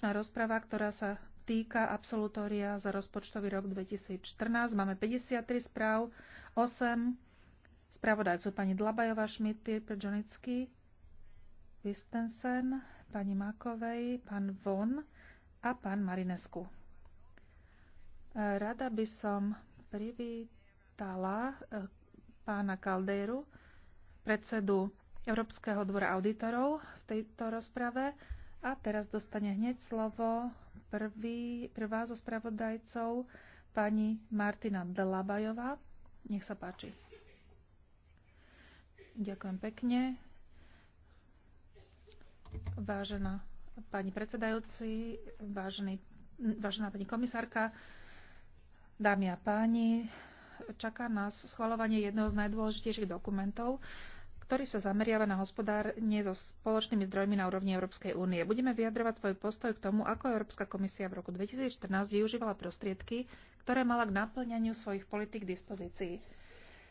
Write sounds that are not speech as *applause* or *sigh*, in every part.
spoločná rozprava, ktorá sa týka absolutória za rozpočtový rok 2014. Máme 53 správ, 8 spravodajcov pani Dlabajová, Šmit, Pirpe, Džonický, Vistensen, pani Makovej, pán Von a pán Marinesku. Rada by som privítala eh, pána Kaldéru, predsedu Európskeho dvora auditorov v tejto rozprave. A teraz dostane hneď slovo prvý, prvá zo spravodajcov, pani Martina Dlabajová. Nech sa páči. Ďakujem pekne. Vážená pani predsedajúci, vážený, vážená pani komisárka, dámy a páni, čaká nás schvalovanie jedného z najdôležitejších dokumentov ktorý sa zameriava na hospodárne so spoločnými zdrojmi na úrovni Európskej únie. Budeme vyjadrovať svoj postoj k tomu, ako Európska komisia v roku 2014 využívala prostriedky, ktoré mala k naplňaniu svojich politik k dispozícii.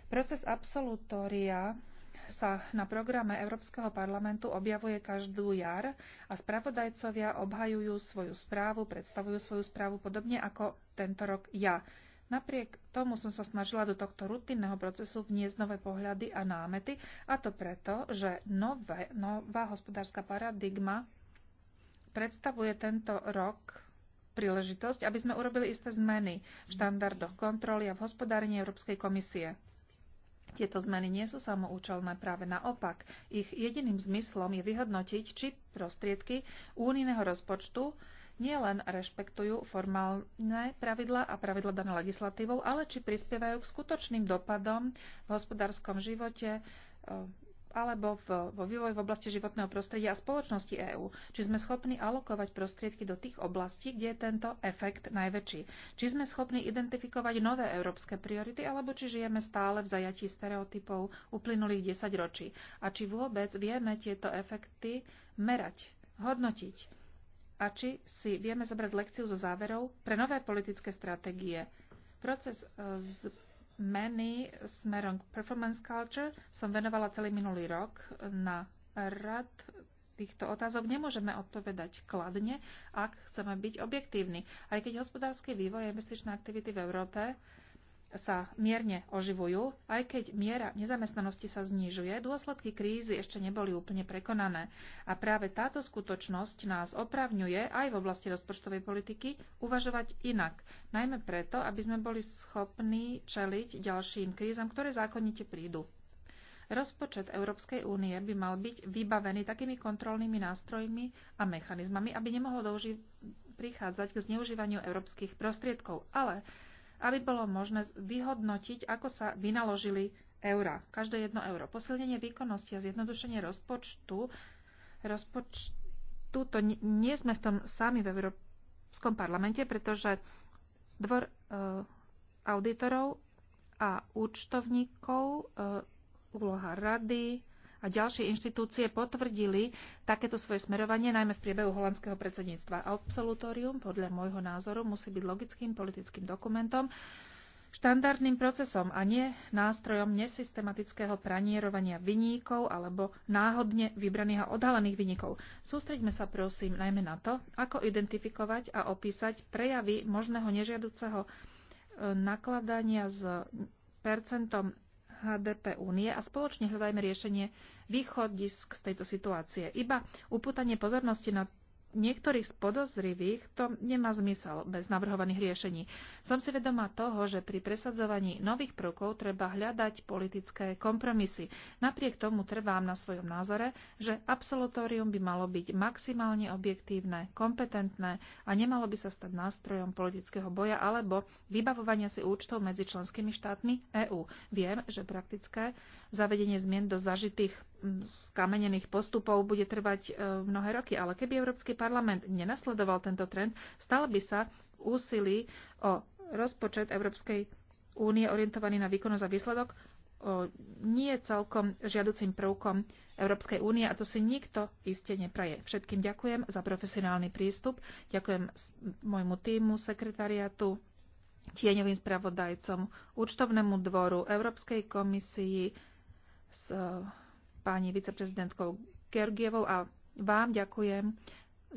Proces absolutória sa na programe Európskeho parlamentu objavuje každú jar a spravodajcovia obhajujú svoju správu, predstavujú svoju správu podobne ako tento rok ja. Napriek tomu som sa snažila do tohto rutinného procesu vniesť nové pohľady a námety, a to preto, že nové, nová hospodárska paradigma predstavuje tento rok príležitosť, aby sme urobili isté zmeny v štandardoch kontroly a v hospodárení Európskej komisie. Tieto zmeny nie sú samoučelné, práve naopak. Ich jediným zmyslom je vyhodnotiť, či prostriedky únijného rozpočtu nielen rešpektujú formálne pravidla a pravidla dané legislatívou, ale či prispievajú k skutočným dopadom v hospodárskom živote e, alebo v, vo vývoji v oblasti životného prostredia a spoločnosti EÚ. Či sme schopní alokovať prostriedky do tých oblastí, kde je tento efekt najväčší. Či sme schopní identifikovať nové európske priority, alebo či žijeme stále v zajatí stereotypov uplynulých 10 ročí. A či vôbec vieme tieto efekty merať, hodnotiť a či si vieme zobrať lekciu zo záverov pre nové politické stratégie. Proces e, zmeny smerom k performance culture som venovala celý minulý rok na rad týchto otázok nemôžeme odpovedať kladne, ak chceme byť objektívni. Aj keď hospodársky vývoj a investičné aktivity v Európe sa mierne oživujú, aj keď miera nezamestnanosti sa znižuje, dôsledky krízy ešte neboli úplne prekonané. A práve táto skutočnosť nás opravňuje aj v oblasti rozpočtovej politiky uvažovať inak, najmä preto, aby sme boli schopní čeliť ďalším krízam, ktoré zákonite prídu. Rozpočet Európskej únie by mal byť vybavený takými kontrolnými nástrojmi a mechanizmami, aby nemohlo douži- prichádzať k zneužívaniu európskych prostriedkov. Ale aby bolo možné vyhodnotiť, ako sa vynaložili eurá, každé jedno euro. Posilnenie výkonnosti a zjednodušenie rozpočtu, rozpočtu to nie sme v tom sami v Európskom parlamente, pretože dvor e, auditorov a účtovníkov, e, úloha rady, a ďalšie inštitúcie potvrdili takéto svoje smerovanie, najmä v priebehu holandského predsedníctva. Absolutórium, podľa môjho názoru, musí byť logickým politickým dokumentom, štandardným procesom a nie nástrojom nesystematického pranierovania vyníkov alebo náhodne vybraných a odhalených vyníkov. Sústreďme sa prosím najmä na to, ako identifikovať a opísať prejavy možného nežiaduceho e, nakladania s percentom HDP únie a spoločne hľadajme riešenie východisk z tejto situácie. Iba upútanie pozornosti na niektorých z podozrivých to nemá zmysel bez navrhovaných riešení. Som si vedomá toho, že pri presadzovaní nových prvkov treba hľadať politické kompromisy. Napriek tomu trvám na svojom názore, že absolutórium by malo byť maximálne objektívne, kompetentné a nemalo by sa stať nástrojom politického boja alebo vybavovania si účtov medzi členskými štátmi EÚ. Viem, že praktické zavedenie zmien do zažitých mm, kamenených postupov bude trvať e, mnohé roky, ale keby Európsky parlament nenasledoval tento trend, stal by sa úsilí o rozpočet Európskej únie orientovaný na výkonnosť a výsledok o nie celkom žiaducím prvkom Európskej únie a to si nikto iste nepraje. Všetkým ďakujem za profesionálny prístup, ďakujem môjmu týmu, sekretariatu, tieňovým spravodajcom, účtovnému dvoru, Európskej komisii s e, pani viceprezidentkou Georgievou a vám ďakujem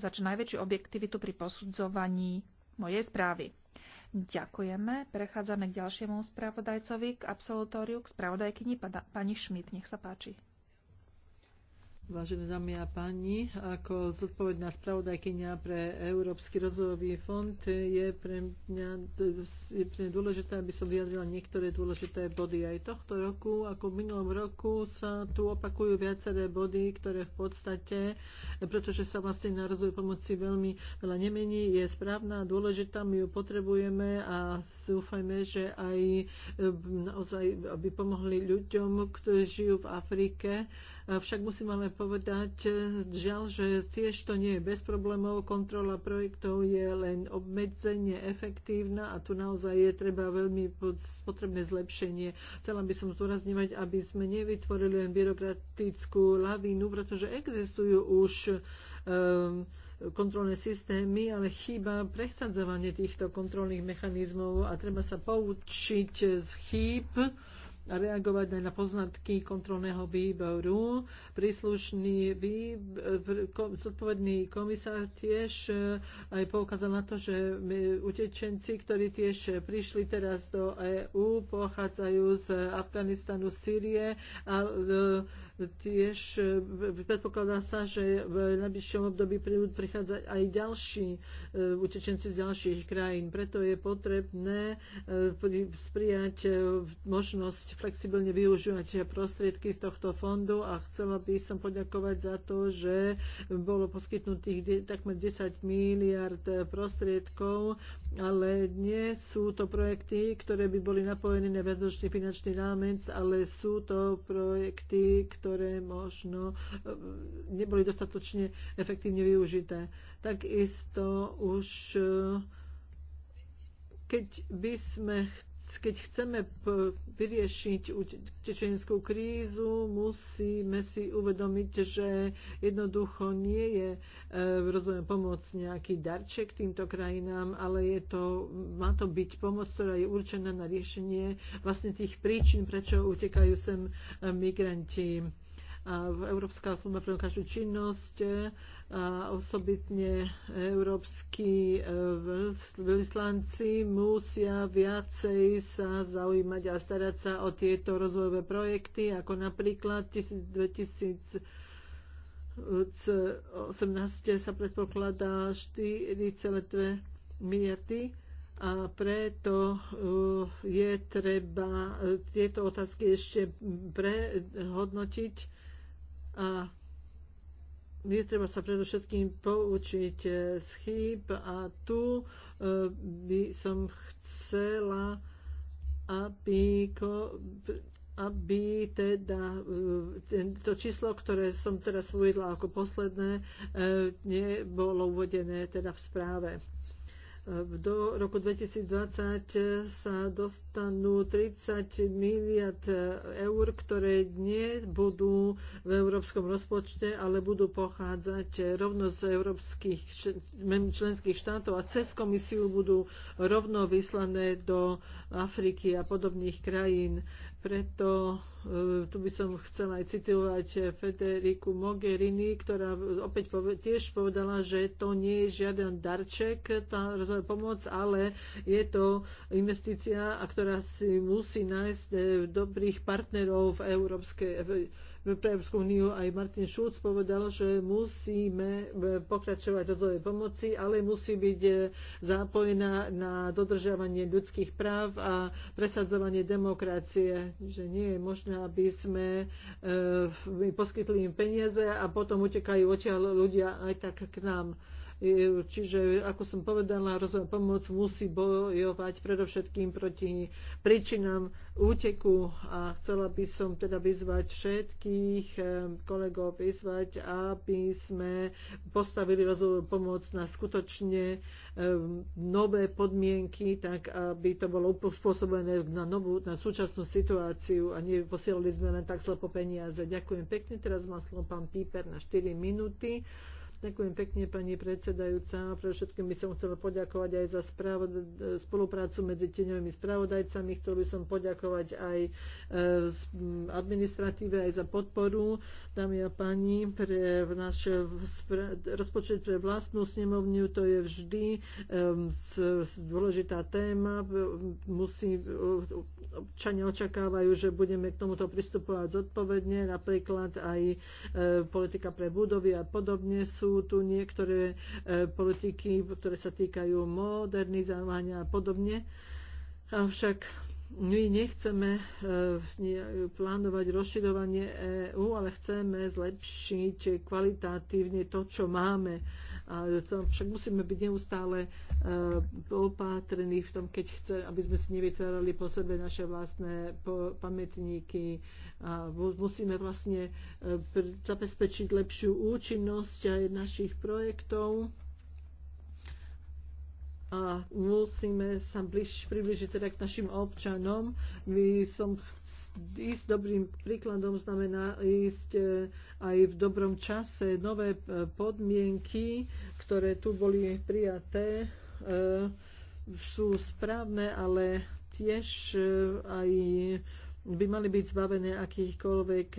za čo najväčšiu objektivitu pri posudzovaní mojej správy. Ďakujeme. Prechádzame k ďalšiemu spravodajcovi, k absolutóriu, k spravodajkyni pani Šmit. Nech sa páči. Vážené dámy a páni, ako zodpovedná spravodajkynia pre Európsky rozvojový fond je pre mňa je pre dôležité, aby som vyjadrila niektoré dôležité body. Aj tohto roku, ako v minulom roku, sa tu opakujú viaceré body, ktoré v podstate, pretože sa vlastne na rozvoj pomoci veľmi veľa nemení, je správna, dôležitá, my ju potrebujeme a dúfajme, že aj naozaj, aby pomohli ľuďom, ktorí žijú v Afrike, však musím ale povedať, e, žiaľ, že tiež to nie je bez problémov. Kontrola projektov je len obmedzenie efektívna a tu naozaj je treba veľmi potrebné zlepšenie. Chcela by som zdôrazňovať, aby sme nevytvorili len byrokratickú lavínu, pretože existujú už um, kontrolné systémy, ale chýba presadzovanie týchto kontrolných mechanizmov a treba sa poučiť z chýb, reagovať aj na poznatky kontrolného výboru. Príslušný zodpovedný komisár tiež e, aj poukázal na to, že my utečenci, ktorí tiež prišli teraz do EÚ, pochádzajú z Afganistanu, Sýrie a e, tiež e, predpokladá sa, že v najbližšom období prídu prichádzať aj ďalší e, utečenci z ďalších krajín. Preto je potrebné e, prijať možnosť flexibilne využívať prostriedky z tohto fondu a chcela by som poďakovať za to, že bolo poskytnutých takmer 10 miliard prostriedkov, ale nie sú to projekty, ktoré by boli napojené na vedočný finančný rámec, ale sú to projekty, ktoré ktoré možno eh, neboli dostatočne efektívne využité. Takisto už eh, keď by sme keď chceme vyriešiť utečenskú krízu, musíme si uvedomiť, že jednoducho nie je eh, v rozvojom pomoc nejaký darček týmto krajinám, ale je to, má to byť pomoc, ktorá je určená na riešenie vlastne tých príčin, prečo utekajú sem migranti Európska služba pre každú činnosť e, a osobitne európsky e, vyslanci musia viacej sa zaujímať a starať sa o tieto rozvojové projekty, ako napríklad 2018 sa predpokladá 4,2 miliardy a preto e, je treba tieto otázky ešte prehodnotiť a je treba sa predovšetkým poučiť e, z chýb a tu e, by som chcela, aby, aby teda e, to číslo, ktoré som teraz uvedla ako posledné, nebolo uvedené teda v správe do roku 2020 sa dostanú 30 miliard eur, ktoré nebudú v európskom rozpočte, ale budú pochádzať rovno z európskych členských štátov a cez komisiu budú rovno vyslané do Afriky a podobných krajín. Preto e, tu by som chcela aj citovať Federiku Mogherini, ktorá opäť tiež povedala, že to nie je žiaden darček, tá pomoc, ale je to investícia, ktorá si musí nájsť e, dobrých partnerov v Európskej pre Európsku úniu aj Martin Schulz povedal, že musíme e, pokračovať rozvoje pomoci, ale musí byť e, zápojená na dodržiavanie ľudských práv a presadzovanie demokracie. Že nie je možné, aby sme e, poskytli im peniaze a potom utekajú odtiaľ ľudia aj tak k nám. E, čiže, ako som povedala, rozvoj pomoc musí bojovať predovšetkým proti príčinám úteku a chcela by som teda vyzvať všetkých e, kolegov, vyzvať, aby sme postavili rozvoj pomoc na skutočne e, nové podmienky, tak aby to bolo spôsobené na, novú, na súčasnú situáciu a neposielali sme len tak slepo peniaze. Ďakujem pekne. Teraz má slovo pán Píper na 4 minúty. Ďakujem pekne, pani predsedajúca. Pre všetkým by som chcela poďakovať aj za spoluprácu medzi tieňovými spravodajcami. Chcel by som poďakovať aj e, administratíve, aj za podporu, dámy a páni, pre náš rozpočet pre vlastnú snemovňu. To je vždy dôležitá téma. E, musí, e, občania očakávajú, že budeme k tomuto pristupovať zodpovedne. Napríklad aj politika pre budovy a podobne sú tu niektoré e, politiky, ktoré sa týkajú modernizovania a podobne. Avšak my nechceme e, plánovať rozširovanie EÚ, ale chceme zlepšiť kvalitatívne to, čo máme a to však musíme byť neustále e, opatrení v tom, keď chce, aby sme si nevytvárali po sebe naše vlastné pamätníky. A musíme vlastne e, zabezpečiť lepšiu účinnosť aj našich projektov a musíme sa bliž, približiť teda k našim občanom. My som ísť dobrým príkladom znamená ísť eh, aj v dobrom čase. Nové eh, podmienky, ktoré tu boli prijaté, eh, sú správne, ale tiež aj by mali byť zbavené akýchkoľvek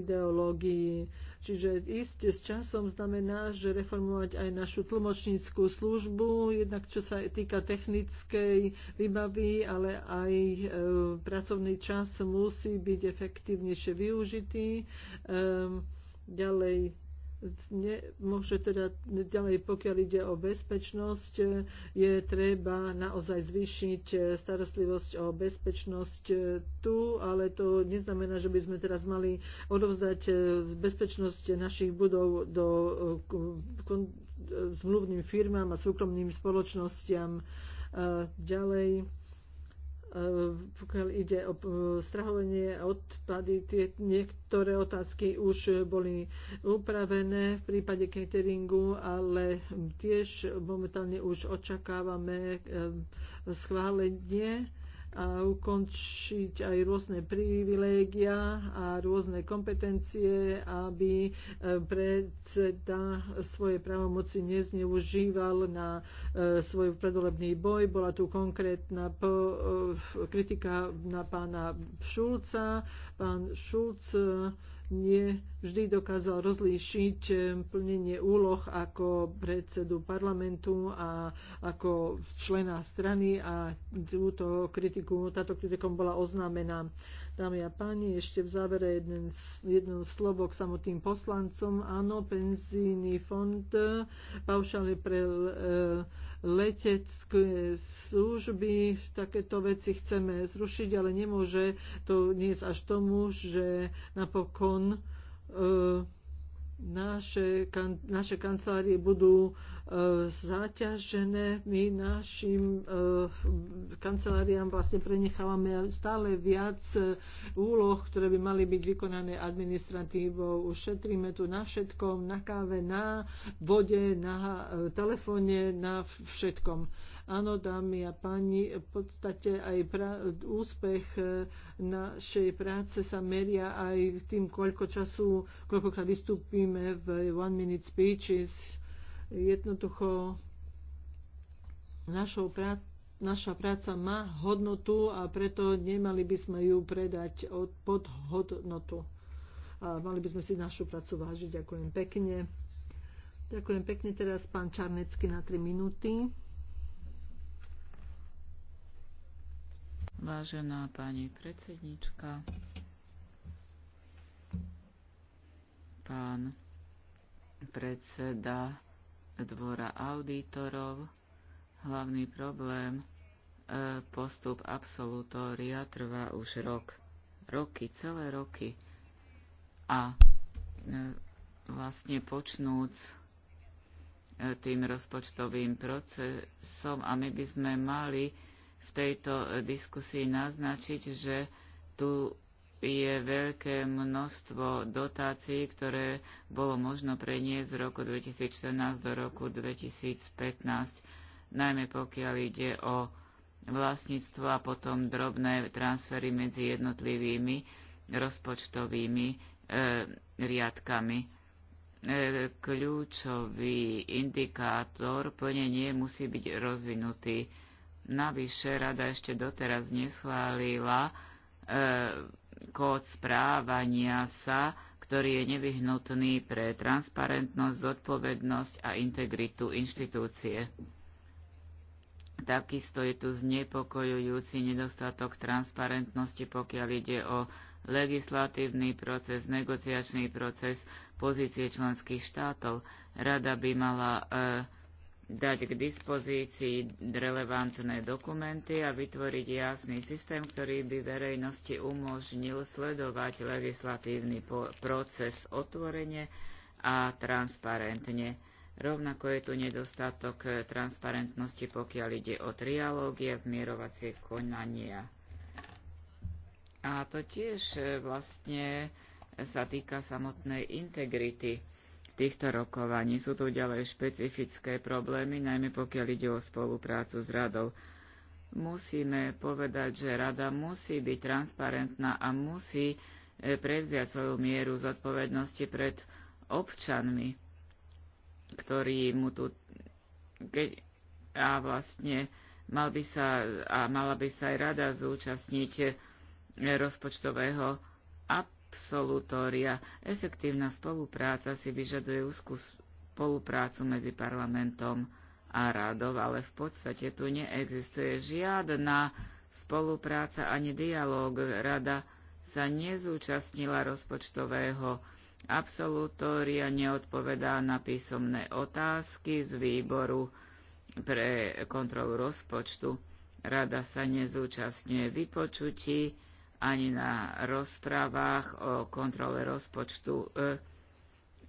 ideológií Čiže ísť s časom znamená, že reformovať aj našu tlmočníckú službu, jednak čo sa týka technickej výbavy, ale aj e, pracovný čas musí byť efektívnejšie využitý. E, ďalej nemôže teda ďalej, pokiaľ ide o bezpečnosť, je treba naozaj zvýšiť starostlivosť o bezpečnosť tu, ale to neznamená, že by sme teraz mali odovzdať bezpečnosť našich budov do zmluvným firmám a súkromným spoločnostiam. Ďalej Eh, pokiaľ ide o eh, strahovanie odpady, tie niektoré otázky už boli upravené v prípade cateringu, ale tiež momentálne už očakávame eh, schválenie a ukončiť aj rôzne privilégia a rôzne kompetencie, aby e, predseda svoje právomoci nezneužíval na e, svoj predolebný boj. Bola tu konkrétna e, kritika na pána Šulca. Pán Šulc nie vždy dokázal rozlíšiť eh, plnenie úloh ako predsedu parlamentu a ako člena strany a túto kritiku, táto kritikom bola oznámená Dámy a páni, ešte v závere jeden, jedno slovo k samotným poslancom. Áno, penzíny fond, e, paušály pre e, letecké služby, takéto veci chceme zrušiť, ale nemôže to niesť až tomu, že napokon e, naše, kan, naše kancelárie budú zaťažené. My našim eh, kanceláriám vlastne prenechávame stále viac eh, úloh, ktoré by mali byť vykonané administratívou. Ušetríme tu na všetkom, na káve, na vode, na eh, telefóne, na všetkom. Áno, dámy a páni, v podstate aj pra- úspech našej práce sa meria aj tým, koľko času, koľkokrát vystúpime v One Minute Speeches Jednoducho našou prá- naša práca má hodnotu a preto nemali by sme ju predať od, pod hodnotu. A mali by sme si našu prácu vážiť. Ďakujem pekne. Ďakujem pekne teraz pán Čarnecký na 3 minúty. Vážená pani predsednička, pán predseda dvora auditorov. Hlavný problém, e, postup absolutória trvá už rok. Roky, celé roky. A e, vlastne počnúc e, tým rozpočtovým procesom a my by sme mali v tejto diskusii naznačiť, že tu je veľké množstvo dotácií, ktoré bolo možno preniesť z roku 2014 do roku 2015, najmä pokiaľ ide o vlastníctvo a potom drobné transfery medzi jednotlivými rozpočtovými e, riadkami. E, kľúčový indikátor plnenie musí byť rozvinutý. Navyše rada ešte doteraz neschválila e, kód správania sa, ktorý je nevyhnutný pre transparentnosť, zodpovednosť a integritu inštitúcie. Takisto je tu znepokojujúci nedostatok transparentnosti, pokiaľ ide o legislatívny proces, negociačný proces pozície členských štátov. Rada by mala e, dať k dispozícii relevantné dokumenty a vytvoriť jasný systém, ktorý by verejnosti umožnil sledovať legislatívny proces otvorene a transparentne. Rovnako je tu nedostatok transparentnosti, pokiaľ ide o trialógy a zmierovacie konania. A to tiež e, vlastne sa týka samotnej integrity týchto rokovaní. Sú tu ďalej špecifické problémy, najmä pokiaľ ide o spoluprácu s radou. Musíme povedať, že rada musí byť transparentná a musí e, prevziať svoju mieru zodpovednosti pred občanmi, ktorí mu tu a vlastne mal by sa, a mala by sa aj rada zúčastniť e, rozpočtového absolutória. Efektívna spolupráca si vyžaduje úzkú spoluprácu medzi parlamentom a radov, ale v podstate tu neexistuje žiadna spolupráca ani dialog. Rada sa nezúčastnila rozpočtového absolutória, neodpovedá na písomné otázky z výboru pre kontrolu rozpočtu. Rada sa nezúčastňuje vypočutí, ani na rozprávach o kontrole rozpočtu. E,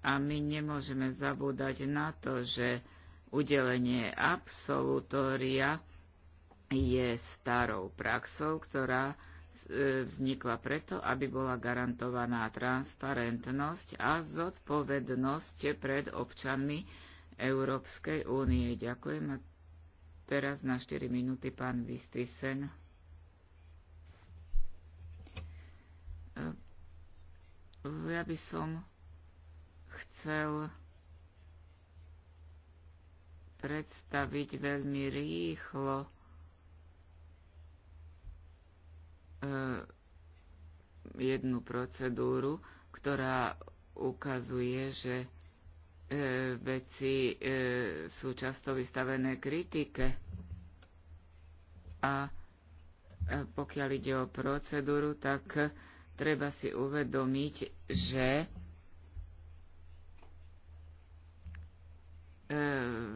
a my nemôžeme zabúdať na to, že udelenie absolutória je starou praxou, ktorá e, vznikla preto, aby bola garantovaná transparentnosť a zodpovednosť pred občanmi Európskej únie. Ďakujem. teraz na 4 minúty pán Vistisen. ja by som chcel predstaviť veľmi rýchlo e, jednu procedúru, ktorá ukazuje, že e, veci e, sú často vystavené kritike. A pokiaľ ide o procedúru, tak treba si uvedomiť, že e,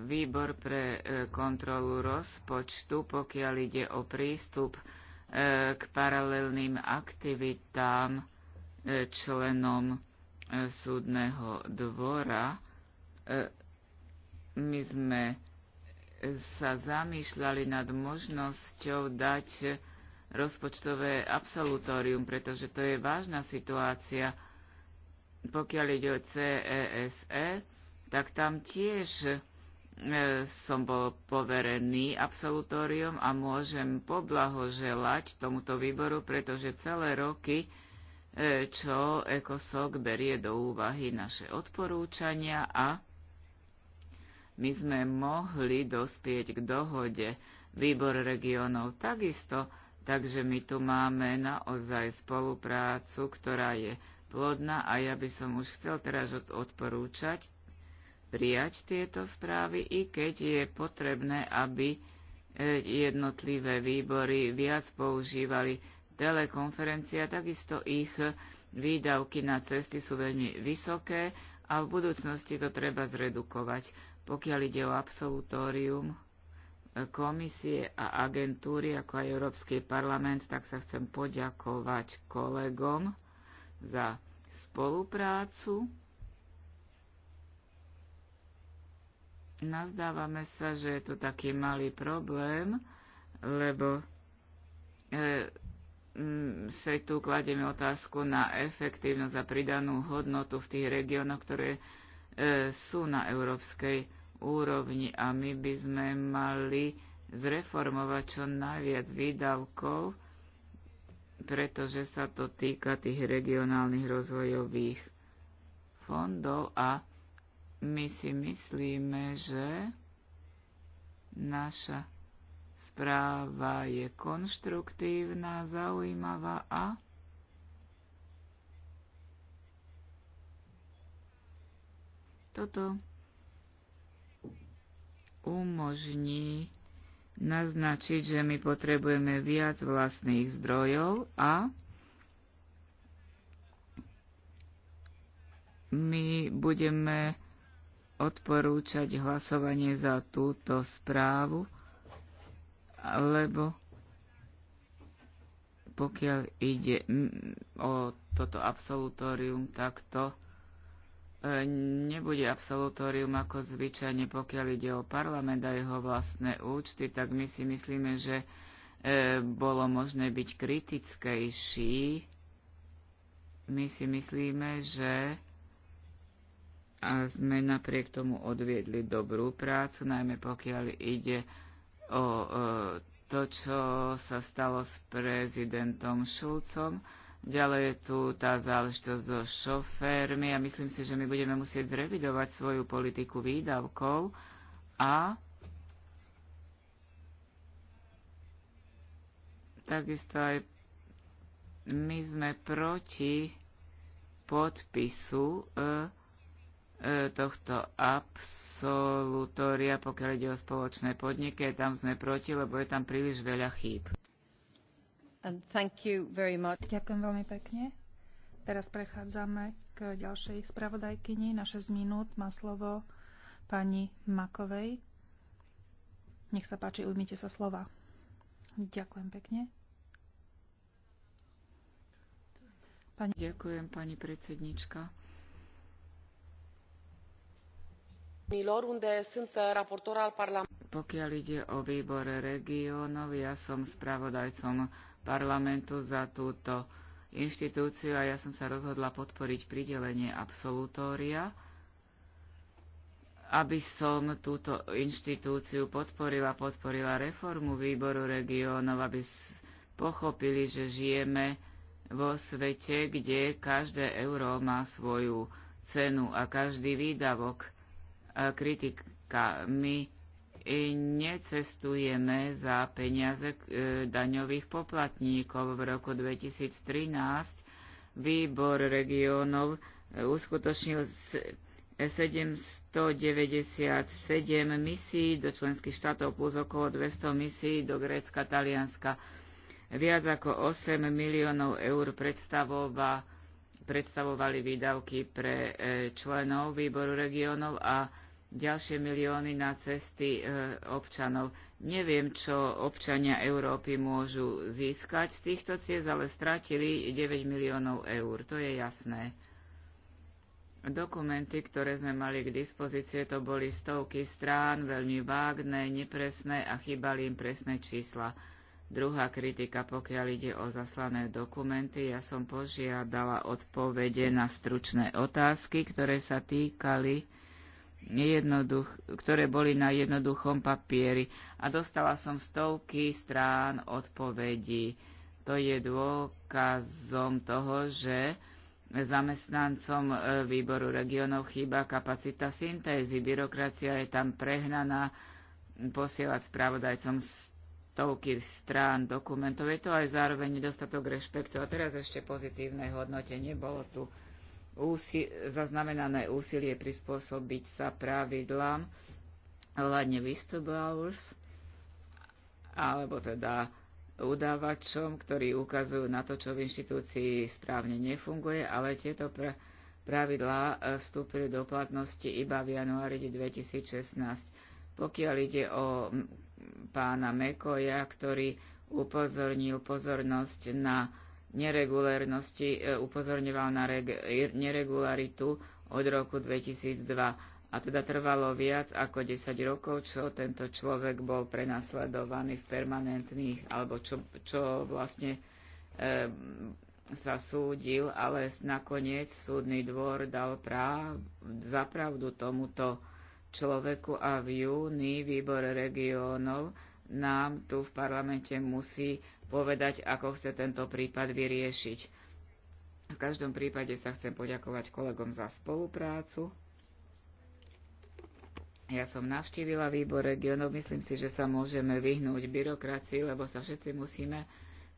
výbor pre e, kontrolu rozpočtu, pokiaľ ide o prístup e, k paralelným aktivitám členom súdneho dvora. My sme sa zamýšľali nad možnosťou dať rozpočtové absolutórium, pretože to je vážna situácia. Pokiaľ ide o CESE, e, tak tam tiež e, som bol poverený absolutórium a môžem poblahoželať tomuto výboru, pretože celé roky, e, čo ECOSOC berie do úvahy naše odporúčania a my sme mohli dospieť k dohode. Výbor regionov takisto Takže my tu máme naozaj spoluprácu, ktorá je plodná a ja by som už chcel teraz odporúčať prijať tieto správy, i keď je potrebné, aby e, jednotlivé výbory viac používali telekonferencia, takisto ich výdavky na cesty sú veľmi vysoké a v budúcnosti to treba zredukovať. Pokiaľ ide o absolutórium, komisie a agentúry, ako aj Európsky parlament, tak sa chcem poďakovať kolegom za spoluprácu. Nazdávame sa, že je to taký malý problém, lebo e, mm, sa tu kladieme otázku na efektívnosť a pridanú hodnotu v tých regiónoch, ktoré e, sú na európskej úrovni a my by sme mali zreformovať čo najviac výdavkov, pretože sa to týka tých regionálnych rozvojových fondov a my si myslíme, že naša správa je konštruktívna, zaujímavá a toto umožní naznačiť, že my potrebujeme viac vlastných zdrojov a my budeme odporúčať hlasovanie za túto správu, lebo pokiaľ ide o toto absolutórium, tak to nebude absolutórium ako zvyčajne, pokiaľ ide o parlament a jeho vlastné účty, tak my si myslíme, že e, bolo možné byť kritickejší. My si myslíme, že a sme napriek tomu odviedli dobrú prácu, najmä pokiaľ ide o e, to, čo sa stalo s prezidentom Šulcom Ďalej je tu tá záležitosť so šoférmi a myslím si, že my budeme musieť zrevidovať svoju politiku výdavkov a takisto aj my sme proti podpisu e, e, tohto absolutória, pokiaľ ide o spoločné podniky, tam sme proti, lebo je tam príliš veľa chýb. Ďakujem veľmi pekne. Teraz prechádzame k ďalšej spravodajkyni. Na 6 minút má slovo pani Makovej. Nech sa páči, ujmite sa slova. Ďakujem pekne. Pani... Ďakujem, pani predsednička. Pokiaľ ide o výbor regiónov, ja som spravodajcom parlamentu za túto inštitúciu a ja som sa rozhodla podporiť pridelenie absolutória, aby som túto inštitúciu podporila, podporila reformu výboru regiónov, aby pochopili, že žijeme vo svete, kde každé euro má svoju cenu a každý výdavok. A kritika. My necestujeme za peniaze e, daňových poplatníkov. V roku 2013 výbor regiónov e, uskutočnil 797 e, misií do členských štátov plus okolo 200 misií do Grécka, Talianska. Viac ako 8 miliónov eur predstavova, predstavovali výdavky pre členov výboru regiónov a ďalšie milióny na cesty e, občanov. Neviem, čo občania Európy môžu získať z týchto ciest, ale stratili 9 miliónov eur, to je jasné. Dokumenty, ktoré sme mali k dispozície, to boli stovky strán, veľmi vágne, nepresné a chýbali im presné čísla. Druhá kritika, pokiaľ ide o zaslané dokumenty, ja som požiadala odpovede na stručné otázky, ktoré sa týkali ktoré boli na jednoduchom papieri a dostala som stovky strán odpovedí. To je dôkazom toho, že zamestnancom e, výboru regionov chýba kapacita syntézy. Byrokracia je tam prehnaná posielať spravodajcom stovky strán dokumentov. Je to aj zároveň nedostatok rešpektu. A teraz ešte pozitívne hodnotenie bolo tu úsi- zaznamenané úsilie prispôsobiť sa pravidlám hľadne whistleblowers, alebo teda udávačom, ktorí ukazujú na to, čo v inštitúcii správne nefunguje, ale tieto pra- pravidlá eh, vstúpili do platnosti iba v januári 2016. Pokiaľ ide o pána Mekoja, ktorý upozornil pozornosť na neregulárnosti, e, upozorňoval na neregularitu od roku 2002 a teda trvalo viac ako 10 rokov, čo tento človek bol prenasledovaný v permanentných, alebo čo, čo vlastne e, sa súdil, ale nakoniec súdny dvor dal práv, zapravdu tomuto človeku a v júni výbor regiónov nám tu v parlamente musí povedať, ako chce tento prípad vyriešiť. V každom prípade sa chcem poďakovať kolegom za spoluprácu. Ja som navštívila výbor regionov, myslím si, že sa môžeme vyhnúť byrokracii, lebo sa všetci musíme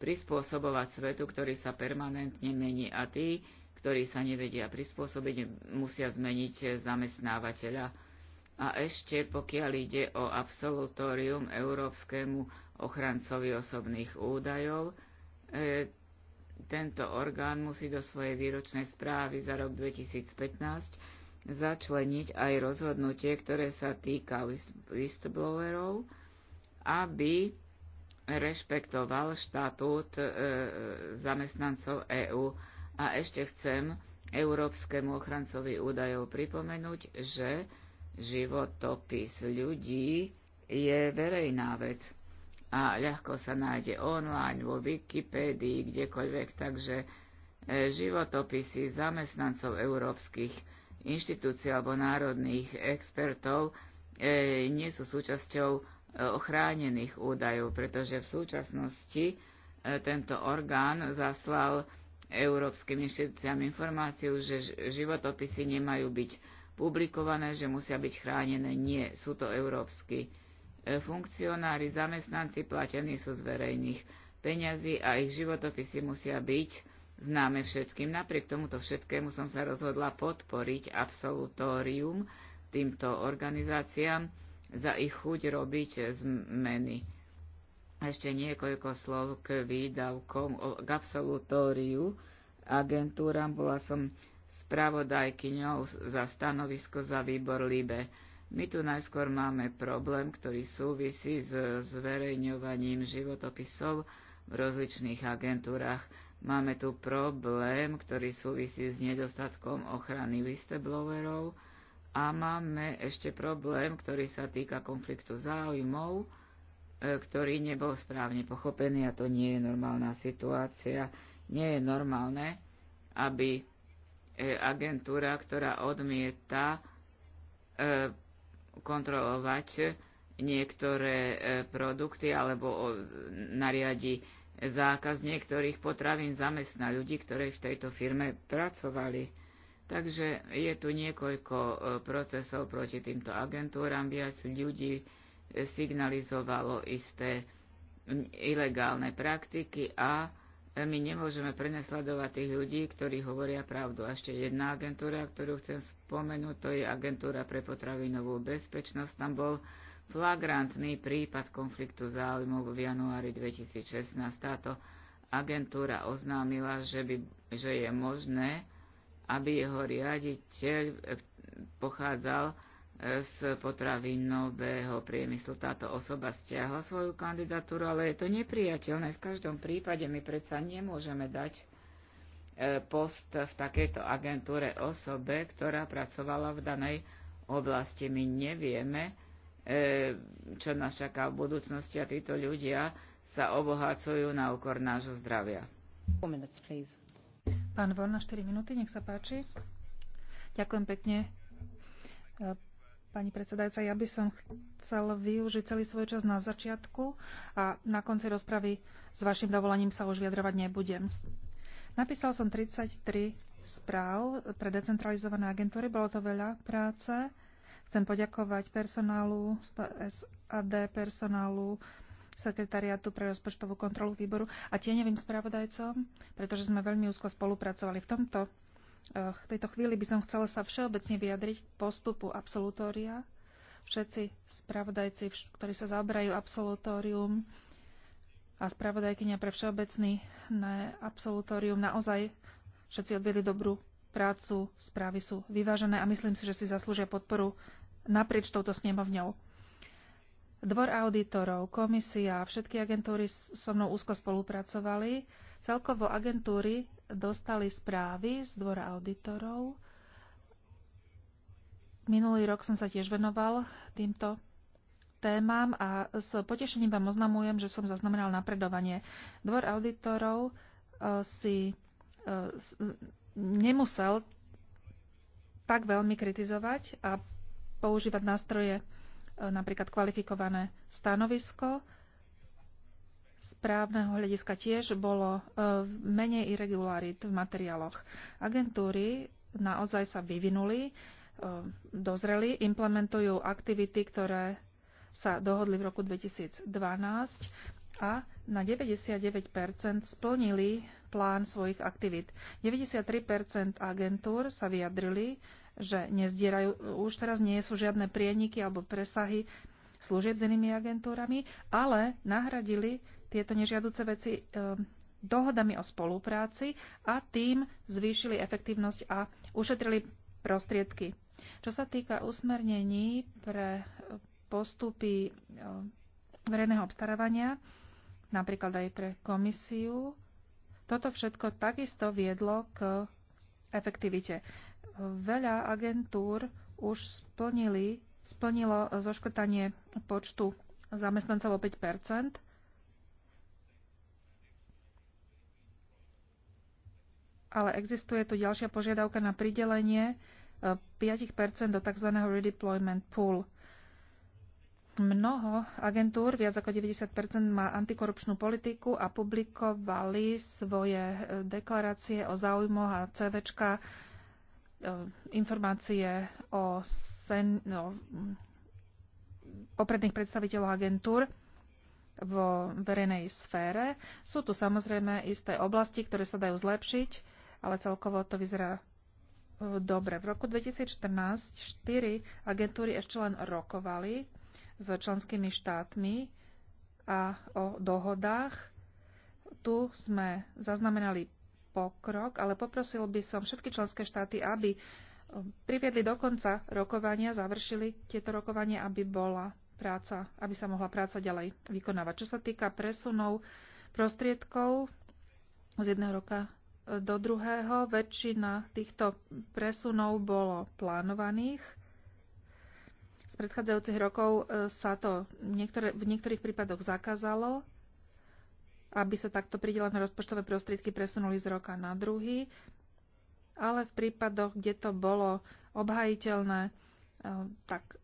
prispôsobovať svetu, ktorý sa permanentne mení a tí, ktorí sa nevedia prispôsobiť, musia zmeniť zamestnávateľa a ešte pokiaľ ide o absolutórium Európskemu ochrancovi osobných údajov, e, tento orgán musí do svojej výročnej správy za rok 2015 začleniť aj rozhodnutie, ktoré sa týka whistleblowerov, aby rešpektoval štatút e, e zamestnancov EÚ. A ešte chcem Európskemu ochrancovi údajov pripomenúť, že životopis ľudí je verejná vec a ľahko sa nájde online, vo Wikipédii, kdekoľvek, takže e, životopisy zamestnancov európskych inštitúcií alebo národných expertov e, nie sú súčasťou e, ochránených údajov, pretože v súčasnosti tento orgán zaslal európskym inštitúciám informáciu, že životopisy nemajú byť publikované, že musia byť chránené. Nie, sú to európsky e, funkcionári, zamestnanci platení sú z verejných peňazí a ich životopisy musia byť známe všetkým. Napriek tomuto všetkému som sa rozhodla podporiť absolutórium týmto organizáciám za ich chuť robiť zmeny. Ešte niekoľko slov k výdavkom, k absolutóriu agentúram. Bola som spravodajkyňou za stanovisko za výbor LIBE. My tu najskôr máme problém, ktorý súvisí s zverejňovaním životopisov v rozličných agentúrach. Máme tu problém, ktorý súvisí s nedostatkom ochrany whistleblowerov a máme ešte problém, ktorý sa týka konfliktu záujmov, e, ktorý nebol správne pochopený a to nie je normálna situácia. Nie je normálne, aby E, agentúra, ktorá odmieta e, kontrolovať niektoré e, produkty alebo nariadi zákaz niektorých potravín zamestná ľudí, ktorí v tejto firme pracovali. Takže je tu niekoľko procesov proti týmto agentúram. Viac ľudí signalizovalo isté ilegálne praktiky a my nemôžeme prenasledovať tých ľudí, ktorí hovoria pravdu. A ešte jedna agentúra, ktorú chcem spomenúť, to je agentúra pre potravinovú bezpečnosť. Tam bol flagrantný prípad konfliktu záujmov v januári 2016. Táto agentúra oznámila, že, by, že je možné, aby jeho riaditeľ pochádzal z potravinového priemyslu. Táto osoba stiahla svoju kandidatúru, ale je to nepriateľné. V každom prípade my predsa nemôžeme dať e, post v takejto agentúre osobe, ktorá pracovala v danej oblasti. My nevieme, e, čo nás čaká v budúcnosti a títo ľudia sa obohacujú na úkor nášho zdravia. Pán Vorna, 4 minúty, nech sa páči. Ďakujem pekne e, Pani predsedajúca, ja by som chcel využiť celý svoj čas na začiatku a na konci rozpravy s vašim dovolením sa už vyjadrovať nebudem. Napísal som 33 správ pre decentralizované agentúry, bolo to veľa práce. Chcem poďakovať personálu SAD, personálu sekretariátu pre rozpočtovú kontrolu výboru a tieňovým spravodajcom, pretože sme veľmi úzko spolupracovali. V tomto Eh, v tejto chvíli by som chcela sa všeobecne vyjadriť k postupu absolutória. Všetci spravodajci, ktorí sa zaoberajú absolutórium a spravodajkynia pre všeobecný na absolutórium, naozaj všetci odviedli dobrú prácu, správy sú vyvážené a myslím si, že si zaslúžia podporu naprieč touto snemovňou. Dvor auditorov, komisia a všetky agentúry so mnou úzko spolupracovali. Celkovo agentúry dostali správy z dvora auditorov. Minulý rok som sa tiež venoval týmto témam a s potešením vám oznamujem, že som zaznamenal napredovanie. Dvor auditorov e, si e, nemusel tak veľmi kritizovať a používať nástroje e, napríklad kvalifikované stanovisko, Správneho hľadiska tiež bolo e, menej irregularit v materiáloch. Agentúry naozaj sa vyvinuli, e, dozreli, implementujú aktivity, ktoré sa dohodli v roku 2012 a na 99 splnili plán svojich aktivít. 93 agentúr sa vyjadrili, že nezdierajú, už teraz nie sú žiadne prieniky alebo presahy služieb s inými agentúrami, ale nahradili tieto nežiaduce veci e, dohodami o spolupráci a tým zvýšili efektívnosť a ušetrili prostriedky. Čo sa týka usmernení pre e, postupy e, verejného obstarávania, napríklad aj pre komisiu, toto všetko takisto viedlo k efektivite. Veľa agentúr už splnili, splnilo zoškrtanie počtu zamestnancov o 5 ale existuje tu ďalšia požiadavka na pridelenie 5 e, do tzv. redeployment pool. Mnoho agentúr, viac ako 90 má antikorupčnú politiku a publikovali svoje e, deklarácie o záujmoch a CVčka, e, informácie o, sen, o no, popredných predstaviteľov agentúr vo verejnej sfére. Sú tu samozrejme isté oblasti, ktoré sa dajú zlepšiť ale celkovo to vyzerá e, dobre. V roku 2014 štyri agentúry ešte len rokovali s členskými štátmi a o dohodách. Tu sme zaznamenali pokrok, ale poprosil by som všetky členské štáty, aby e, priviedli do konca rokovania, završili tieto rokovania, aby bola práca, aby sa mohla práca ďalej vykonávať. Čo sa týka presunov prostriedkov z jedného roka do druhého. Väčšina týchto presunov bolo plánovaných. Z predchádzajúcich rokov e, sa to niektoré, v niektorých prípadoch zakázalo, aby sa takto pridelené rozpočtové prostriedky presunuli z roka na druhý, ale v prípadoch, kde to bolo obhajiteľné, e, tak e,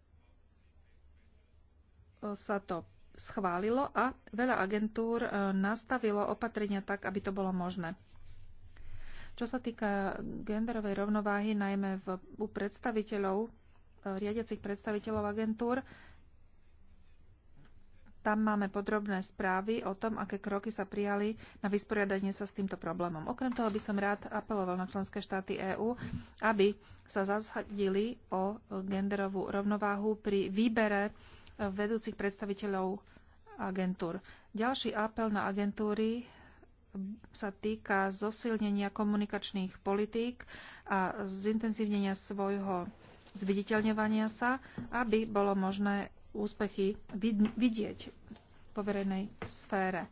sa to schválilo a veľa agentúr nastavilo opatrenia tak, aby to bolo možné. Čo sa týka genderovej rovnováhy, najmä v, u predstaviteľov, e, riadiacich predstaviteľov agentúr, tam máme podrobné správy o tom, aké kroky sa prijali na vysporiadanie sa s týmto problémom. Okrem toho by som rád apeloval na členské štáty EÚ, aby sa zasadili o genderovú rovnováhu pri výbere e, vedúcich predstaviteľov agentúr. Ďalší apel na agentúry sa týka zosilnenia komunikačných politík a zintenzívnenia svojho zviditeľňovania sa, aby bolo možné úspechy vidieť po verejnej sfére.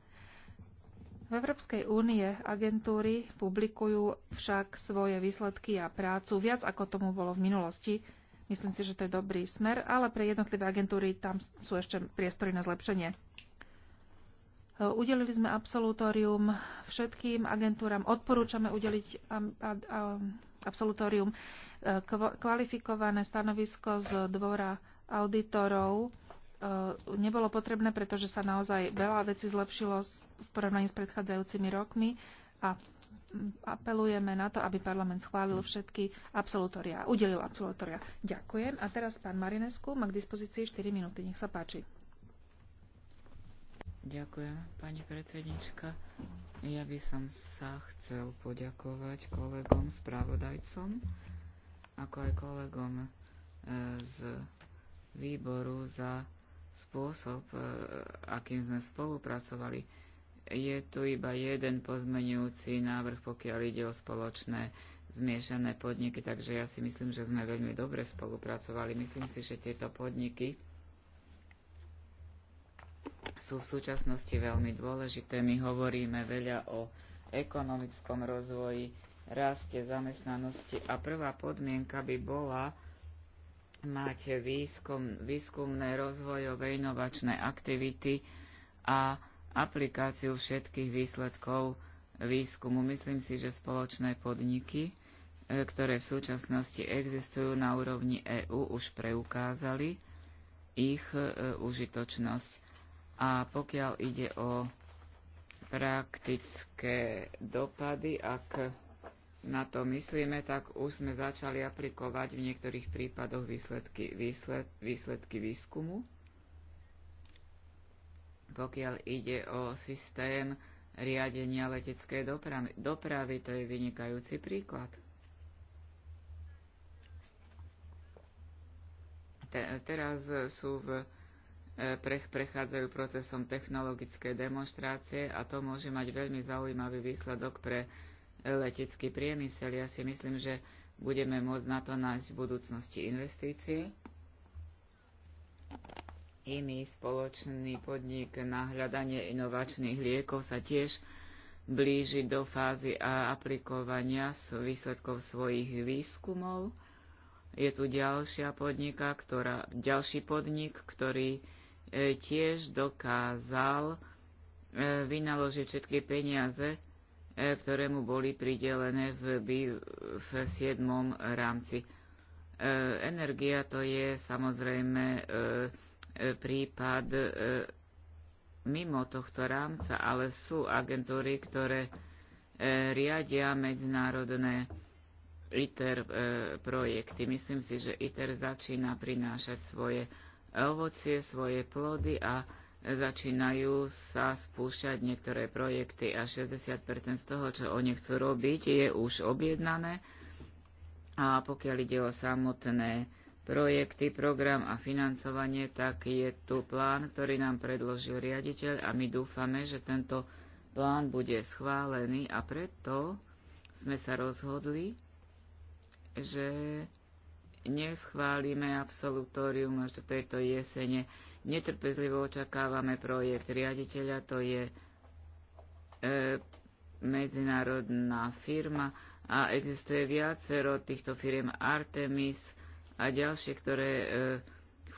V Európskej únie agentúry publikujú však svoje výsledky a prácu viac ako tomu bolo v minulosti. Myslím si, že to je dobrý smer, ale pre jednotlivé agentúry tam sú ešte priestory na zlepšenie. Udelili sme absolutórium všetkým agentúram. Odporúčame udeliť absolutórium e, kvalifikované stanovisko z dvora auditorov. E, nebolo potrebné, pretože sa naozaj veľa vecí zlepšilo v porovnaní s predchádzajúcimi rokmi a apelujeme na to, aby parlament schválil všetky absolutória, udelil absolutória. Ďakujem. A teraz pán Marinesku má k dispozícii 4 minúty. Nech sa páči. Ďakujem, pani predsednička. Ja by som sa chcel poďakovať kolegom spravodajcom, ako aj kolegom e, z výboru za spôsob, e, akým sme spolupracovali. Je tu iba jeden pozmenujúci návrh, pokiaľ ide o spoločné zmiešané podniky, takže ja si myslím, že sme veľmi dobre spolupracovali. Myslím si, že tieto podniky sú v súčasnosti veľmi dôležité. My hovoríme veľa o ekonomickom rozvoji, raste zamestnanosti a prvá podmienka by bola mať výskum, výskumné rozvojové inovačné aktivity a aplikáciu všetkých výsledkov výskumu. Myslím si, že spoločné podniky, e, ktoré v súčasnosti existujú na úrovni EÚ, už preukázali ich e, užitočnosť. A pokiaľ ide o praktické dopady, ak na to myslíme, tak už sme začali aplikovať v niektorých prípadoch výsledky, výsled, výsledky výskumu. Pokiaľ ide o systém riadenia leteckej dopravy, dopravy to je vynikajúci príklad. Te, teraz sú v prechádzajú procesom technologickej demonstrácie a to môže mať veľmi zaujímavý výsledok pre letecký priemysel. Ja si myslím, že budeme môcť na to nájsť v budúcnosti investície. Iný spoločný podnik na hľadanie inovačných liekov sa tiež blíži do fázy a aplikovania výsledkov svojich výskumov. Je tu ďalšia podnika, ktorá, ďalší podnik, ktorý E, tiež dokázal e, vynaložiť všetky peniaze, e, ktoré mu boli pridelené v, v 7. rámci. Energia to je samozrejme prípad mimo tohto rámca, ale sú agentúry, ktoré riadia medzinárodné ITER projekty. Myslím si, že ITER začína prinášať svoje ovocie, svoje plody a začínajú sa spúšťať niektoré projekty a 60% z toho, čo oni chcú robiť, je už objednané. A pokiaľ ide o samotné projekty, program a financovanie, tak je tu plán, ktorý nám predložil riaditeľ a my dúfame, že tento plán bude schválený a preto sme sa rozhodli, že neschválime absolutórium až do tejto jesene. Netrpezlivo očakávame projekt riaditeľa, to je e, medzinárodná firma a existuje viacero týchto firiem Artemis a ďalšie, ktoré e,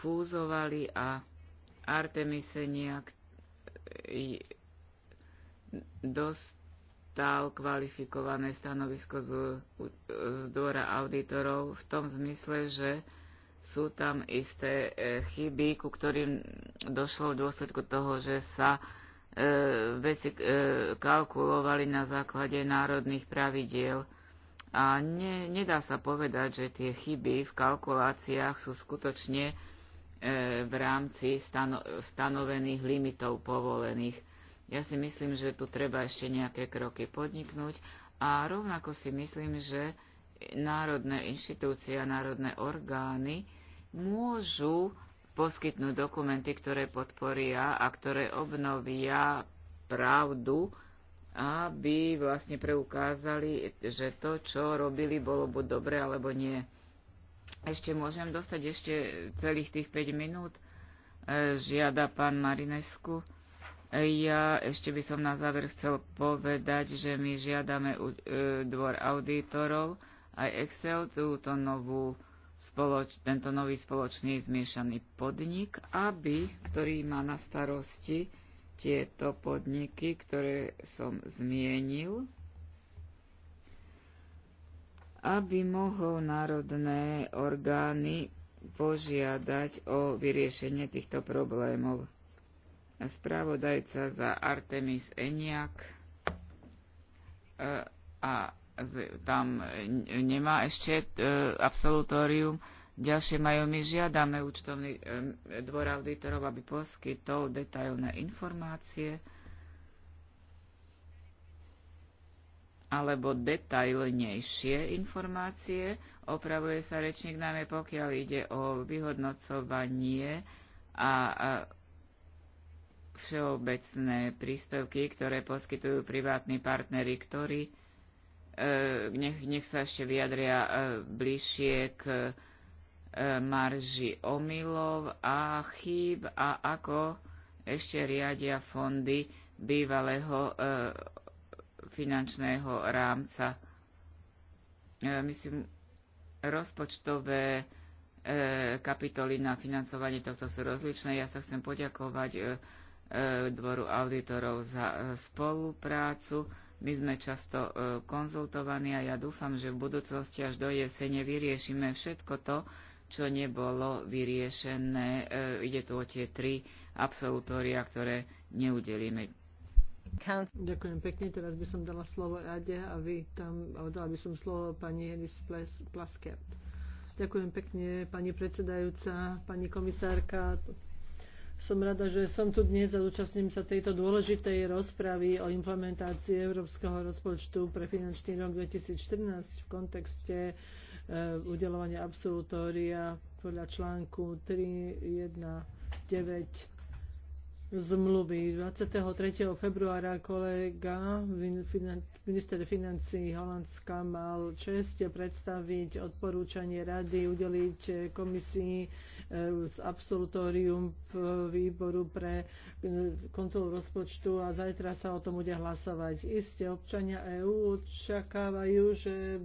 fúzovali a nejak e, dosť dostal kvalifikované stanovisko z, z dvora auditorov v tom zmysle, že sú tam isté e, chyby, ku ktorým došlo v dôsledku toho, že sa e, veci e, kalkulovali na základe národných pravidiel. A ne, nedá sa povedať, že tie chyby v kalkuláciách sú skutočne e, v rámci stano, stanovených limitov povolených. Ja si myslím, že tu treba ešte nejaké kroky podniknúť a rovnako si myslím, že národné inštitúcie a národné orgány môžu poskytnúť dokumenty, ktoré podporia a ktoré obnovia pravdu, aby vlastne preukázali, že to, čo robili, bolo buď dobre alebo nie. Ešte môžem dostať ešte celých tých 5 minút, e, žiada pán Marinesku. Ja ešte by som na záver chcel povedať, že my žiadame e, dvor auditorov aj Excel túto novú spoloč, tento nový spoločný zmiešaný podnik, aby, ktorý má na starosti tieto podniky, ktoré som zmienil, aby mohol národné orgány požiadať o vyriešenie týchto problémov spravodajca za Artemis Eniak e, a tam nemá ešte e, absolutórium. Ďalšie majú, my žiadame účtovný e, dvor auditorov, aby poskytol detailné informácie alebo detailnejšie informácie. Opravuje sa rečník najmä pokiaľ ide o vyhodnocovanie a všeobecné príspevky, ktoré poskytujú privátni partnery, ktorí e, nech, nech sa ešte vyjadria e, bližšie k e, marži omylov a chýb a ako ešte riadia fondy bývalého finančného rámca. Myslím, rozpočtové kapitoly na financovanie tohto sú rozličné. Ja sa chcem poďakovať E, dvoru auditorov za e, spoluprácu. My sme často e, konzultovaní a ja dúfam, že v budúcnosti až do jesene vyriešime všetko to, čo nebolo vyriešené. Ide tu o tie tri absolutória, ktoré neudelíme. Ďakujem pekne. Teraz by som dala slovo Rade a vy tam, dala by som slovo pani Elis Plaskert. Ďakujem pekne, pani predsedajúca, pani komisárka, som rada, že som tu dnes a zúčastním sa tejto dôležitej rozpravy o implementácii Európskeho rozpočtu pre finančný rok 2014 v kontekste e, udelovania absolutória podľa článku 319 zmluvy. 23. februára kolega minister financí Holandska mal čest predstaviť odporúčanie rady udeliť komisii e, z absolutórium výboru pre e, kontrolu rozpočtu a zajtra sa o tom bude hlasovať. Isté občania EÚ očakávajú, že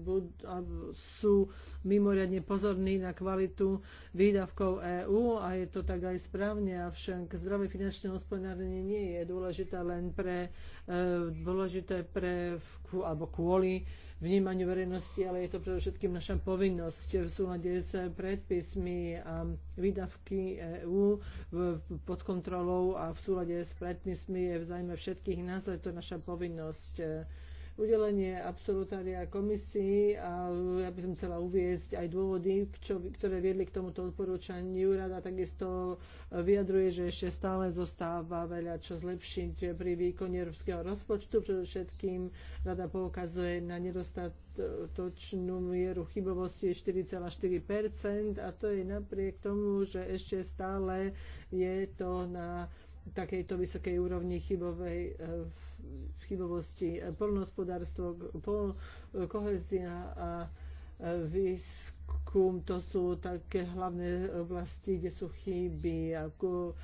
sú mimoriadne pozorní na kvalitu výdavkov EÚ a je to tak aj správne, avšak zdravé finančné hospodárenie nie je dôležité len pre, e, dôležité pre, alebo kvôli vnímaniu verejnosti, ale je to predovšetkým naša povinnosť v súlade s predpismi a výdavky EÚ pod kontrolou a v súlade s predpismi je vzájme všetkých nás, je to naša povinnosť e, udelenie absolutária komisii a ja by som chcela uviezť aj dôvody, čo, ktoré viedli k tomuto odporúčaniu. Rada takisto vyjadruje, že ešte stále zostáva veľa čo zlepšiť pri výkone európskeho rozpočtu. Predovšetkým rada poukazuje na nedostatočnú mieru chybovosti 4,4 a to je napriek tomu, že ešte stále je to na takejto vysokej úrovni chybovej v eh, chybovosti, eh, polnohospodárstvo, pol, kohezia a eh, výskum, to sú také hlavné oblasti, kde sú chyby. Ako, eh,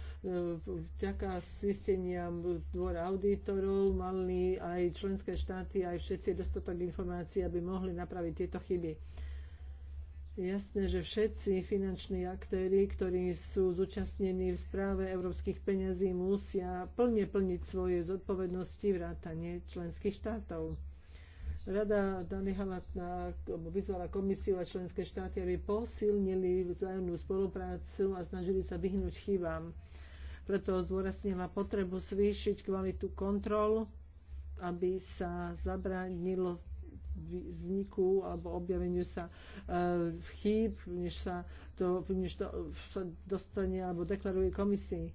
vďaka zisteniam dvora auditorov mali aj členské štáty, aj všetci dostatok informácií, aby mohli napraviť tieto chyby jasné, že všetci finanční aktéry, ktorí sú zúčastnení v správe európskych peňazí, musia plne plniť svoje zodpovednosti vrátane členských štátov. Rada Halatná vyzvala komisiu a členské štáty, aby posilnili vzájomnú spoluprácu a snažili sa vyhnúť chybám. Preto zdôraznila potrebu zvýšiť kvalitu kontrol, aby sa zabránilo vzniku alebo objaveniu sa e, chýb, než sa to, než to sa dostane alebo deklaruje komisii. E,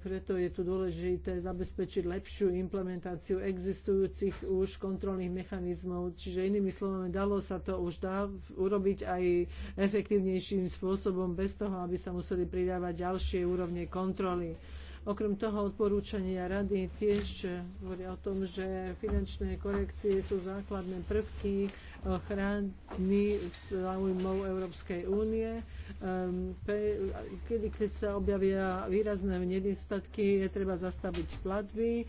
preto je tu dôležité zabezpečiť lepšiu implementáciu existujúcich už kontrolných mechanizmov. Čiže inými slovami, dalo sa to už dá urobiť aj efektívnejším spôsobom bez toho, aby sa museli pridávať ďalšie úrovne kontroly. Okrem toho odporúčania rady tiež hovoria o tom, že finančné korekcie sú základné prvky ochrany záujmov Európskej únie. Ehm, kedy, keď sa objavia výrazné nedostatky, je treba zastaviť platby,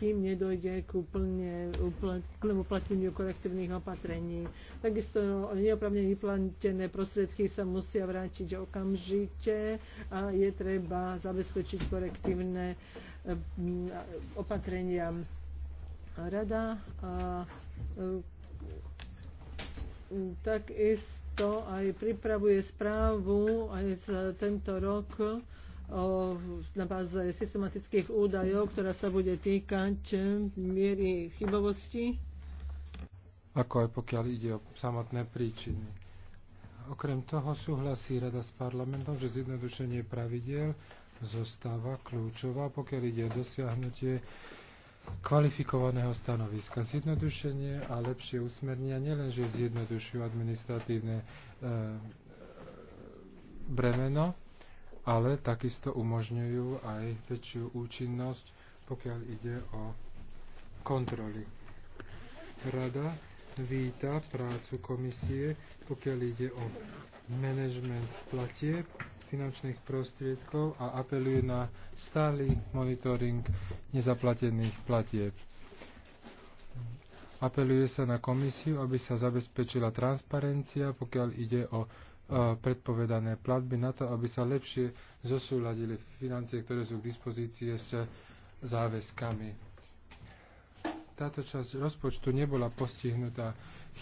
kým nedojde k úplne, úplnému uplatneniu korektívnych opatrení. Takisto neopravne vyplatené prostriedky sa musia vrátiť okamžite a je treba zabezpečiť korektívne ehm, opatrenia rada takisto aj pripravuje správu aj za tento rok o, na báze systematických údajov, ktorá sa bude týkať miery chybovosti. Ako aj pokiaľ ide o samotné príčiny. Okrem toho súhlasí Rada s parlamentom, že zjednodušenie pravidel zostáva kľúčová, pokiaľ ide o dosiahnutie kvalifikovaného stanoviska. Zjednodušenie a lepšie usmernenia nielenže zjednodušujú administratívne e, bremeno, ale takisto umožňujú aj väčšiu účinnosť, pokiaľ ide o kontroly. Rada víta prácu komisie, pokiaľ ide o management platieb finančných prostriedkov a apeluje na stály monitoring nezaplatených platieb. Apeluje sa na komisiu, aby sa zabezpečila transparencia, pokiaľ ide o e, predpovedané platby na to, aby sa lepšie zosúladili financie, ktoré sú k dispozície s záväzkami. Táto časť rozpočtu nebola postihnutá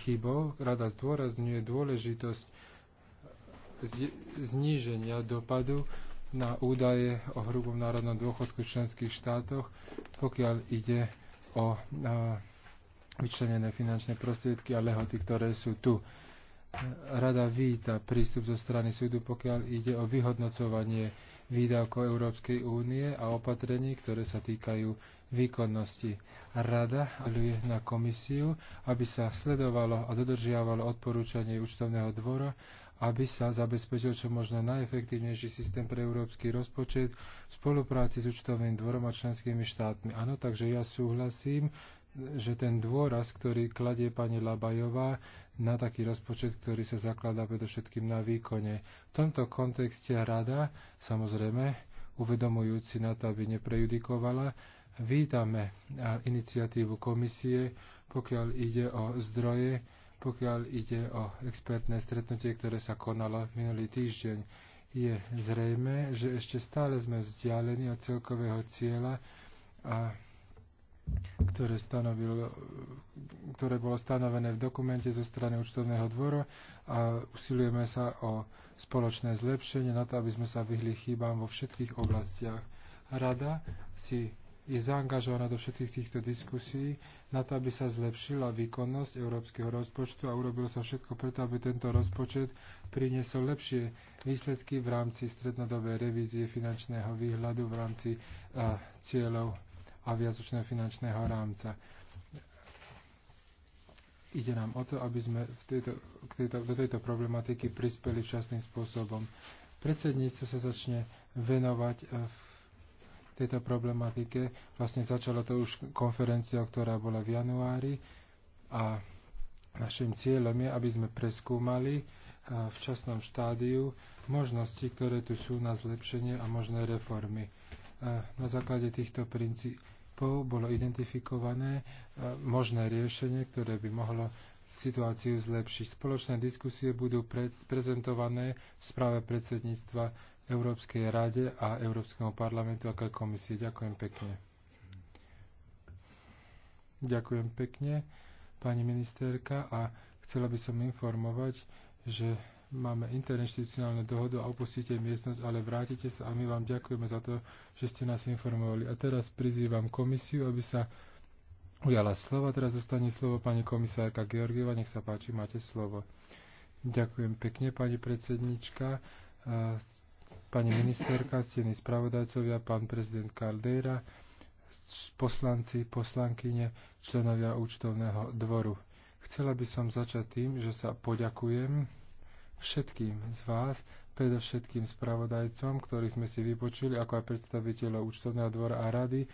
chybou. Rada zdôrazňuje dôležitosť zníženia dopadu na údaje o hrubom národnom dôchodku v členských štátoch, pokiaľ ide o vyčlenené finančné prostriedky a lehoty, ktoré sú tu. Rada víta prístup zo strany súdu, pokiaľ ide o vyhodnocovanie výdavkov Európskej únie a opatrení, ktoré sa týkajú výkonnosti. Rada aluje na komisiu, aby sa sledovalo a dodržiavalo odporúčanie účtovného dvora aby sa zabezpečil čo možno najefektívnejší systém pre európsky rozpočet v spolupráci s účtovným dvorom a členskými štátmi. Áno, takže ja súhlasím, že ten dôraz, ktorý kladie pani Labajová na taký rozpočet, ktorý sa zakladá predovšetkým na výkone. V tomto kontexte rada, samozrejme, uvedomujúci na to, aby neprejudikovala, vítame iniciatívu komisie, pokiaľ ide o zdroje, pokiaľ ide o expertné stretnutie, ktoré sa konalo minulý týždeň, je zrejme, že ešte stále sme vzdialení od celkového cieľa, a ktoré, stanovil, ktoré bolo stanovené v dokumente zo strany účtovného dvora a usilujeme sa o spoločné zlepšenie na to, aby sme sa vyhli chýbám vo všetkých oblastiach. Rada si je zaangažovaná do všetkých týchto diskusí na to, aby sa zlepšila výkonnosť európskeho rozpočtu a urobilo sa všetko preto, aby tento rozpočet priniesol lepšie výsledky v rámci strednodobej revízie finančného výhľadu v rámci a, eh, cieľov a viazočného finančného rámca. Ide nám o to, aby sme v tejto, k tejto, do tejto problematiky prispeli včasným spôsobom. Predsedníctvo sa začne venovať eh, v tejto problematike. Vlastne začala to už konferencia, ktorá bola v januári a našim cieľom je, aby sme preskúmali e, v časnom štádiu možnosti, ktoré tu sú na zlepšenie a možné reformy. E, na základe týchto princípov bolo identifikované e, možné riešenie, ktoré by mohlo situáciu zlepšiť. Spoločné diskusie budú prezentované v správe predsedníctva Európskej rade a Európskemu parlamentu, ako aj komisii. Ďakujem pekne. Ďakujem pekne, pani ministerka, a chcela by som informovať, že máme interinstitucionálnu dohodu a opustíte miestnosť, ale vrátite sa a my vám ďakujeme za to, že ste nás informovali. A teraz prizývam komisiu, aby sa ujala slova. Teraz zostane slovo pani komisárka Georgieva. Nech sa páči, máte slovo. Ďakujem pekne, pani predsednička pani ministerka, stení spravodajcovia, pán prezident Caldera, poslanci, poslankyne, členovia účtovného dvoru. Chcela by som začať tým, že sa poďakujem všetkým z vás, predovšetkým spravodajcom, ktorí sme si vypočuli, ako aj predstaviteľov účtovného dvora a rady. E,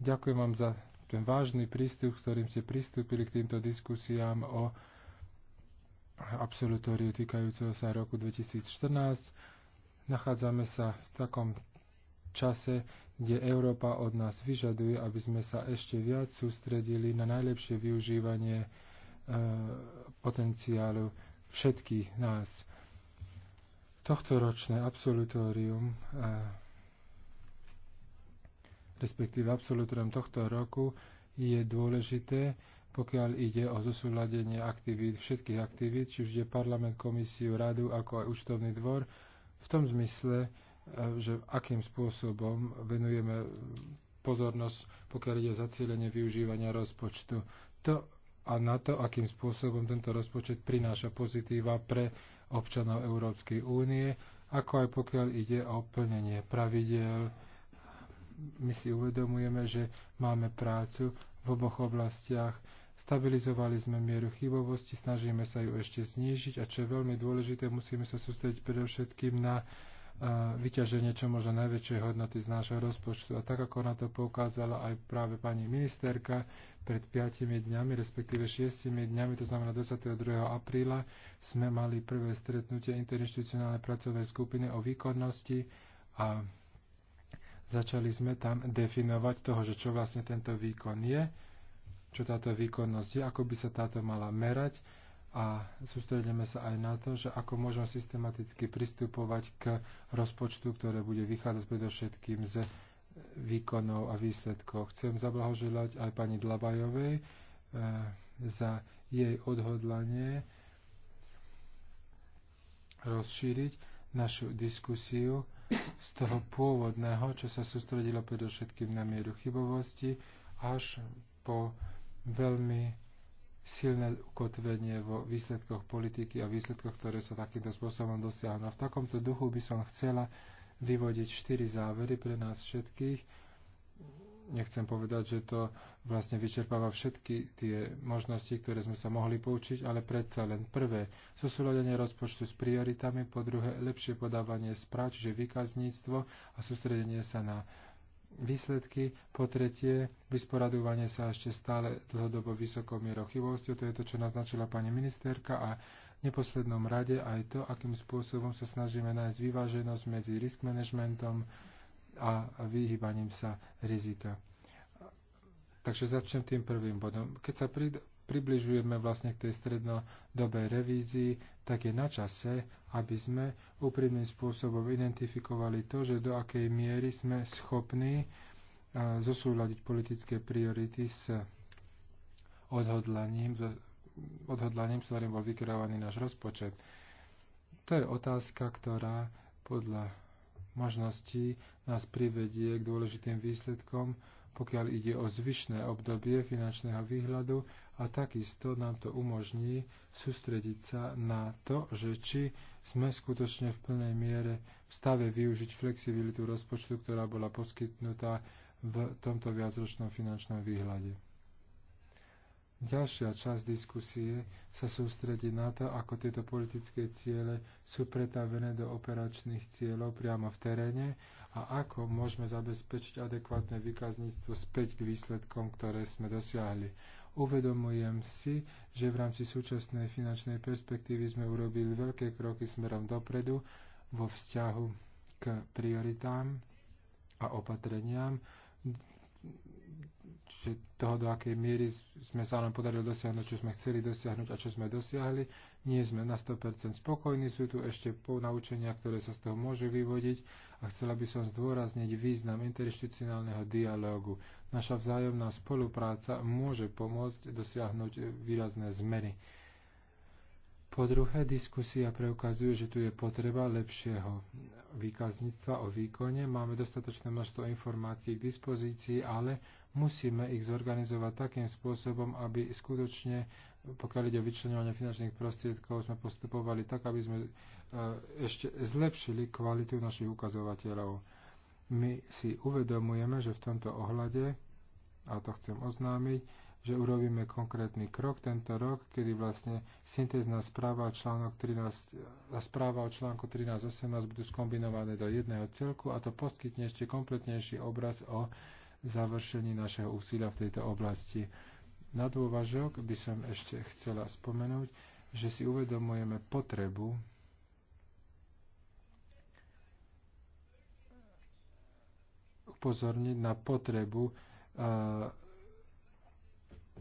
ďakujem vám za ten vážny prístup, s ktorým ste pristúpili k týmto diskusiám o absolutóriu týkajúceho sa roku 2014 Nachádzame sa v takom čase, kde Európa od nás vyžaduje, aby sme sa ešte viac sústredili na najlepšie využívanie e, potenciálu všetkých nás. ročné absolutórium, e, respektíve absolutórium tohto roku, je dôležité, pokiaľ ide o zosúladenie aktivít, všetkých aktivít, čiže parlament, komisiu, radu, ako aj účtovný dvor, v tom zmysle, e, že akým spôsobom venujeme pozornosť, pokiaľ ide zacielenie využívania rozpočtu. To a na to, akým spôsobom tento rozpočet prináša pozitíva pre občanov Európskej únie, ako aj pokiaľ ide o plnenie pravidel. My si uvedomujeme, že máme prácu v oboch oblastiach Stabilizovali sme mieru chybovosti, snažíme sa ju ešte znížiť a čo je veľmi dôležité, musíme sa sústrediť predovšetkým na e, vyťaženie čo možno najväčšej hodnoty z nášho rozpočtu. A tak, ako na to poukázala aj práve pani ministerka, pred 5 dňami, respektíve 6 dňami, to znamená 22. apríla, sme mali prvé stretnutie interinstitucionálnej pracovnej skupiny o výkonnosti a začali sme tam definovať toho, že čo vlastne tento výkon je čo táto výkonnosť je, ako by sa táto mala merať a sústredíme sa aj na to, že ako môžeme systematicky pristupovať k rozpočtu, ktoré bude vychádzať predovšetkým z výkonov a výsledkov. Chcem zablahoželať aj pani Dlabajovej eh, za jej odhodlanie rozšíriť našu diskusiu z toho pôvodného, čo sa sústredilo predovšetkým na mieru chybovosti, až po veľmi silné ukotvenie vo výsledkoch politiky a výsledkoch, ktoré sa takýmto spôsobom dosiahnu. V takomto duchu by som chcela vyvodiť štyri závery pre nás všetkých. Nechcem povedať, že to vlastne vyčerpáva všetky tie možnosti, ktoré sme sa mohli poučiť, ale predsa len prvé, susúľadenie rozpočtu s prioritami, po druhé, lepšie podávanie správ, čiže výkazníctvo a sústredenie sa na výsledky. Po tretie, vysporadovanie sa ešte stále dlhodobo vysokou mierou chybovosti, To je to, čo naznačila pani ministerka a v neposlednom rade aj to, akým spôsobom sa snažíme nájsť vyváženosť medzi risk managementom a vyhýbaním sa rizika. Takže začnem tým prvým bodom. Keď sa približujeme vlastne k tej strednodobej revízii, tak je na čase, aby sme úprimným spôsobom identifikovali to, že do akej miery sme schopní e, zosúľadiť politické priority s odhodlaním, odhodlaním, s ktorým bol vykreovaný náš rozpočet. To je otázka, ktorá podľa možností nás privedie k dôležitým výsledkom, pokiaľ ide o zvyšné obdobie finančného výhľadu a takisto nám to umožní sústrediť sa na to, že či sme skutočne v plnej miere v stave využiť flexibilitu rozpočtu, ktorá bola poskytnutá v tomto viacročnom finančnom výhľade. Ďalšia časť diskusie sa sústredí na to, ako tieto politické ciele sú pretavené do operačných cieľov priamo v teréne a ako môžeme zabezpečiť adekvátne výkazníctvo späť k výsledkom, ktoré sme dosiahli. Uvedomujem si, že v rámci súčasnej finančnej perspektívy sme urobili veľké kroky smerom dopredu vo vzťahu k prioritám a opatreniam že toho, do akej miery sme sa nám podarilo dosiahnuť, čo sme chceli dosiahnuť a čo sme dosiahli. Nie sme na 100% spokojní, sú tu ešte ponaučenia, ktoré sa z toho môžu vyvodiť a chcela by som zdôrazniť význam interinstitucionálneho dialógu. Naša vzájomná spolupráca môže pomôcť dosiahnuť výrazné zmeny. Po druhé, diskusia preukazuje, že tu je potreba lepšieho výkazníctva o výkone. Máme dostatočné množstvo informácií k dispozícii, ale musíme ich zorganizovať takým spôsobom, aby skutočne, pokiaľ ide o vyčlenovanie finančných prostriedkov, sme postupovali tak, aby sme e, ešte zlepšili kvalitu našich ukazovateľov. My si uvedomujeme, že v tomto ohľade, a to chcem oznámiť, že urobíme konkrétny krok tento rok, kedy vlastne syntézna správa, článok 13, správa o článku 13.18 budú skombinované do jedného celku a to poskytne ešte kompletnejší obraz o završení našeho úsilia v tejto oblasti. Na dôvažok by som ešte chcela spomenúť, že si uvedomujeme potrebu upozorniť na potrebu e,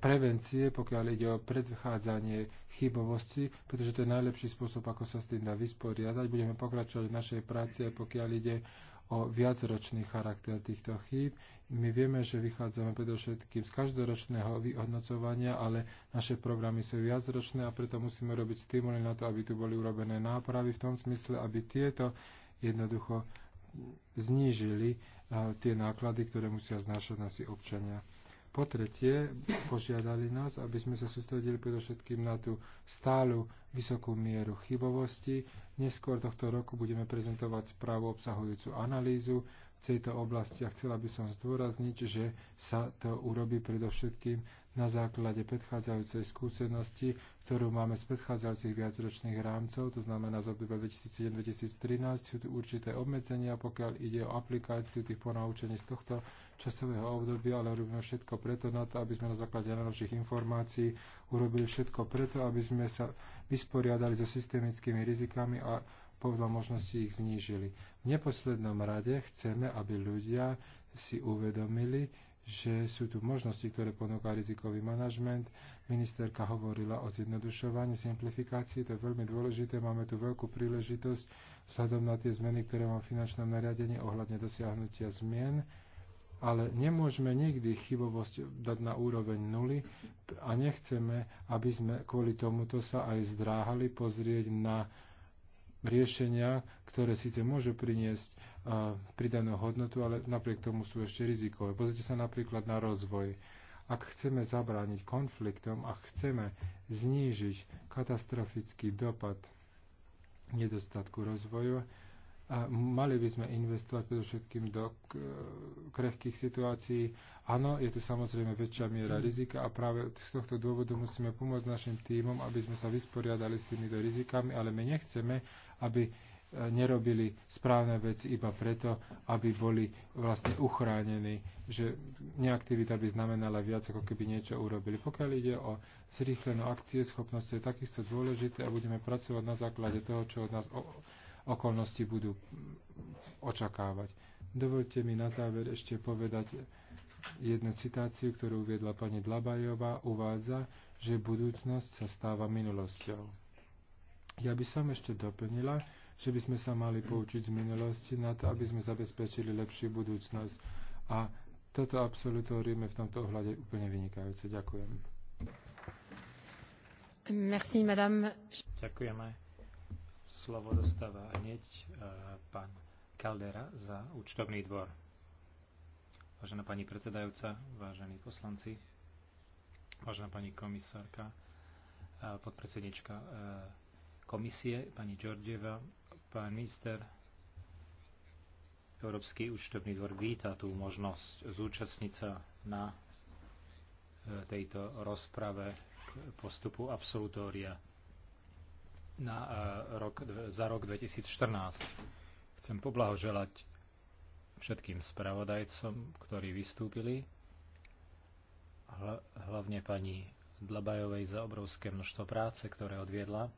prevencie, pokiaľ ide o predchádzanie chybovosti, pretože to je najlepší spôsob, ako sa s tým dá vysporiadať. Budeme pokračovať v našej práci, pokiaľ ide o viacročný charakter týchto chýb. My vieme, že vychádzame predovšetkým z každoročného vyhodnocovania, ale naše programy sú viacročné a preto musíme robiť stimuly na to, aby tu boli urobené nápravy v tom smysle, aby tieto jednoducho znížili tie náklady, ktoré musia znášať nasi občania. Po tretie, požiadali nás, aby sme sa sústredili predovšetkým na tú stálu vysokú mieru chybovosti. Neskôr tohto roku budeme prezentovať správu obsahujúcu analýzu tejto oblasti a chcela by som zdôrazniť, že sa to urobí predovšetkým na základe predchádzajúcej skúsenosti, ktorú máme z predchádzajúcich viacročných rámcov, to znamená z obdobia 2007-2013 sú tu určité obmedzenia, pokiaľ ide o aplikáciu tých ponaučení z tohto časového obdobia, ale robíme všetko preto na to, aby sme na základe najnovších informácií urobili všetko preto, aby sme sa vysporiadali so systemickými rizikami a podľa možností ich znížili. V neposlednom rade chceme, aby ľudia si uvedomili, že sú tu možnosti, ktoré ponúka rizikový manažment. Ministerka hovorila o zjednodušovaní, simplifikácii, to je veľmi dôležité. Máme tu veľkú príležitosť vzhľadom na tie zmeny, ktoré mám v finančnom nariadení ohľadne dosiahnutia zmien. Ale nemôžeme nikdy chybovosť dať na úroveň nuly a nechceme, aby sme kvôli tomuto sa aj zdráhali pozrieť na riešenia, ktoré síce môžu priniesť pridanú hodnotu, ale napriek tomu sú ešte rizikové. Pozrite sa napríklad na rozvoj. Ak chceme zabrániť konfliktom a chceme znížiť katastrofický dopad nedostatku rozvoju, a mali by sme investovať predovšetkým do krehkých situácií. Áno, je tu samozrejme väčšia miera rizika a práve z tohto dôvodu musíme pomôcť našim týmom, aby sme sa vysporiadali s týmito rizikami, ale my nechceme, aby e, nerobili správne veci iba preto, aby boli vlastne uchránení, že neaktivita by znamenala viac, ako keby niečo urobili. Pokiaľ ide o zrýchlenú akcie, schopnosť je takisto dôležité a budeme pracovať na základe toho, čo od nás okolnosti budú očakávať. Dovolte mi na záver ešte povedať jednu citáciu, ktorú uviedla pani Dlabajová, uvádza, že budúcnosť sa stáva minulosťou. Ja by som ešte doplnila, že by sme sa mali poučiť z minulosti na to, aby sme zabezpečili lepšiu budúcnosť. A toto absolutórium je v tomto ohľade úplne vynikajúce. Ďakujem. Merci, madame. Ďakujeme. Slovo dostáva hneď e, pán Caldera za účtovný dvor. Vážená pani predsedajúca, vážení poslanci, vážená pani komisárka, e, podpredsednička e, komisie, pani Georgieva, pán minister. Európsky účtovný dvor víta tú možnosť zúčastniť sa na e, tejto rozprave k postupu absolutória na e, rok, za rok 2014. Chcem poblahoželať všetkým spravodajcom, ktorí vystúpili, hlavne pani Dlabajovej za obrovské množstvo práce, ktoré odviedla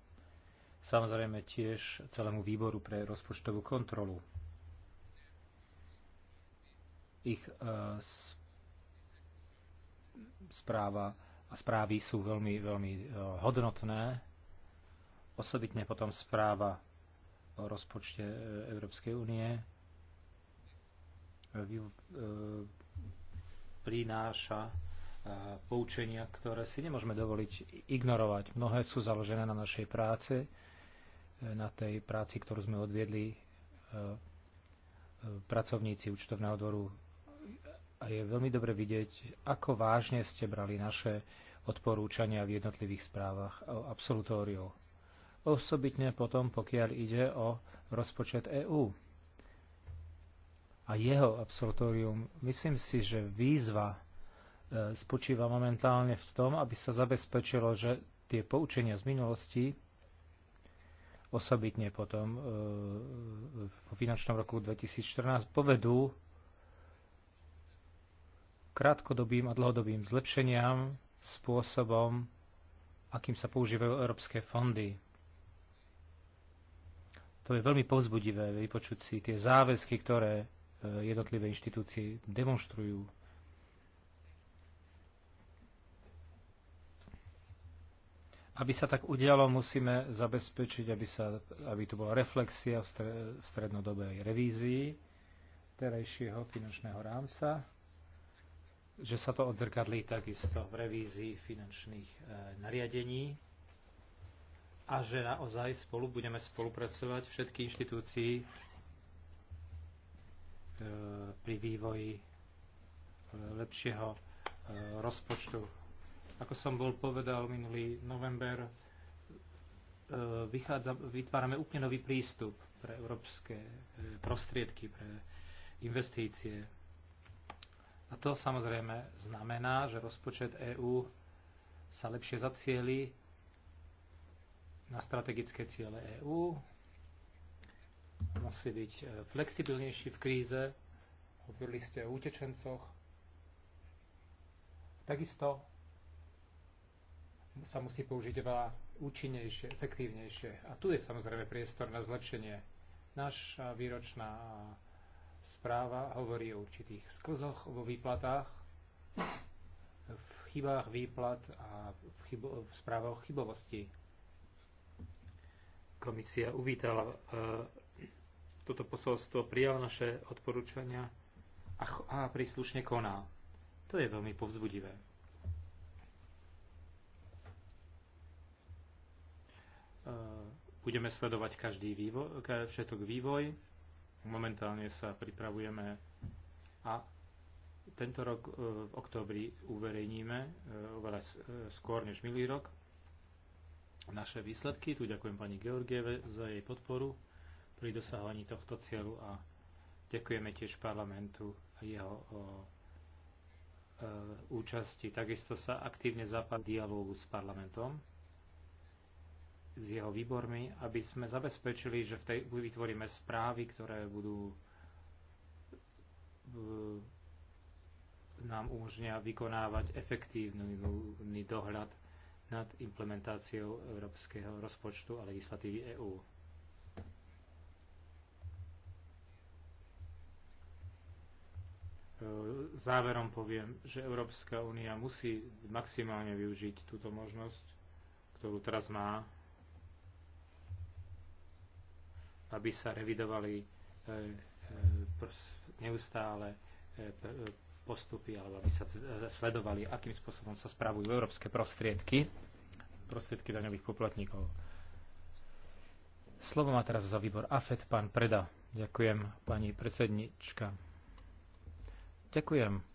samozrejme tiež celému výboru pre rozpočtovú kontrolu. Ich e, správa a správy sú veľmi, veľmi e, hodnotné. Osobitne potom správa o rozpočte e, Európskej únie prináša poučenia, ktoré si nemôžeme dovoliť ignorovať. Mnohé sú založené na našej práce, na tej práci, ktorú sme odviedli e, e, pracovníci účtovného dvoru. A je veľmi dobre vidieť, ako vážne ste brali naše odporúčania v jednotlivých správach o e, absolutóriu. Osobitne potom, pokiaľ ide o rozpočet EÚ a jeho absolutórium, myslím si, že výzva spočíva momentálne v tom, aby sa zabezpečilo, že tie poučenia z minulosti osobitne potom e, v finančnom roku 2014 povedú krátkodobým a dlhodobým zlepšeniam spôsobom, akým sa používajú európske fondy. To je veľmi povzbudivé vypočuť si tie záväzky, ktoré e, jednotlivé inštitúcie demonstrujú Aby sa tak udialo, musíme zabezpečiť, aby, sa, aby tu bola reflexia v, stre, v strednodobej revízii terajšieho finančného rámca, že sa to odzrkadlí takisto v revízii finančných e, nariadení a že naozaj spolu budeme spolupracovať všetky inštitúcii e, pri vývoji e, lepšieho e, rozpočtu ako som bol povedal minulý november, e, vychádza, vytvárame úplne nový prístup pre európske e, prostriedky, pre investície. A to samozrejme znamená, že rozpočet EÚ sa lepšie zacieli na strategické ciele EÚ, musí byť e, flexibilnejší v kríze, hovorili ste o utečencoch, takisto sa musí použiť oveľa účinnejšie, efektívnejšie. A tu je samozrejme priestor na zlepšenie. Naša výročná správa hovorí o určitých sklzoch vo výplatách, v chybách výplat a v, chybo- v správach o chybovosti. Komisia uvítala uh, toto posolstvo, prijal naše odporúčania a, a príslušne koná. To je veľmi povzbudivé. Eh, budeme sledovať každý vývoj, všetok vývoj. Momentálne sa pripravujeme a tento rok eh, v októbri uverejníme eh, oveľa skôr než milý rok naše výsledky. Tu ďakujem pani Georgieve za jej podporu pri dosahovaní tohto cieľu a ďakujeme tiež parlamentu a jeho o, o, účasti. Takisto sa aktívne zapadá dialógu s parlamentom s jeho výbormi, aby sme zabezpečili, že v tej, vytvoríme správy, ktoré budú e, nám umožňa vykonávať efektívny dohľad nad implementáciou európskeho rozpočtu a legislatívy EÚ. E, záverom poviem, že Európska únia musí maximálne využiť túto možnosť, ktorú teraz má aby sa revidovali e, e, neustále e, postupy, alebo aby sa sledovali, akým spôsobom sa spravujú európske prostriedky, prostriedky daňových poplatníkov. Slovo má teraz za výbor AFET pán Preda. Ďakujem, pani predsednička. Ďakujem.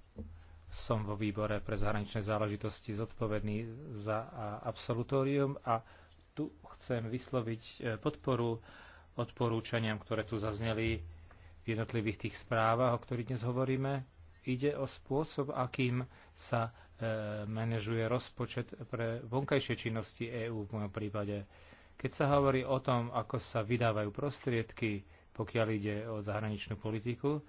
Som vo výbore pre zahraničné záležitosti zodpovedný za absolutórium a tu chcem vysloviť podporu odporúčaniam, ktoré tu zazneli v jednotlivých tých správach, o ktorých dnes hovoríme. Ide o spôsob, akým sa e, manažuje rozpočet pre vonkajšie činnosti EÚ v mojom prípade. Keď sa hovorí o tom, ako sa vydávajú prostriedky, pokiaľ ide o zahraničnú politiku,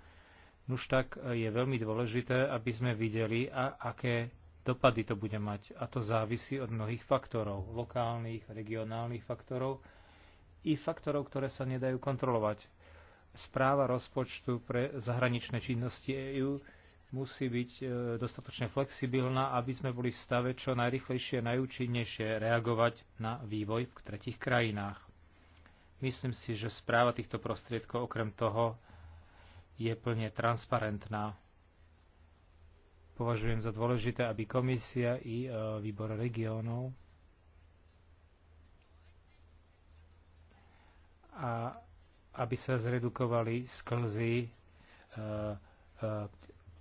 už tak je veľmi dôležité, aby sme videli, a aké dopady to bude mať. A to závisí od mnohých faktorov, lokálnych, regionálnych faktorov, i faktorov, ktoré sa nedajú kontrolovať. Správa rozpočtu pre zahraničné činnosti EÚ musí byť e, dostatočne flexibilná, aby sme boli v stave čo najrychlejšie a najúčinnejšie reagovať na vývoj v tretich krajinách. Myslím si, že správa týchto prostriedkov okrem toho je plne transparentná. Považujem za dôležité, aby komisia i e, výbor regiónov a aby sa zredukovali sklzy e, e,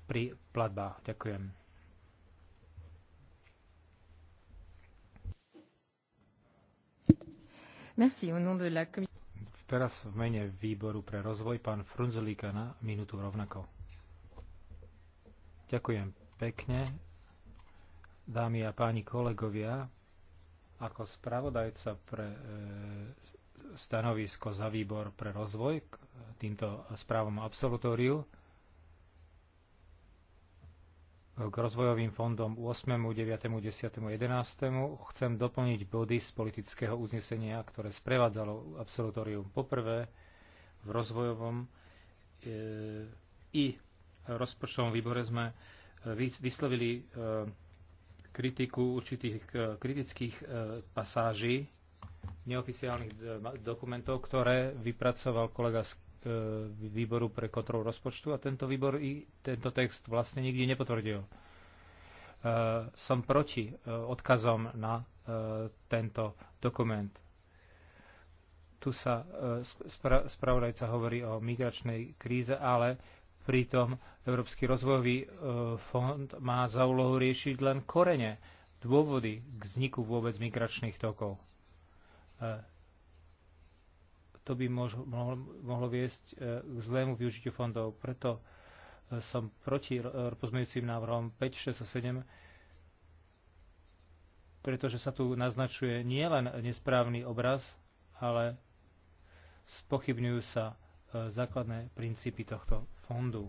pri platbách. Ďakujem. Merci, au nom de la Teraz v mene výboru pre rozvoj pán Frunzelíka na minútu rovnako. Ďakujem pekne. Dámy a páni kolegovia, ako spravodajca pre e, stanovisko za výbor pre rozvoj k týmto správom absolutóriu k rozvojovým fondom 8., 9., 10., 11. Chcem doplniť body z politického uznesenia, ktoré sprevádzalo absolutórium poprvé v rozvojovom e, i rozpočtovom výbore sme vyslovili e, kritiku určitých e, kritických pasáží neoficiálnych e, dokumentov, ktoré vypracoval kolega z e, výboru pre kontrolu rozpočtu a tento výbor i tento text vlastne nikdy nepotvrdil. E, som proti odkazom na tento dokument. Tu sa spra- spravodajca hovorí o migračnej kríze, ale pritom Európsky rozvojový fond má za úlohu riešiť len korene, dôvody k vzniku vôbec migračných tokov to by mohlo, viesť e, k zlému využitiu fondov. Preto e, som proti pozmejúcim návrhom 5, 6 a 7, pretože sa tu naznačuje nielen nesprávny obraz, ale spochybňujú sa e, základné princípy tohto fondu.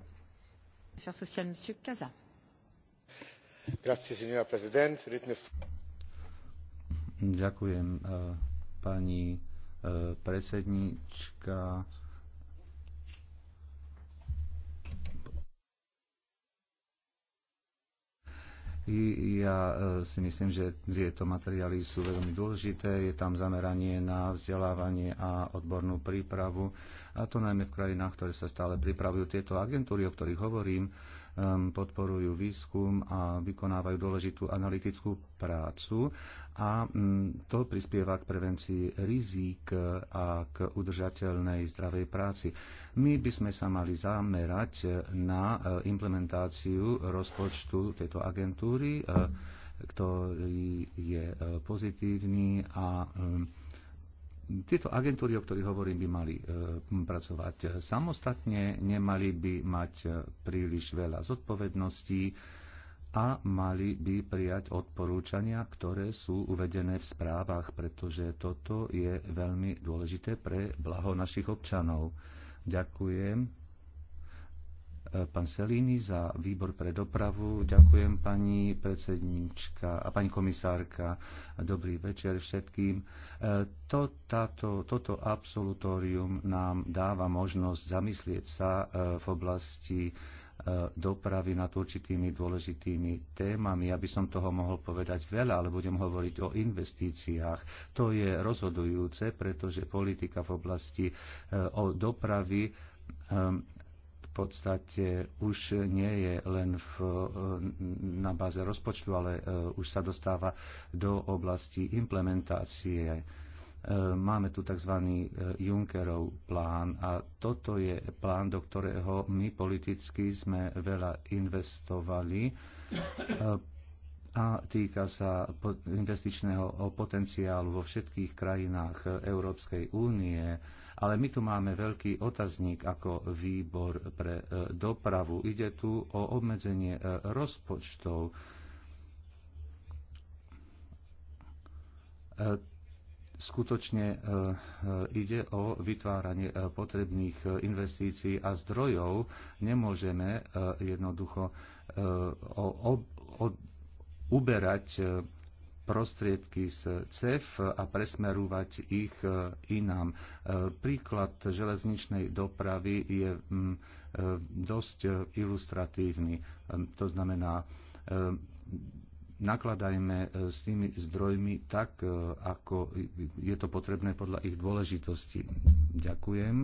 Ďakujem, pani e, predsednička. Ja e, si myslím, že tieto materiály sú veľmi dôležité. Je tam zameranie na vzdelávanie a odbornú prípravu, a to najmä v krajinách, ktoré sa stále pripravujú. Tieto agentúry, o ktorých hovorím, podporujú výskum a vykonávajú dôležitú analytickú prácu a mm, to prispieva k prevencii rizík a k udržateľnej zdravej práci. My by sme sa mali zamerať na e, implementáciu rozpočtu tejto agentúry, e, ktorý je e, pozitívny a mm, tieto agentúry, o ktorých hovorím, by mali e, pracovať e, samostatne, nemali by mať e, príliš veľa zodpovedností a mali by prijať odporúčania, ktoré sú uvedené v správach, pretože toto je veľmi dôležité pre blaho našich občanov. Ďakujem pán Selini za výbor pre dopravu. Ďakujem pani predsednička a pani komisárka. Dobrý večer všetkým. E, to, táto, toto absolutórium nám dáva možnosť zamyslieť sa e, v oblasti e, dopravy nad určitými dôležitými témami. Ja by som toho mohol povedať veľa, ale budem hovoriť o investíciách. To je rozhodujúce, pretože politika v oblasti o dopravy podstate už nie je len v, e, na báze rozpočtu, ale e, už sa dostáva do oblasti implementácie. E, máme tu tzv. Junckerov plán a toto je plán, do ktorého my politicky sme veľa investovali a týka sa investičného potenciálu vo všetkých krajinách Európskej únie, ale my tu máme veľký otazník ako výbor pre e, dopravu. Ide tu o obmedzenie e, rozpočtov. E, skutočne ide o vytváranie potrebných investícií a zdrojov. Nemôžeme jednoducho uberať e, prostriedky z CEF a presmerovať ich e, inám. E, príklad železničnej dopravy je mm, dosť ilustratívny. To znamená, nakladajme s tými zdrojmi tak, ako je to potrebné podľa ich dôležitosti. Ďakujem.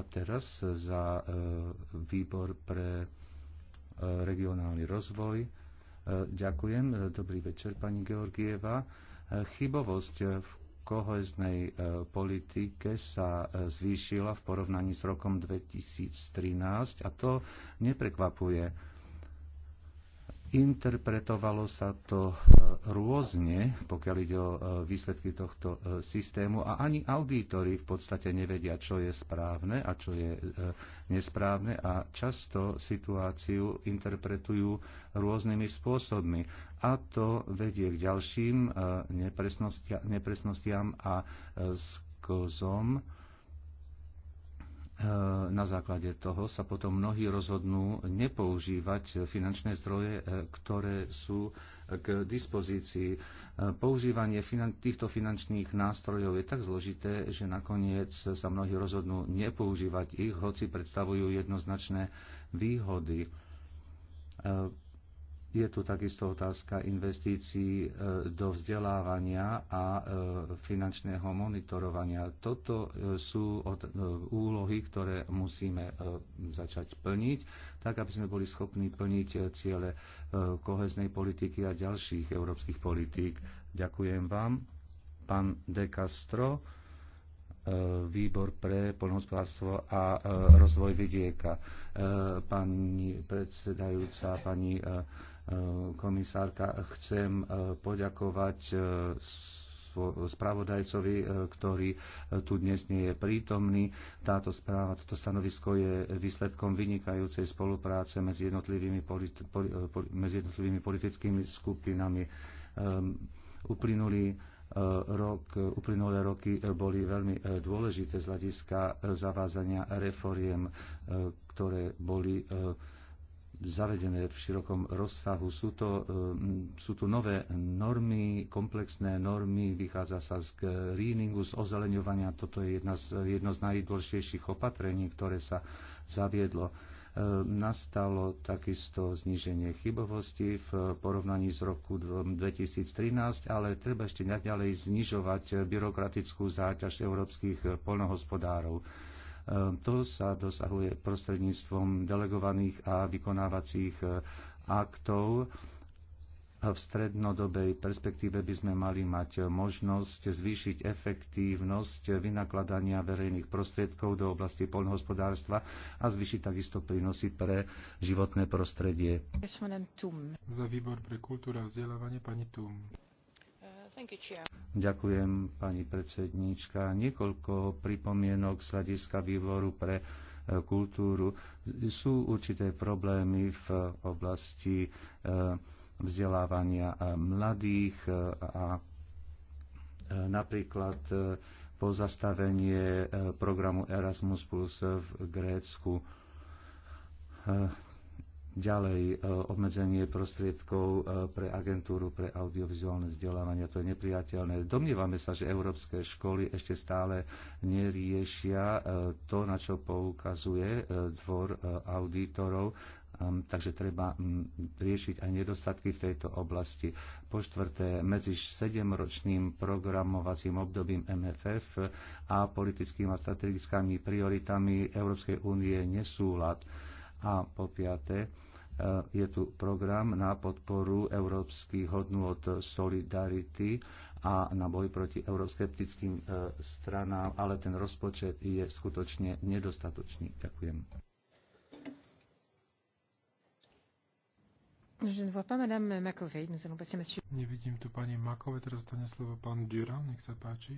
A teraz za výbor pre regionálny rozvoj. E, ďakujem. E, dobrý večer, pani Georgieva. E, chybovosť v koheznej politike sa zvýšila v porovnaní s rokom 2013 a to neprekvapuje Interpretovalo sa to e, rôzne, pokiaľ ide o e, výsledky tohto e, systému a ani auditory v podstate nevedia, čo je správne a čo je nesprávne a často situáciu interpretujú rôznymi spôsobmi a to vedie k ďalším nepresnostiam a skozom E, na základe toho sa potom mnohí rozhodnú nepoužívať finančné zdroje, e, ktoré sú k dispozícii. E, používanie finan- týchto finančných nástrojov je tak zložité, že nakoniec sa mnohí rozhodnú nepoužívať ich, hoci predstavujú jednoznačné výhody. Je tu takisto otázka investícií e, do vzdelávania a e, finančného monitorovania. Toto e, sú úlohy, ktoré musíme začať plniť, tak aby sme boli schopní plniť ciele koheznej politiky a ďalších európskych politík. Ďakujem vám. Pán De Castro, výbor pre poľnohospodárstvo a rozvoj vidieka. Pani predsedajúca, pani Eh, komisárka, chcem eh, poďakovať eh, spravodajcovi, ktorý tu dnes nie je prítomný. Táto správa, toto stanovisko je výsledkom vynikajúcej spolupráce medzi jednotlivými, politi- poli- medzi jednotlivými politickými skupinami. Um, uplynulý rok, uplynulé roky boli veľmi dôležité z hľadiska zavázania reforiem, ktoré boli uh, zavedené v širokom rozsahu. Sú, to, e, sú to nové normy, komplexné normy, vychádza sa z greeningu, z ozeleňovania. Toto je jedna z, jedno z najdôležitejších opatrení, ktoré sa zaviedlo. E, nastalo takisto zníženie chybovosti v porovnaní s roku 2013, ale treba ešte naďalej znižovať byrokratickú záťaž európskych polnohospodárov Ehm, to sa dosahuje prostredníctvom delegovaných a vykonávacích e, aktov. V strednodobej perspektíve by sme mali mať možnosť zvýšiť efektívnosť vynakladania verejných prostriedkov do oblasti poľnohospodárstva a zvýšiť takisto prínosy pre životné prostredie. Za výbor pre kultúru a vzdelávanie pani Tum. Ďakujem, pani predsednička. Niekoľko pripomienok z hľadiska výboru pre e, kultúru. Sú určité problémy v oblasti e, vzdelávania e, mladých a napríklad pozastavenie programu Erasmus Plus v Grécku Ďalej e, obmedzenie prostriedkov e, pre agentúru pre audiovizuálne vzdelávanie, to je nepriateľné. Domnievame sa, že európske školy ešte stále neriešia e, to, na čo poukazuje dvor auditorov, takže treba riešiť aj nedostatky v tejto oblasti. Po štvrté, medzi 7-ročným programovacím obdobím MFF a politickými a strategickými prioritami Európskej únie nesúlad a po piaté, e, je tu program na podporu európskych hodnôt solidarity a na boj proti euroskeptickým e, stranám, ale ten rozpočet je skutočne nedostatočný. Ďakujem. Je ne vois pas Madame Makovej. Nous allons passer Nevidím tu pani Makove, teraz dane slovo pán Dura, nech sa páči.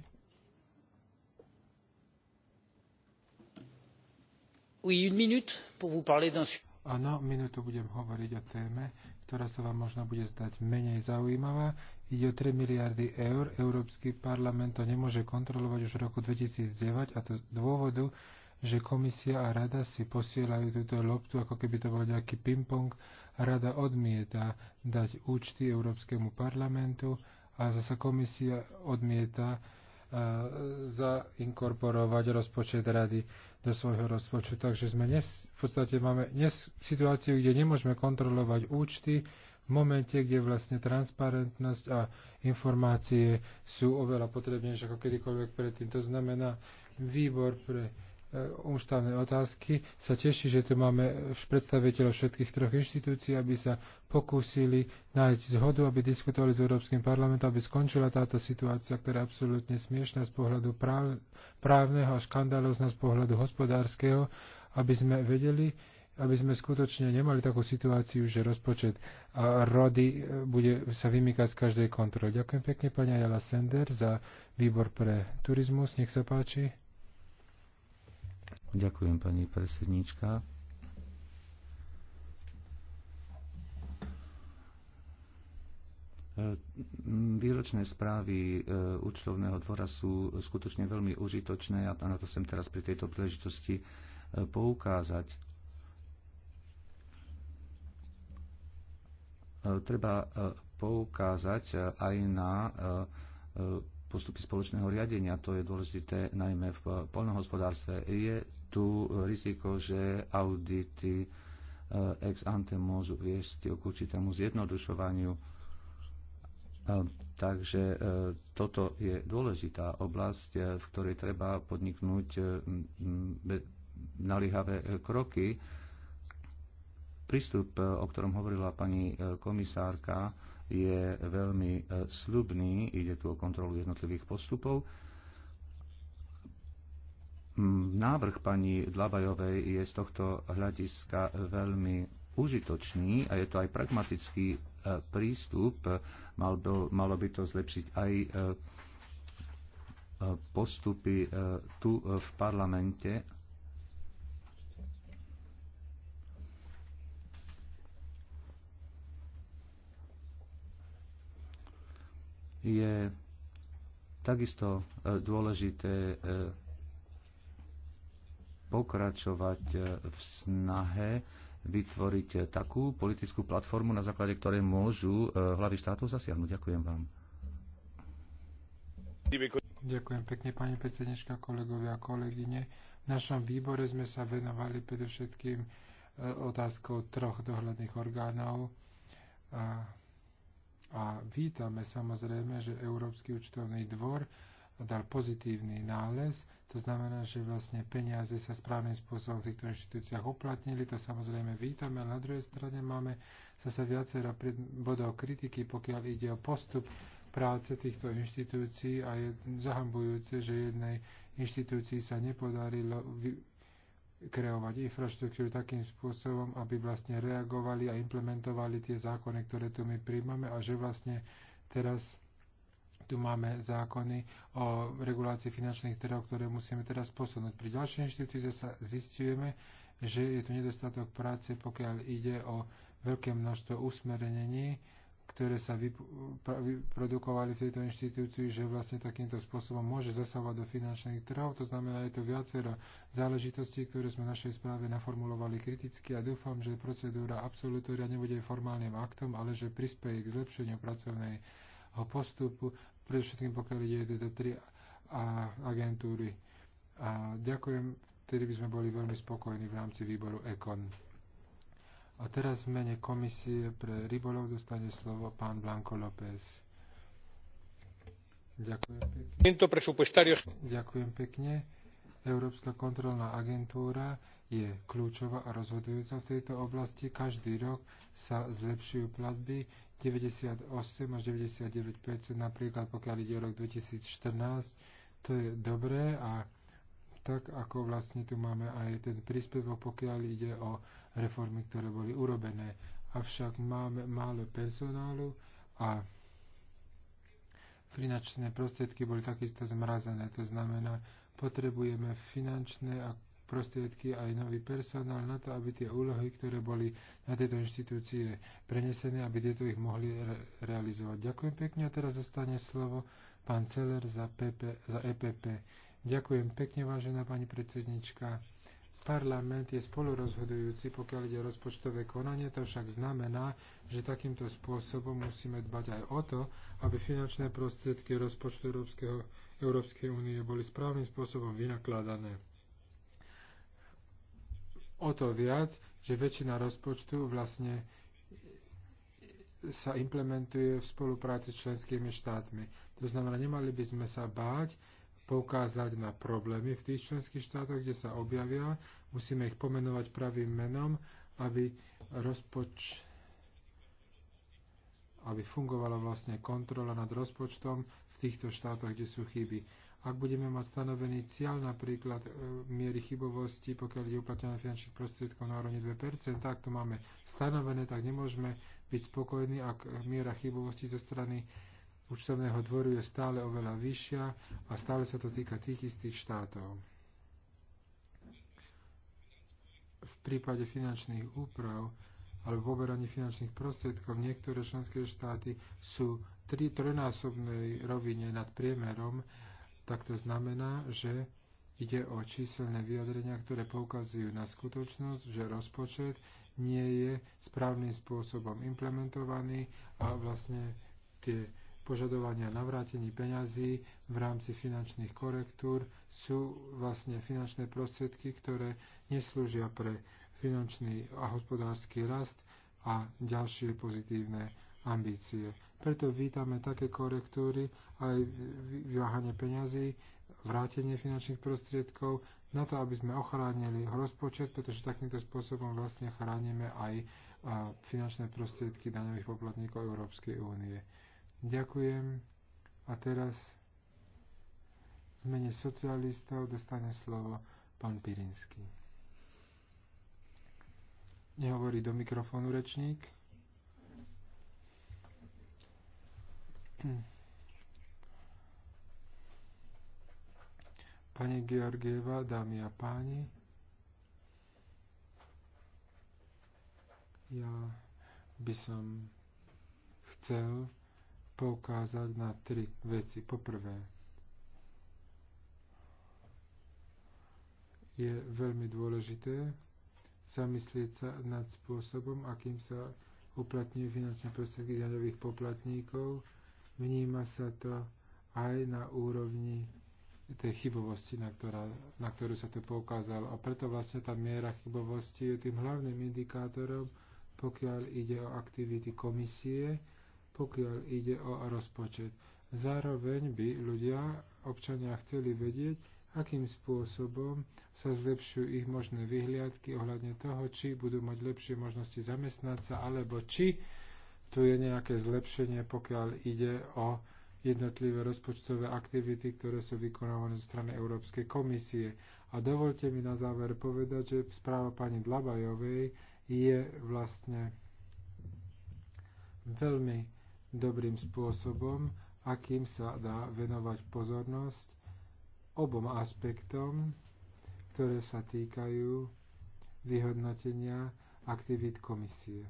Áno, minútu budem hovoriť o téme, ktorá sa vám možno bude zdať menej zaujímavá. Ide o 3 miliardy eur. Európsky parlament to nemôže kontrolovať už v roku 2009 a to z dôvodu, že komisia a rada si posielajú túto loptu, ako keby to bol nejaký ping-pong. Rada odmieta dať účty Európskemu parlamentu a zase komisia odmieta uh, zainkorporovať rozpočet rady do svojho rozpočtu. Takže sme dnes, v podstate máme dnes situáciu, kde nemôžeme kontrolovať účty v momente, kde vlastne transparentnosť a informácie sú oveľa potrebnejšie ako kedykoľvek predtým. To znamená, výbor pre E, ústavné otázky, sa teší, že tu máme predstaviteľov všetkých troch inštitúcií, aby sa pokúsili nájsť zhodu, aby diskutovali s Európskym parlamentom, aby skončila táto situácia, ktorá je absolútne smiešná z pohľadu práv, právneho a škandálozná z pohľadu hospodárskeho, aby sme vedeli, aby sme skutočne nemali takú situáciu, že rozpočet a rody e, bude sa vymýkať z každej kontroly. Ďakujem pekne pani Ajala Sender za výbor pre turizmus. Nech sa páči. Ďakujem, pani predsednička. E, výročné správy e, účtovného dvora sú skutočne veľmi užitočné a na to sem teraz pri tejto príležitosti e, poukázať. Treba poukázať aj na postupy spoločného riadenia, to je dôležité najmä v poľnohospodárstve. Je tu riziko, že audity eh, ex ante môžu viesť k určitému zjednodušovaniu. Eh, takže eh, toto je dôležitá oblasť, v ktorej treba podniknúť nalihavé kroky. Prístup, o ktorom hovorila pani komisárka, je veľmi slubný. Ide tu o kontrolu jednotlivých postupov Návrh pani Dlabajovej je z tohto hľadiska veľmi užitočný a je to aj pragmatický e, prístup. Mal by, malo by to zlepšiť aj e, e, postupy tu v parlamente. Je takisto dôležité pokračovať e, v snahe vytvoriť e, takú politickú platformu, na základe ktorej môžu e, hlavy štátov zasiahnuť. Ďakujem vám. Ďakujem pekne, pani predsednička, kolegovia a kolegyne. V našom výbore sme sa venovali predovšetkým otázkou troch dohľadných orgánov. A, a vítame samozrejme, že Európsky účtovný dvor dal pozitívny nález. To znamená, že vlastne peniaze sa správnym spôsobom v týchto inštitúciách uplatnili. To samozrejme vítame, ale na druhej strane máme zase viacero bodov kritiky, pokiaľ ide o postup práce týchto inštitúcií a je zahambujúce, že jednej inštitúcii sa nepodarilo kreovať infraštruktúru takým spôsobom, aby vlastne reagovali a implementovali tie zákony, ktoré tu my príjmame a že vlastne teraz tu máme zákony o regulácii finančných trhov, ktoré musíme teraz posunúť. Pri ďalšej inštitúcii sa zistujeme, že je tu nedostatok práce, pokiaľ ide o veľké množstvo usmernení, ktoré sa vyprodukovali v tejto inštitúcii, že vlastne takýmto spôsobom môže zasahovať do finančných trhov. To znamená, je to viacero záležitostí, ktoré sme v našej správe naformulovali kriticky a dúfam, že procedúra absolutória nebude formálnym aktom, ale že prispieje k zlepšeniu pracovnej postupu predovšetkým pokiaľ ide o tieto tri agentúry. A ďakujem, vtedy by sme boli veľmi spokojní v rámci výboru EKON. A teraz v mene komisie pre rybolov dostane slovo pán Blanco López. Ďakujem pekne. Ďakujem pekne. Európska kontrolná agentúra je kľúčová a rozhodujúca v tejto oblasti. Každý rok sa zlepšujú platby, 98 až 99 napríklad pokiaľ ide o rok 2014, to je dobré a tak ako vlastne tu máme aj ten príspevok, pokiaľ ide o reformy, ktoré boli urobené. Avšak máme málo personálu a finančné prostriedky boli takisto zmrazené. To znamená, potrebujeme finančné a prostriedky aj nový personál na to, aby tie úlohy, ktoré boli na tejto inštitúcie prenesené, aby tieto ich mohli re- realizovať. Ďakujem pekne a teraz zostane slovo pán Celer za, PP, za EPP. Ďakujem pekne, vážená pani predsednička. Parlament je spolurozhodujúci, pokiaľ ide o rozpočtové konanie, to však znamená, že takýmto spôsobom musíme dbať aj o to, aby finančné prostriedky rozpočtu Európskeho, Európskej únie boli správnym spôsobom vynakladané o to viac, že väčšina rozpočtu vlastne sa implementuje v spolupráci s členskými štátmi. To znamená, nemali by sme sa báť poukázať na problémy v tých členských štátoch, kde sa objavia. Musíme ich pomenovať pravým menom, aby rozpoč aby fungovala vlastne kontrola nad rozpočtom v týchto štátoch, kde sú chyby. Ak budeme mať stanovený cieľ napríklad e, miery chybovosti, pokiaľ je uplatňovanie finančných prostriedkov na úrovni 2%, tak to máme stanovené, tak nemôžeme byť spokojní, ak e, miera chybovosti zo strany účtovného dvoru je stále oveľa vyššia a stále sa to týka tých istých štátov. V prípade finančných úprav alebo poberaní finančných prostriedkov niektoré členské štáty sú tri trojnásobnej rovine nad priemerom tak to znamená, že ide o číselné vyjadrenia, ktoré poukazujú na skutočnosť, že rozpočet nie je správnym spôsobom implementovaný a vlastne tie požadovania na navrátení peňazí v rámci finančných korektúr sú vlastne finančné prostriedky, ktoré neslúžia pre finančný a hospodársky rast a ďalšie pozitívne ambície. Preto vítame také korektúry aj vyváhanie peňazí, vrátenie finančných prostriedkov na to, aby sme ochránili rozpočet, pretože takýmto spôsobom vlastne chránime aj finančné prostriedky daňových poplatníkov Európskej únie. Ďakujem a teraz v mene socialistov dostane slovo pán Pirinsky. Nehovorí do mikrofónu rečník. Pani Georgieva, dámy a páni, ja by som chcel poukázať na tri veci. Poprvé, je veľmi dôležité zamyslieť sa nad spôsobom, akým sa uplatňujú finančné prostriedky daňových poplatníkov, Vníma sa to aj na úrovni tej chybovosti, na, ktorá, na ktorú sa to poukázalo. A preto vlastne tá miera chybovosti je tým hlavným indikátorom, pokiaľ ide o aktivity komisie, pokiaľ ide o rozpočet. Zároveň by ľudia, občania chceli vedieť, akým spôsobom sa zlepšujú ich možné vyhliadky ohľadne toho, či budú mať lepšie možnosti zamestnať sa, alebo či tu je nejaké zlepšenie, pokiaľ ide o jednotlivé rozpočtové aktivity, ktoré sú vykonávané zo strany Európskej komisie. A dovolte mi na záver povedať, že správa pani Dlabajovej je vlastne veľmi dobrým spôsobom, akým sa dá venovať pozornosť obom aspektom, ktoré sa týkajú vyhodnotenia aktivít komisie.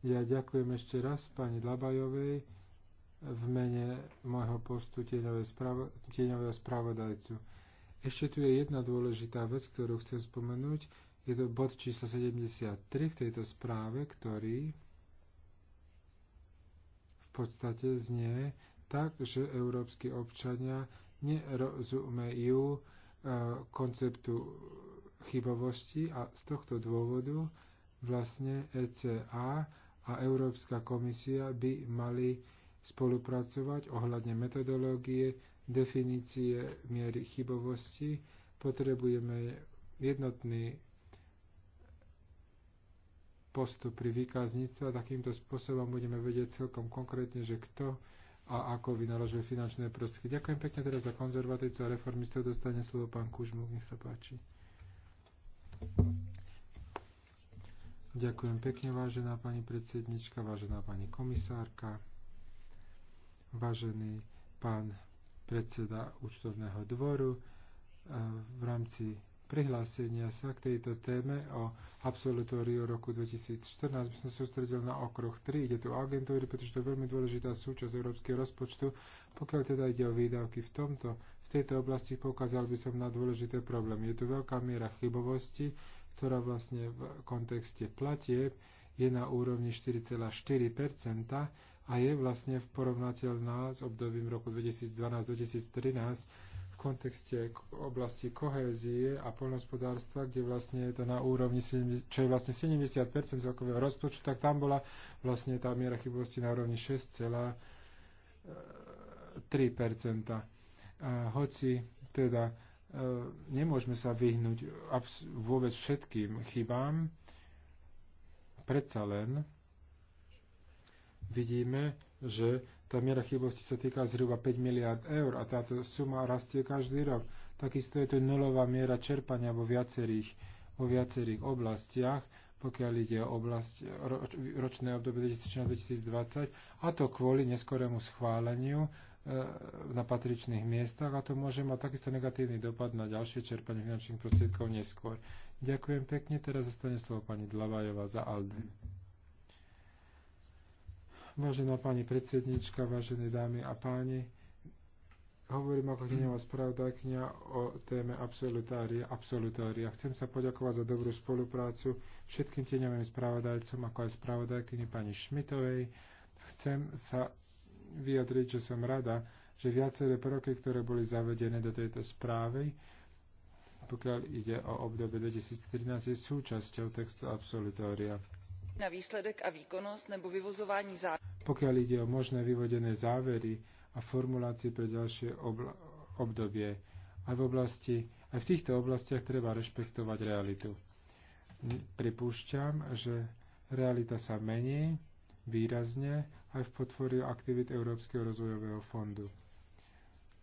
Ja ďakujem ešte raz pani Labajovej v mene môjho postu tieňového spravodajcu. Ešte tu je jedna dôležitá vec, ktorú chcem spomenúť. Je to bod číslo 73 v tejto správe, ktorý v podstate znie tak, že európsky občania nerozumejú e, konceptu chybovosti a z tohto dôvodu vlastne ECA a Európska komisia by mali spolupracovať ohľadne metodológie, definície miery chybovosti. Potrebujeme jednotný postup pri výkazníctve a takýmto spôsobom budeme vedieť celkom konkrétne, že kto a ako vynaložuje finančné prostriedky. Ďakujem pekne teraz za konzervatívcov a reformistov. Dostane slovo pán Kužmuk, nech sa páči. Ďakujem pekne, vážená pani predsednička, vážená pani komisárka, vážený pán predseda účtovného dvoru. E, v rámci prihlásenia sa k tejto téme o absolutóriu roku 2014 by som sústredil na okruh 3. Ide tu o agentúry, pretože to je veľmi dôležitá súčasť európskeho rozpočtu. Pokiaľ teda ide o výdavky v tomto, v tejto oblasti poukázal by som na dôležité problémy. Je tu veľká miera chybovosti, ktorá vlastne v kontexte platieb je na úrovni 4,4 a je vlastne porovnateľná s obdobím roku 2012-2013 v kontexte oblasti kohézie a poľnohospodárstva, kde vlastne je to na úrovni, 70, čo je vlastne 70 celkového rozpočtu, tak tam bola vlastne tá miera chybovosti na úrovni 6,3 e, Hoci teda E, nemôžeme sa vyhnúť vôbec všetkým chybám. Predsa len vidíme, že tá miera chybosti sa týka zhruba 5 miliard eur a táto suma rastie každý rok. Takisto je to nulová miera čerpania vo viacerých, vo viacerých oblastiach, pokiaľ ide o oblasť roč, ročné obdobie 2016-2020, a to kvôli neskorému schváleniu E, na patričných miestach a to môže mať takisto negatívny dopad na ďalšie čerpanie finančných prostriedkov neskôr. Ďakujem pekne, teraz zostane slovo pani Dlavajová za ALDE. Vážená pani predsednička, vážené dámy a páni, hovorím ako knihová spravodajkňa o téme absolutária. absolutária. Chcem sa poďakovať za dobrú spoluprácu všetkým tieňovým spravodajcom, ako aj spravodajkyni pani Šmitovej. Chcem sa vyjadriť, že som rada, že viaceré proky, ktoré boli zavedené do tejto správy, pokiaľ ide o obdobie 2013, je súčasťou textu absolutória. Na výsledek a výkonnosť nebo vyvozování záver. Pokiaľ ide o možné vyvodené závery a formulácie pre ďalšie obdobie, aj v, oblasti, aj v týchto oblastiach treba rešpektovať realitu. Pripúšťam, že realita sa mení, výrazne aj v podpore aktivít Európskeho rozvojového fondu.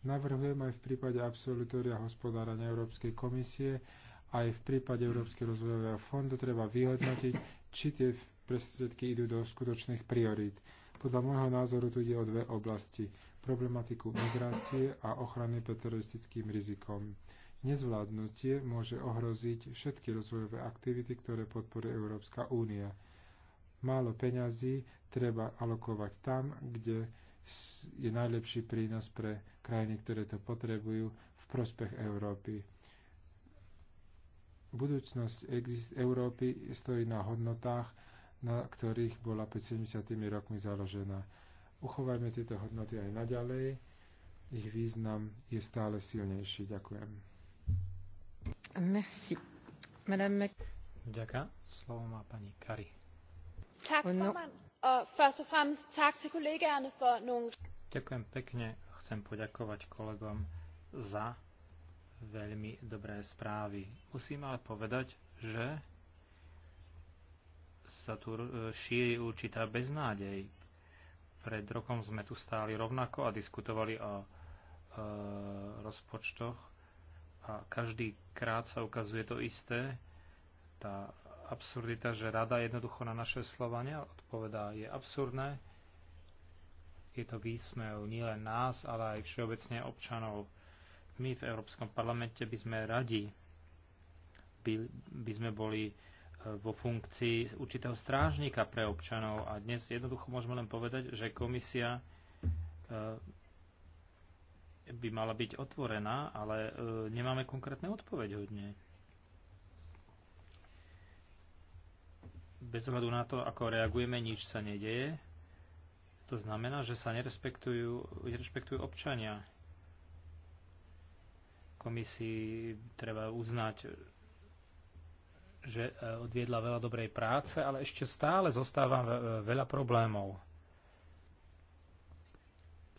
Navrhujem aj v prípade absolutória hospodárania Európskej komisie, aj v prípade Európskeho rozvojového fondu treba vyhodnotiť, či tie prostriedky idú do skutočných priorít. Podľa môjho názoru tu ide o dve oblasti. Problematiku migrácie a ochrany pred teroristickým rizikom. Nezvládnutie môže ohroziť všetky rozvojové aktivity, ktoré podporuje Európska únia. Málo peňazí treba alokovať tam, kde je najlepší prínos pre krajiny, ktoré to potrebujú v prospech Európy. Budúcnosť exist Európy stojí na hodnotách, na ktorých bola pred 70. rokmi založená. Uchovajme tieto hodnoty aj naďalej. Ich význam je stále silnejší. Ďakujem. Merci. Madame... Ďaká. Slovo má pani Kari. No. Ďakujem pekne. Chcem poďakovať kolegom za veľmi dobré správy. Musím ale povedať, že sa tu šíri určitá beznádej. Pred rokom sme tu stáli rovnako a diskutovali o e, rozpočtoch a každý krát sa ukazuje to isté. Tá absurdita, že rada jednoducho na naše slova neodpovedá. Je absurdné, je to výsmev nielen nás, ale aj všeobecne občanov. My v Európskom parlamente by sme radi, by, by sme boli e, vo funkcii určitého strážnika pre občanov a dnes jednoducho môžeme len povedať, že komisia e, by mala byť otvorená, ale e, nemáme konkrétne odpoveď od nej. bez ohľadu na to, ako reagujeme, nič sa nedeje. To znamená, že sa nerespektujú, nerespektujú občania. Komisii treba uznať, že e, odviedla veľa dobrej práce, ale ešte stále zostáva e, veľa problémov.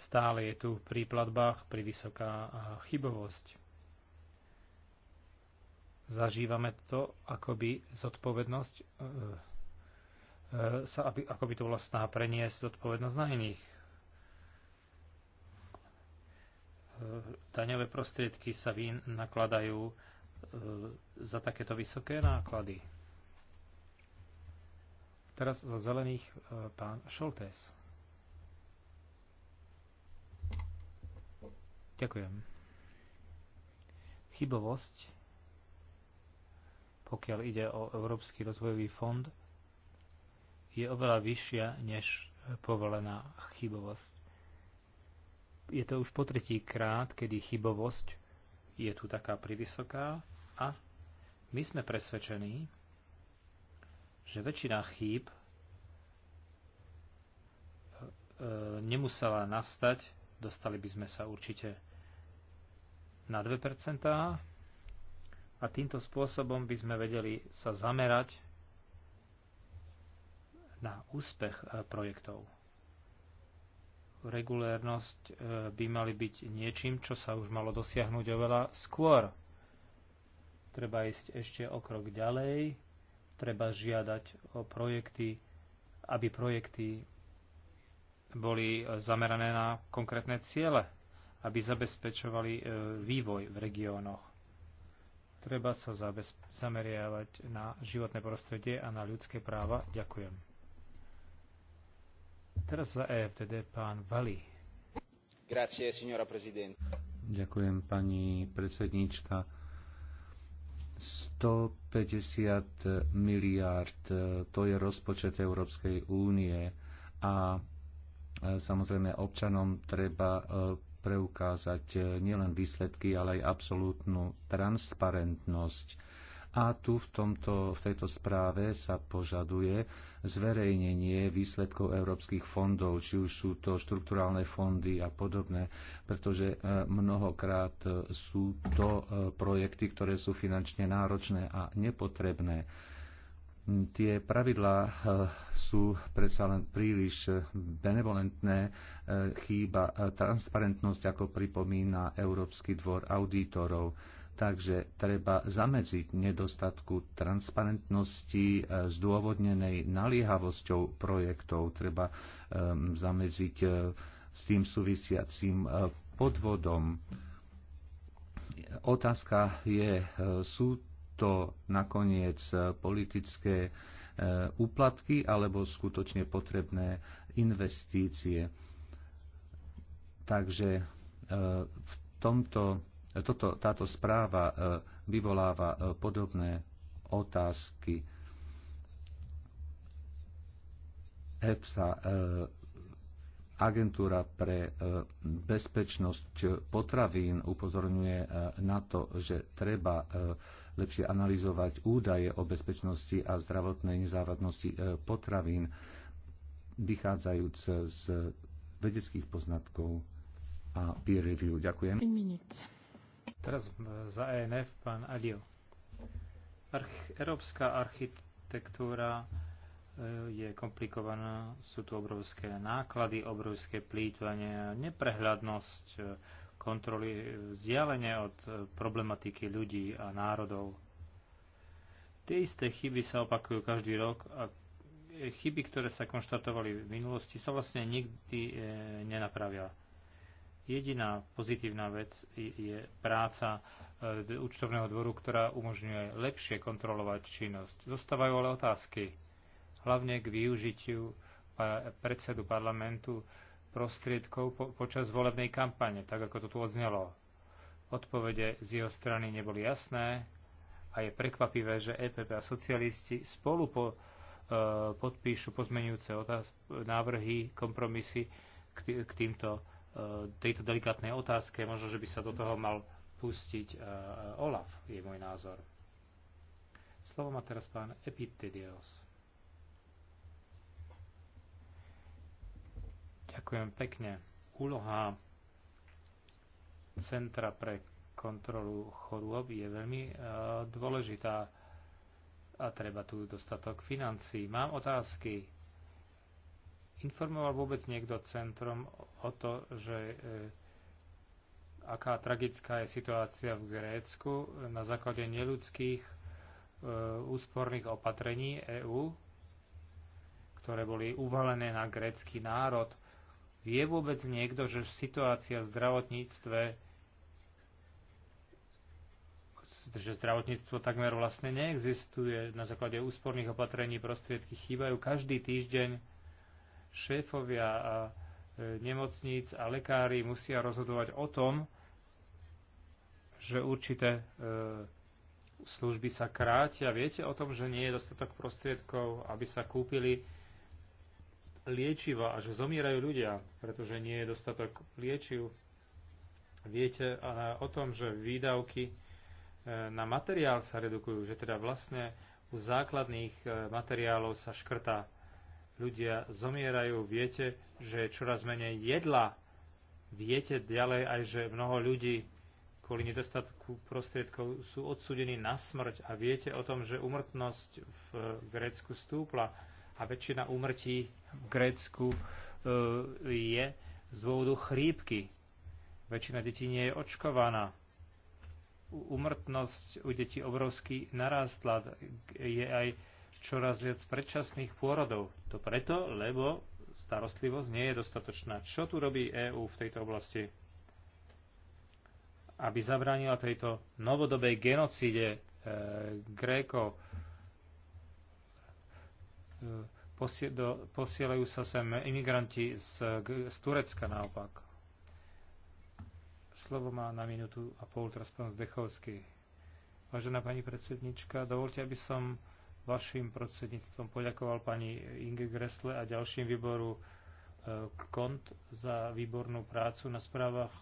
Stále je tu pri platbách pri vysoká e, chybovosť. Zažívame to, akoby zodpovednosť E, sa, aby, ako by to bola snaha preniesť zodpovednosť na iných. E, daňové prostriedky sa vyn nakladajú e, za takéto vysoké náklady. Teraz za zelených pán Šoltés. Ďakujem. Chybovosť, pokiaľ ide o Európsky rozvojový fond, je oveľa vyššia než povolená chybovosť. Je to už po tretí krát, kedy chybovosť je tu taká privysoká a my sme presvedčení, že väčšina chýb e, nemusela nastať, dostali by sme sa určite na 2% a týmto spôsobom by sme vedeli sa zamerať na úspech e, projektov. Regulérnosť e, by mali byť niečím, čo sa už malo dosiahnuť oveľa skôr. Treba ísť ešte o krok ďalej, treba žiadať o projekty, aby projekty boli e, zamerané na konkrétne ciele, aby zabezpečovali vývoj v regiónoch. Treba sa zameriavať na životné prostredie a na ľudské práva. Ďakujem. Teraz za EFTD pán Vali. Grazie, signora prezident. Ďakujem, pani predsednička. 150 miliard, e, to je rozpočet Európskej únie a e, samozrejme občanom treba e, preukázať nielen výsledky, ale aj absolútnu transparentnosť a tu v, tomto, v tejto správe sa požaduje zverejnenie výsledkov európskych fondov, či už sú to štrukturálne fondy a podobné, pretože e, mnohokrát e, sú to e, projekty, ktoré sú finančne náročné a nepotrebné. Hm, tie pravidlá sú predsa len príliš benevolentné, chýba transparentnosť, ako pripomína Európsky dvor auditorov Takže treba zamedziť nedostatku transparentnosti e, zdôvodnenej naliehavosťou projektov, treba e, zamedziť e, s tým súvisiacím podvodom. Otázka je, sú to nakoniec politické úplatky alebo skutočne potrebné investície. Takže v tomto toto, táto správa e, vyvoláva e, podobné otázky. EPSA. E, agentúra pre bezpečnosť potravín, upozorňuje na to, že treba lepšie analyzovať údaje o bezpečnosti a zdravotnej nezávadnosti potravín, vychádzajúc z vedeckých poznatkov a peer review. Ďakujem. Teraz e, za ENF pán Adio. Arch- Európska architektúra e, je komplikovaná, sú tu obrovské náklady, obrovské plýtvanie, neprehľadnosť, e, kontroly, vzdialenie od problematiky ľudí a národov. Tie isté chyby sa opakujú každý rok a chyby, ktoré sa konštatovali v minulosti, sa vlastne nikdy nenapravia. Jediná pozitívna vec je práca e, účtovného dvoru, ktorá umožňuje lepšie kontrolovať činnosť. Zostávajú ale otázky, hlavne k využitiu e, predsedu parlamentu prostriedkov po, počas volebnej kampane, tak ako to tu odznelo. Odpovede z jeho strany neboli jasné a je prekvapivé, že EPP a socialisti spolu po, e, podpíšu pozmenujúce otáz- návrhy, kompromisy k, k týmto Eh, tejto delikátnej otázke. Možno, že by sa do toho mal pustiť eh, Olaf, je môj názor. Slovo má teraz pán Epitedios. Ďakujem pekne. Úloha Centra pre kontrolu chorôb je veľmi eh, dôležitá a treba tu dostatok financí. Mám otázky Informoval vôbec niekto centrom o to, že e, aká tragická je situácia v Grécku e, na základe neludských e, úsporných opatrení EÚ, ktoré boli uvalené na grécky národ. Vie vôbec niekto, že situácia v zdravotníctve že zdravotníctvo takmer vlastne neexistuje. Na základe úsporných opatrení prostriedky chýbajú každý týždeň Šéfovia a e, nemocníc a lekári musia rozhodovať o tom, že určité e, služby sa krátia. Viete o tom, že nie je dostatok prostriedkov, aby sa kúpili liečiva a že zomierajú ľudia, pretože nie je dostatok liečiv. Viete o tom, že výdavky e, na materiál sa redukujú, že teda vlastne u základných materiálov sa škrtá ľudia zomierajú, viete, že je čoraz menej jedla, viete ďalej aj, že mnoho ľudí kvôli nedostatku prostriedkov sú odsudení na smrť a viete o tom, že umrtnosť v Grécku stúpla a väčšina úmrtí v Grécku e, je z dôvodu chrípky. Väčšina detí nie je očkovaná. Umrtnosť u detí obrovský narástla. Je aj čoraz viac predčasných pôrodov. To preto, lebo starostlivosť nie je dostatočná. Čo tu robí EÚ v tejto oblasti? Aby zabránila tejto novodobej genocíde e, Grékov, e, posie, posielajú sa sem imigranti z, z Turecka naopak. Slovo má na minútu a pol teraz pán Zdechovský. Vážená pani predsednička, dovolte, aby som vašim prostredníctvom poďakoval pani Inge Gressle a ďalším výboru e, KONT za výbornú prácu na správach.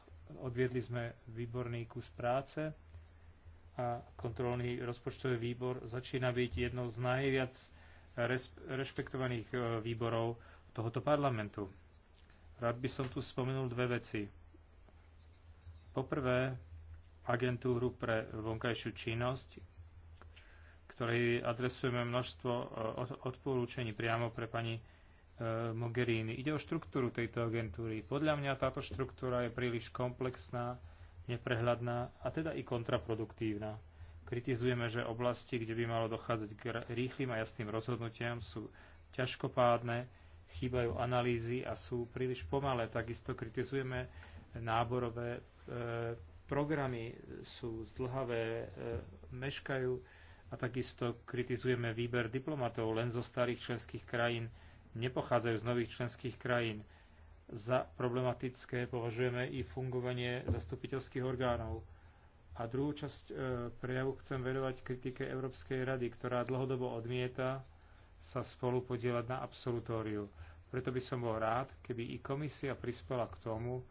Odviedli sme výborný kus práce a kontrolný rozpočtový výbor začína byť jednou z najviac rešpektovaných e, výborov tohoto parlamentu. Rád by som tu spomenul dve veci. Poprvé, agentúru pre vonkajšiu činnosť, ktorej adresujeme množstvo e, odporúčení priamo pre pani e, Mogherini. Ide o štruktúru tejto agentúry. Podľa mňa táto štruktúra je príliš komplexná, neprehľadná a teda i kontraproduktívna. Kritizujeme, že oblasti, kde by malo dochádzať k rýchlým a jasným rozhodnutiam, sú ťažkopádne, chýbajú analýzy a sú príliš pomalé. Takisto kritizujeme náborové e, programy, sú zdlhavé, e, meškajú a takisto kritizujeme výber diplomatov len zo starých členských krajín, nepochádzajú z nových členských krajín. Za problematické považujeme i fungovanie zastupiteľských orgánov. A druhú časť e, prejavu chcem venovať kritike Európskej rady, ktorá dlhodobo odmieta sa spolu podielať na absolutóriu. Preto by som bol rád, keby i komisia prispela k tomu,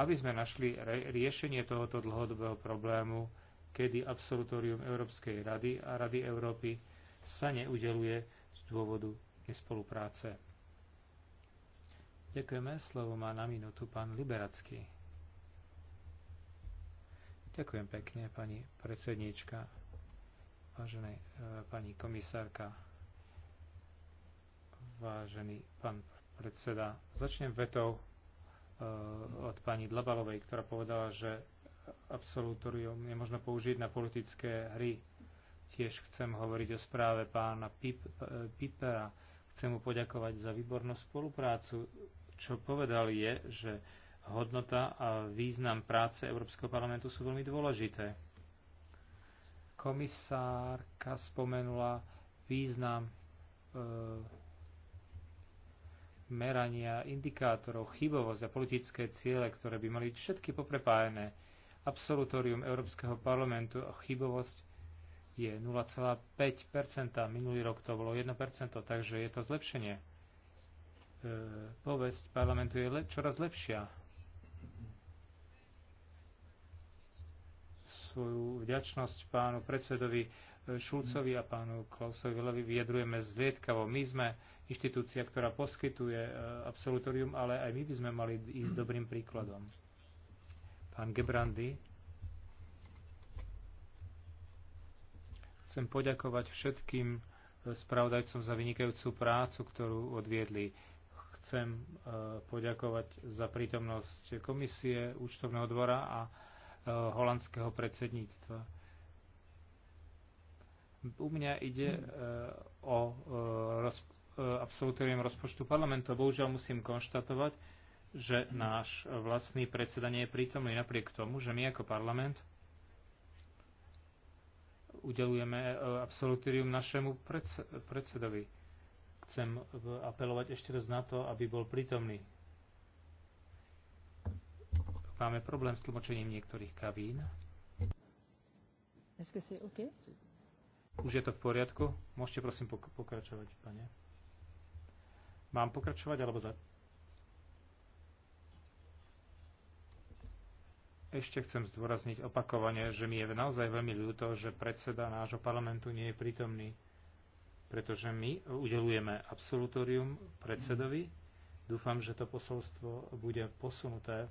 aby sme našli riešenie tohoto dlhodobého problému, kedy absolutórium Európskej rady a Rady Európy sa neudeluje z dôvodu nespolupráce. Ďakujeme, slovo má na minútu pán Liberacký. Ďakujem pekne, pani predsedníčka, vážená e, pani komisárka, vážený pán predseda. Začnem vetou e, od pani Dlabalovej, ktorá povedala, že absolutorium možno použiť na politické hry. Tiež chcem hovoriť o správe pána eh, Pipera. Chcem mu poďakovať za výbornú spoluprácu. Čo povedal je, že hodnota a význam práce Európskeho parlamentu sú veľmi dôležité. Komisárka spomenula význam e, merania indikátorov, chybovosť a politické ciele, ktoré by mali všetky poprepájené Absolutórium Európskeho parlamentu a chybovosť je 0,5%, minulý rok to bolo 1%, takže je to zlepšenie. E, povesť parlamentu je le- čoraz lepšia. Svoju vďačnosť pánu predsedovi e, Šulcovi a pánu Klausovi Vilovi vyjadrujeme zliedkavo. My sme inštitúcia, ktorá poskytuje e, absolutorium, ale aj my by sme mali ísť dobrým príkladom. Pán Gebrandy, chcem poďakovať všetkým spravodajcom za vynikajúcu prácu, ktorú odviedli. Chcem e, poďakovať za prítomnosť komisie, účtovného dvora a e, holandského predsedníctva. U mňa ide e, o absolutorium rozpočtu parlamentu. Bohužiaľ musím konštatovať, že náš vlastný predseda nie je prítomný napriek tomu, že my ako parlament udelujeme e, absolutírium našemu predsedovi. Chcem e, apelovať ešte raz na to, aby bol prítomný. Máme problém s tlmočením niektorých kabín. Už je to v poriadku? Môžete prosím pokračovať, pane. Mám pokračovať alebo za... Ešte chcem zdôrazniť opakovane, že mi je naozaj veľmi ľúto, že predseda nášho parlamentu nie je prítomný, pretože my udelujeme absolutórium predsedovi. Dúfam, že to posolstvo bude posunuté.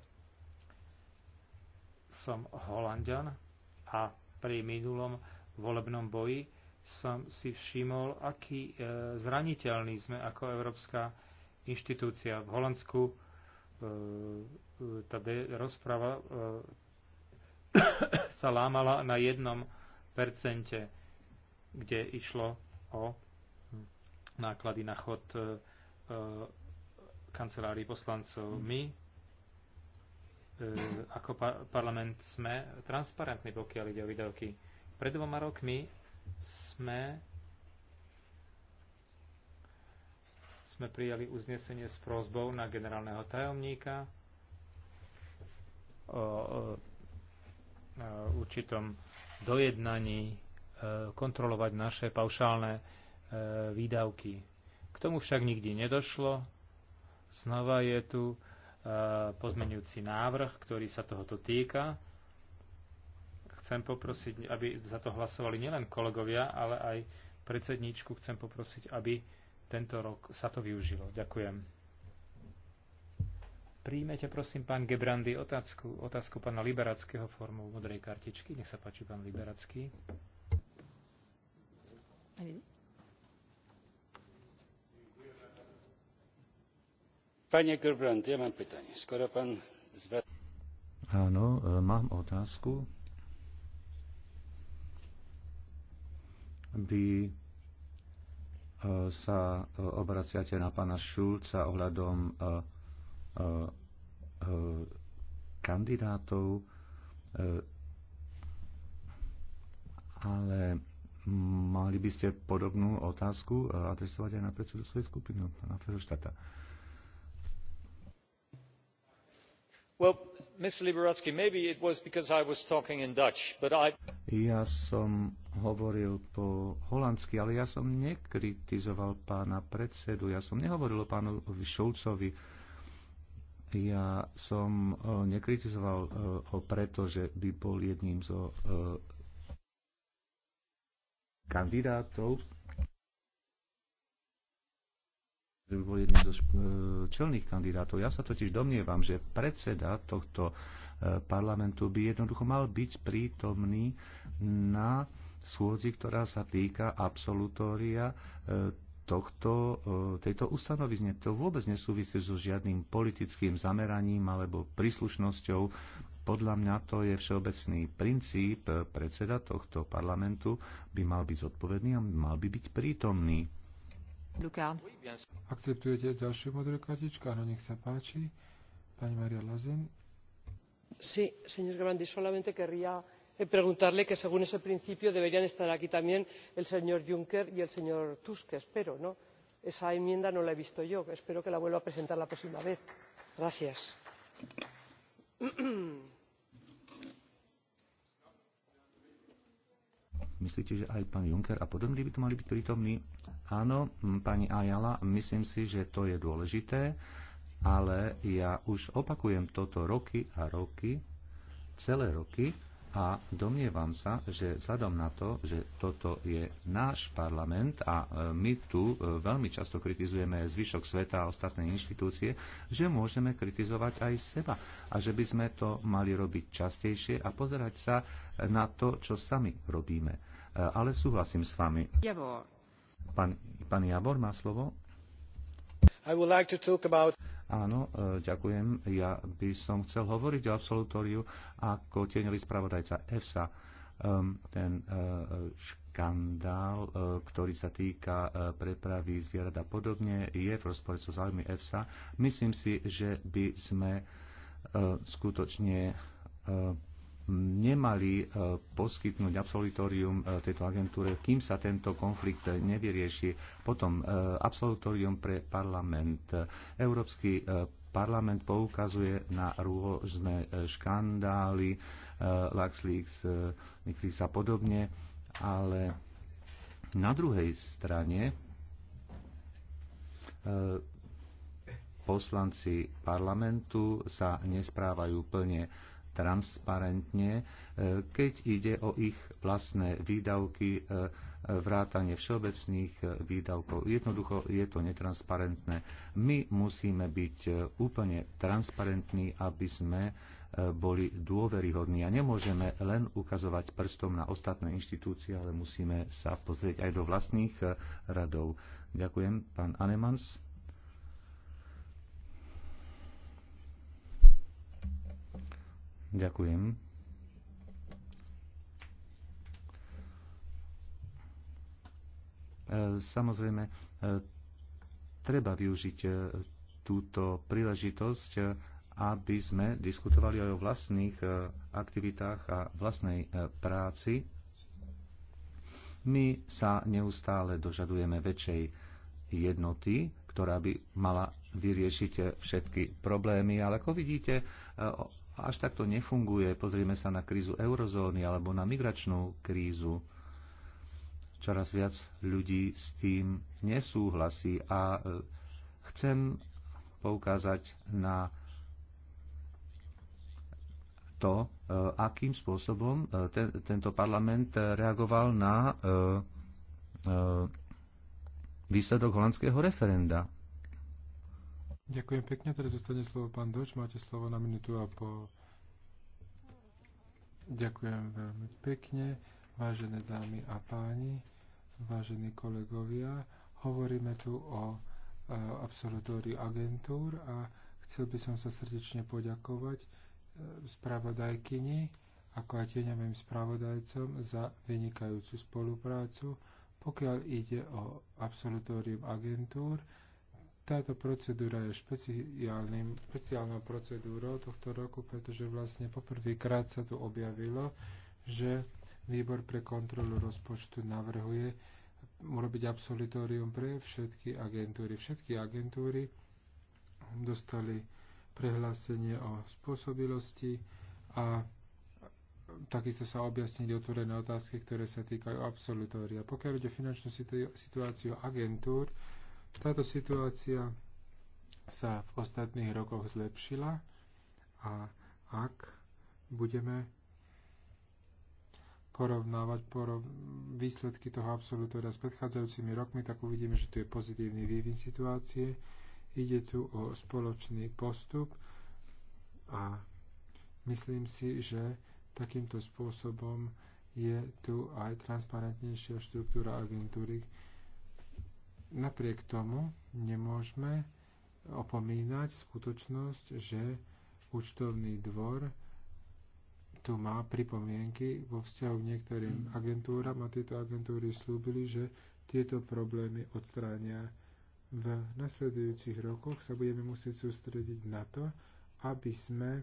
Som holandian a pri minulom volebnom boji som si všimol, aký e, zraniteľný sme ako európska inštitúcia. V Holandsku E, e, tá rozprava e, *coughs* sa lámala na jednom percente, kde išlo o hm, náklady na chod kancelárii poslancov. Hm. My ako parlament sme transparentní, pokiaľ ide o výdavky. Pred dvoma rokmi sme sme prijali uznesenie s prozbou na generálneho tajomníka o, o, o určitom dojednaní e, kontrolovať naše paušálne e, výdavky. K tomu však nikdy nedošlo. Znova je tu e, pozmenujúci návrh, ktorý sa tohoto týka. Chcem poprosiť, aby za to hlasovali nielen kolegovia, ale aj predsedníčku chcem poprosiť, aby tento rok sa to využilo. Ďakujem. Príjmete prosím pán Gebrandy otázku, otázku pána Liberackého formou modrej kartičky. Nech sa páči pán Liberacký. Pane Gerbrand, ja mám pýtanie. Skoro pán zvraca... Áno, e, mám otázku. Vy sa e, obraciate na pána Šulca ohľadom e, e, kandidátov, ale mali by ste podobnú otázku adresovať aj na predsedu svojej skupiny, pána Uh, mr liberadzki maybe it was because i was talking in dutch but i ja som hovoril po holandsky ale ja som nekritizoval pána predsedu ja som nehovoril o pánovi Šulcovi ja som e, nekritizoval e, ho preto, že by bol jedným zo e, kandidátov by bol jedným zo eh, čelných kandidátov. Ja sa totiž domnievam, že predseda tohto eh, parlamentu by jednoducho mal byť prítomný na schôdzi, ktorá sa týka absolutória eh, tohto, tejto ustanovizne. To vôbec nesúvisí so žiadnym politickým zameraním alebo príslušnosťou. Podľa mňa to je všeobecný princíp. Predseda tohto parlamentu by mal byť zodpovedný a mal by byť prítomný. Akceptujete ďalšiu modrú kartičku? Áno, nech sa páči. Pani Maria Lazen. Sí, señor Grandi, solamente querría eh, preguntarle que según ese principio deberían estar aquí también el señor Juncker y el señor Tusk, espero, ¿no? Esa enmienda no la he visto yo. Espero que la vuelva a presentar la próxima vez. Gracias. Myslíte, že aj pán Juncker a podobní by tu mali byť prítomní? Áno, pani Ajala, myslím si, že to je dôležité, ale ja už opakujem toto roky a roky, celé roky a domnievam sa, že vzhľadom na to, že toto je náš parlament a e, my tu e, veľmi často kritizujeme zvyšok sveta a ostatné inštitúcie, že môžeme kritizovať aj seba a že by sme to mali robiť častejšie a pozerať sa na to, čo sami robíme. E, ale súhlasím s vami. Javor. Pán, pán má slovo. I would like to talk about... Áno, e, ďakujem. Ja by som chcel hovoriť o absolutóriu ako tieňový spravodajca EFSA. Ehm, ten e, škandál, e, ktorý sa týka prepravy zvierat a podobne, je v rozpore so záujmy EFSA. Myslím si, že by sme skutočne nemali e, poskytnúť absolutórium e, tejto agentúre, kým sa tento konflikt nevyrieši. Potom e, absolutórium pre parlament. Európsky parlament poukazuje na rôzne škandály, LuxLeaks, Niklis a podobne, ale na druhej strane poslanci parlamentu sa nesprávajú plne transparentne, e, keď ide o ich vlastné výdavky, e, e, vrátanie všeobecných výdavkov. Jednoducho je to netransparentné. My musíme byť úplne transparentní, aby sme boli dôveryhodní a nemôžeme len ukazovať prstom na ostatné inštitúcie, ale musíme sa pozrieť aj do vlastných radov. Ďakujem, pán Anemans. Ďakujem. E, samozrejme, e, treba využiť e, túto príležitosť, aby sme diskutovali aj o vlastných aktivitách a vlastnej práci. My sa neustále dožadujeme väčšej jednoty, ktorá by mala vyriešiť všetky problémy, ale ako vidíte, až takto nefunguje. Pozrieme sa na krízu eurozóny alebo na migračnú krízu. Čoraz viac ľudí s tým nesúhlasí a e, chcem poukázať na to, e, akým spôsobom e, ten, tento parlament reagoval na výsledok holandského referenda Ďakujem pekne, teraz zostane slovo pán Doč, máte slovo na minútu a po... Ďakujem veľmi pekne, vážené dámy a páni, vážení kolegovia. Hovoríme tu o e, absolutóriu agentúr a chcel by som sa srdečne poďakovať e, spravodajkyni, ako aj tieňovým spravodajcom za vynikajúcu spoluprácu, pokiaľ ide o absolutórium agentúr táto procedúra je špeciálnou procedúrou tohto roku, pretože vlastne poprvýkrát sa tu objavilo, že výbor pre kontrolu rozpočtu navrhuje urobiť absolutórium pre všetky agentúry. Všetky agentúry dostali prehlásenie o spôsobilosti a takisto sa objasnili otvorené otázky, ktoré sa týkajú absolutória. Pokiaľ ide o finančnú situáciu agentúr, táto situácia sa v ostatných rokoch zlepšila a ak budeme porovnávať porov... výsledky toho absolutória s predchádzajúcimi rokmi, tak uvidíme, že tu je pozitívny vývin situácie. Ide tu o spoločný postup a myslím si, že takýmto spôsobom je tu aj transparentnejšia štruktúra agentúry, Napriek tomu nemôžeme opomínať skutočnosť, že účtovný dvor tu má pripomienky vo vzťahu k niektorým agentúram a tieto agentúry slúbili, že tieto problémy odstránia. V nasledujúcich rokoch sa budeme musieť sústrediť na to, aby sme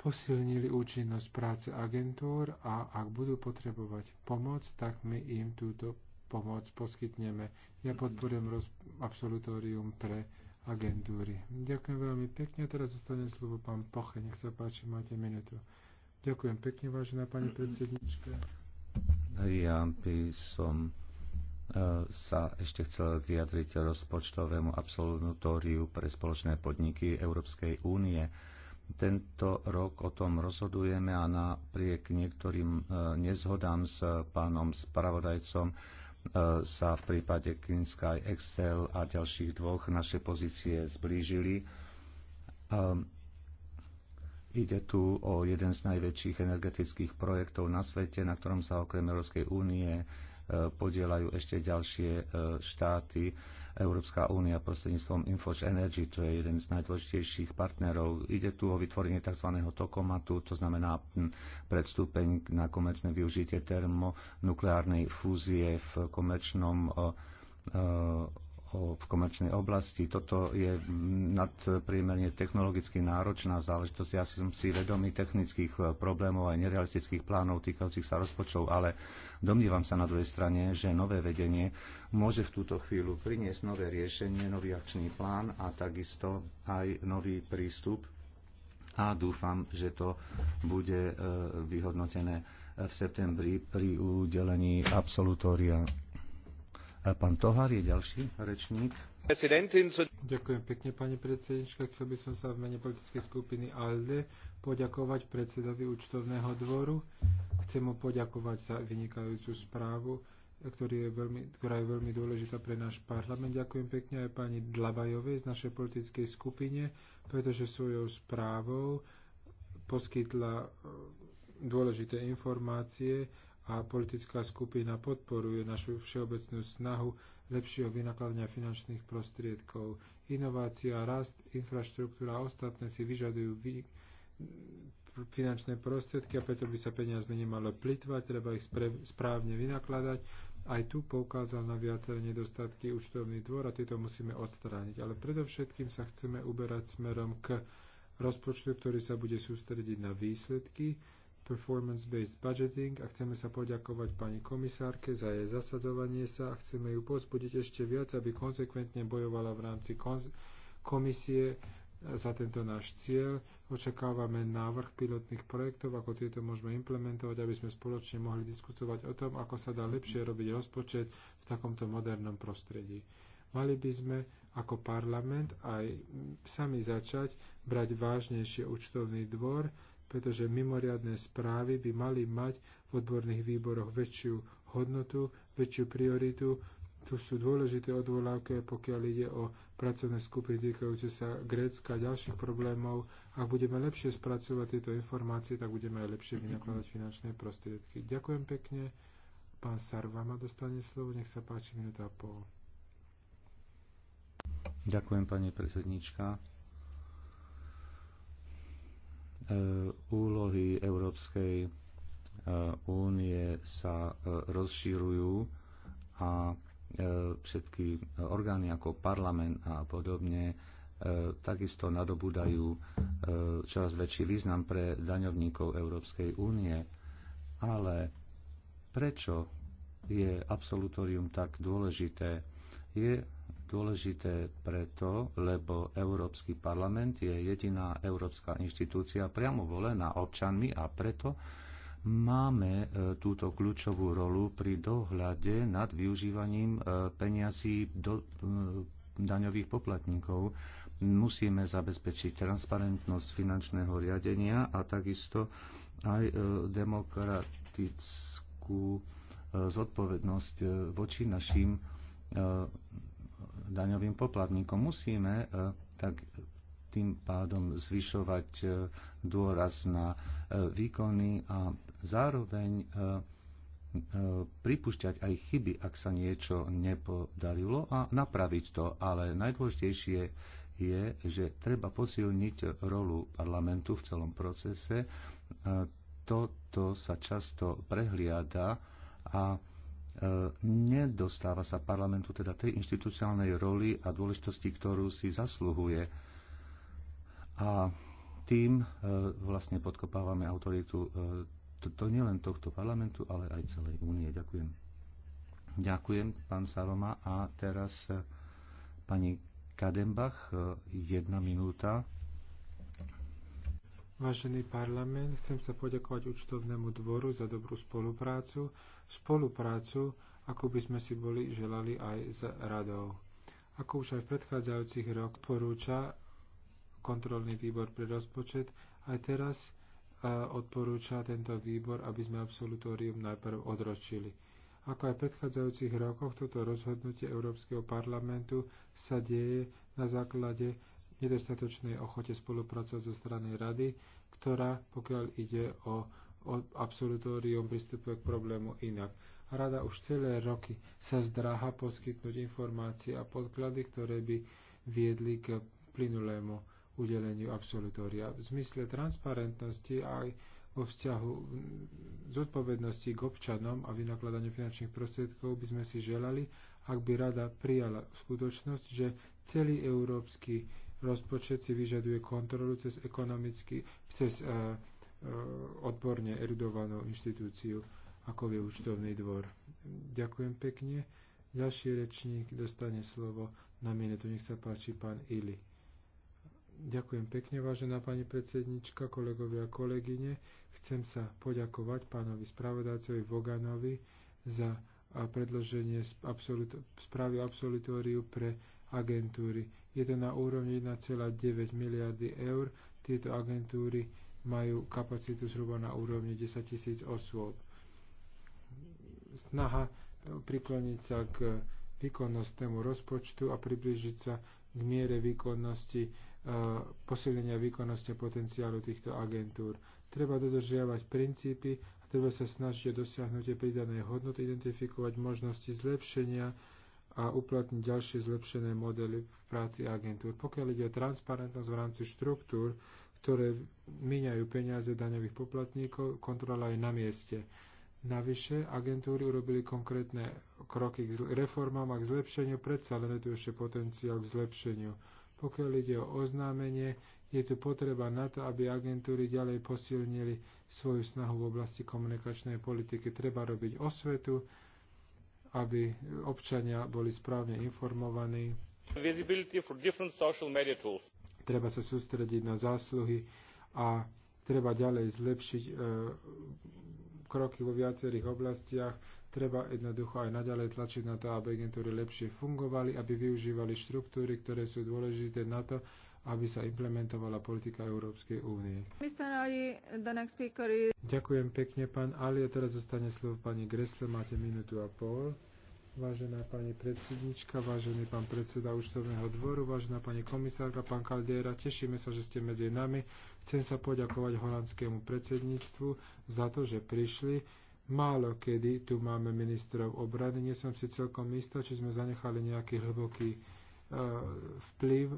posilnili účinnosť práce agentúr a ak budú potrebovať pomoc, tak my im túto pomoc poskytneme. Ja podporujem roz- absolutórium pre agentúry. Ďakujem veľmi pekne. Teraz zostane slovo pán Poche. Nech sa páči, máte minútu. Ďakujem pekne, vážená pani predsednička. Ja by som e, sa ešte chcel vyjadriť rozpočtovému absolutóriu pre spoločné podniky Európskej únie. Tento rok o tom rozhodujeme a napriek niektorým e, nezhodám s pánom spravodajcom E, sa v prípade Kinsky Excel a ďalších dvoch naše pozície zblížili. E, ide tu o jeden z najväčších energetických projektov na svete, na ktorom sa okrem Európskej únie podielajú ešte ďalšie e, štáty. Európska únia prostredníctvom Infoge Energy, čo je jeden z najdôležitejších partnerov. Ide tu o vytvorenie tzv. tokomatu, to znamená predstúpeň na komerčné využitie termonukleárnej fúzie v komerčnom e, v komerčnej oblasti. Toto je nadpriemerne technologicky náročná záležitosť. Ja som si vedomý technických e, problémov a nerealistických plánov týkajúcich sa rozpočtov, ale domnívam sa na druhej strane, že nové vedenie môže v túto chvíľu priniesť nové riešenie, nový akčný plán a takisto aj nový prístup a dúfam, že to bude e, vyhodnotené v septembri pri udelení absolutória Pán je ďalší rečník. Ďakujem pekne, pani predsednička. Chcel by som sa v mene politickej skupiny ALDE poďakovať predsedovi účtovného dvoru. Chcem mu poďakovať za vynikajúcu správu, ktorý je veľmi, ktorá je veľmi dôležitá pre náš parlament. Ďakujem pekne aj pani Dlabajovej z našej politickej skupine, pretože svojou správou poskytla eh, dôležité informácie, a politická skupina podporuje našu všeobecnú snahu lepšieho vynakladania finančných prostriedkov. Inovácia, rast, infraštruktúra a ostatné si vyžadujú vy... finančné prostriedky a preto by sa peniazmi nemalo plitvať, treba ich správne vynakladať. Aj tu poukázal na viaceré nedostatky účtovný dvor a tieto musíme odstrániť. Ale predovšetkým sa chceme uberať smerom k rozpočtu, ktorý sa bude sústrediť na výsledky, performance-based budgeting a chceme sa poďakovať pani komisárke za jej zasadzovanie sa a chceme ju pozbudiť ešte viac, aby konsekventne bojovala v rámci komisie e, za tento náš cieľ. Očakávame návrh pilotných projektov, ako tieto môžeme implementovať, aby sme spoločne mohli diskutovať o tom, ako sa dá lepšie robiť rozpočet v takomto modernom prostredí. Mali by sme ako parlament aj sami začať brať vážnejšie účtovný dvor, pretože mimoriadne správy by mali mať v odborných výboroch väčšiu hodnotu, väčšiu prioritu. Tu sú dôležité odvolávky, pokiaľ ide o pracovné skupiny týkajúce sa Grécka a ďalších problémov. Ak budeme lepšie spracovať tieto informácie, tak budeme aj lepšie vynakladať finančné prostriedky. Ďakujem pekne. Pán Sarvama dostane slovo. Nech sa páči, minúta a pol. Ďakujem, pani predsednička. Eh, úlohy Európskej eh, únie sa eh, rozširujú a všetky orgány ako parlament a podobne takisto nadobúdajú čoraz väčší význam pre daňovníkov Európskej únie. Ale prečo je absolutórium tak dôležité? Je dôležité preto, lebo Európsky parlament je jediná európska inštitúcia priamo volená občanmi a preto máme e, túto kľúčovú rolu pri dohľade nad využívaním e, peňazí do e, daňových poplatníkov. Musíme zabezpečiť transparentnosť finančného riadenia a takisto aj demokratickú zodpovednosť voči našim daňovým poplatníkom. Musíme e, tak tým pádom zvyšovať e, dôraz na e, výkony a zároveň pripúšťať aj chyby, ak sa niečo nepodarilo a napraviť to. Ale najdôležitejšie je, že treba posilniť rolu parlamentu v celom procese. Toto sa často prehliada a nedostáva sa parlamentu teda tej inštitucionálnej roli a dôležitosti, ktorú si zasluhuje. A tým e, vlastne podkopávame autoritu e, to, to nielen tohto parlamentu, ale aj celej únie. Ďakujem. Ďakujem, pán Saroma. A teraz e, pani Kadenbach, jedna minúta. Vážený parlament, chcem sa poďakovať účtovnému dvoru za dobrú spoluprácu, spoluprácu, ako by sme si boli želali aj s radou. Ako už aj v predchádzajúcich rok porúča kontrolný výbor pre rozpočet, aj teraz e, odporúča tento výbor, aby sme absolutórium najprv odročili. Ako aj v predchádzajúcich rokoch, toto rozhodnutie Európskeho parlamentu sa deje na základe nedostatočnej ochote spolupracovať zo strany rady, ktorá, pokiaľ ide o, o absolutórium, pristupuje k problému inak. Rada už celé roky sa zdráha poskytnúť informácie a podklady, ktoré by viedli k plynulému udeleniu absolutória. V zmysle transparentnosti aj vo vzťahu zodpovednosti k občanom a vynakladaniu finančných prostriedkov by sme si želali, ak by rada prijala skutočnosť, že celý európsky Rozpočet si vyžaduje kontrolu cez ekonomicky, cez e, e, odborne erudovanú inštitúciu, ako je účtovný dvor. Ďakujem pekne. Ďalší rečník dostane slovo na minútu. Nech sa páči pán Ili. Ďakujem pekne, vážená pani predsednička, kolegovia a kolegyne. Chcem sa poďakovať pánovi spravodajcovi Voganovi za predloženie správy absolutóriu pre agentúry je to na úrovni 1,9 miliardy eur. Tieto agentúry majú kapacitu zhruba na úrovni 10 tisíc osôb. Snaha prikloniť sa k výkonnostnému rozpočtu a približiť sa k miere výkonnosti, e, posilnenia výkonnosti a potenciálu týchto agentúr. Treba dodržiavať princípy a treba sa snažiť o dosiahnutie pridanej hodnoty, identifikovať možnosti zlepšenia a uplatniť ďalšie zlepšené modely v práci agentúr. Pokiaľ ide o transparentnosť v rámci štruktúr, ktoré míňajú peniaze daňových poplatníkov, kontrola je na mieste. Navyše, agentúry urobili konkrétne kroky k reformám a k zlepšeniu, predsa len je tu ešte potenciál k zlepšeniu. Pokiaľ ide o oznámenie, je tu potreba na to, aby agentúry ďalej posilnili svoju snahu v oblasti komunikačnej politiky. Treba robiť osvetu, aby občania boli správne informovaní. Treba sa sústrediť na zásluhy a treba ďalej zlepšiť e, kroky vo viacerých oblastiach. Treba jednoducho aj naďalej tlačiť na to, aby agentúry lepšie fungovali, aby využívali štruktúry, ktoré sú dôležité na to, aby sa implementovala politika Európskej únie. Ďakujem pekne, pán Ali. A teraz zostane slovo pani Gressle. Máte minútu a pol. Vážená pani predsednička, vážený pán predseda účtovného dvoru, vážená pani komisárka, pán Kaldera, tešíme sa, že ste medzi nami. Chcem sa poďakovať holandskému predsedníctvu za to, že prišli. Málo kedy tu máme ministrov obrany, nie som si celkom istá, či sme zanechali nejaký hlboký uh, vplyv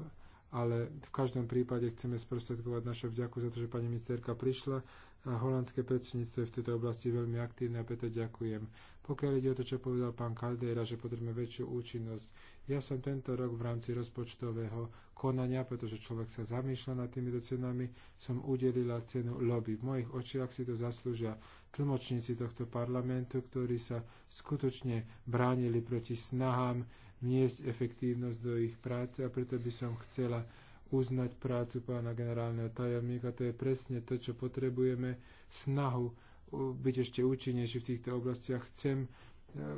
ale v každom prípade chceme sprostredkovať našu vďaku za to, že pani ministerka prišla a holandské predsedníctvo je v tejto oblasti veľmi aktívne a preto ďakujem. Pokiaľ ide o to, čo povedal pán Kaldera, že potrebujeme väčšiu účinnosť, ja som tento rok v rámci rozpočtového konania, pretože človek sa zamýšľa nad týmito cenami, som udelila cenu lobby. V mojich očiach si to zaslúžia tlmočníci tohto parlamentu, ktorí sa skutočne bránili proti snahám vniesť efektívnosť do ich práce a preto by som chcela uznať prácu pána generálneho tajomníka. To je presne to, čo potrebujeme, snahu uh, byť ešte účinnejší v týchto oblastiach. Chcem uh,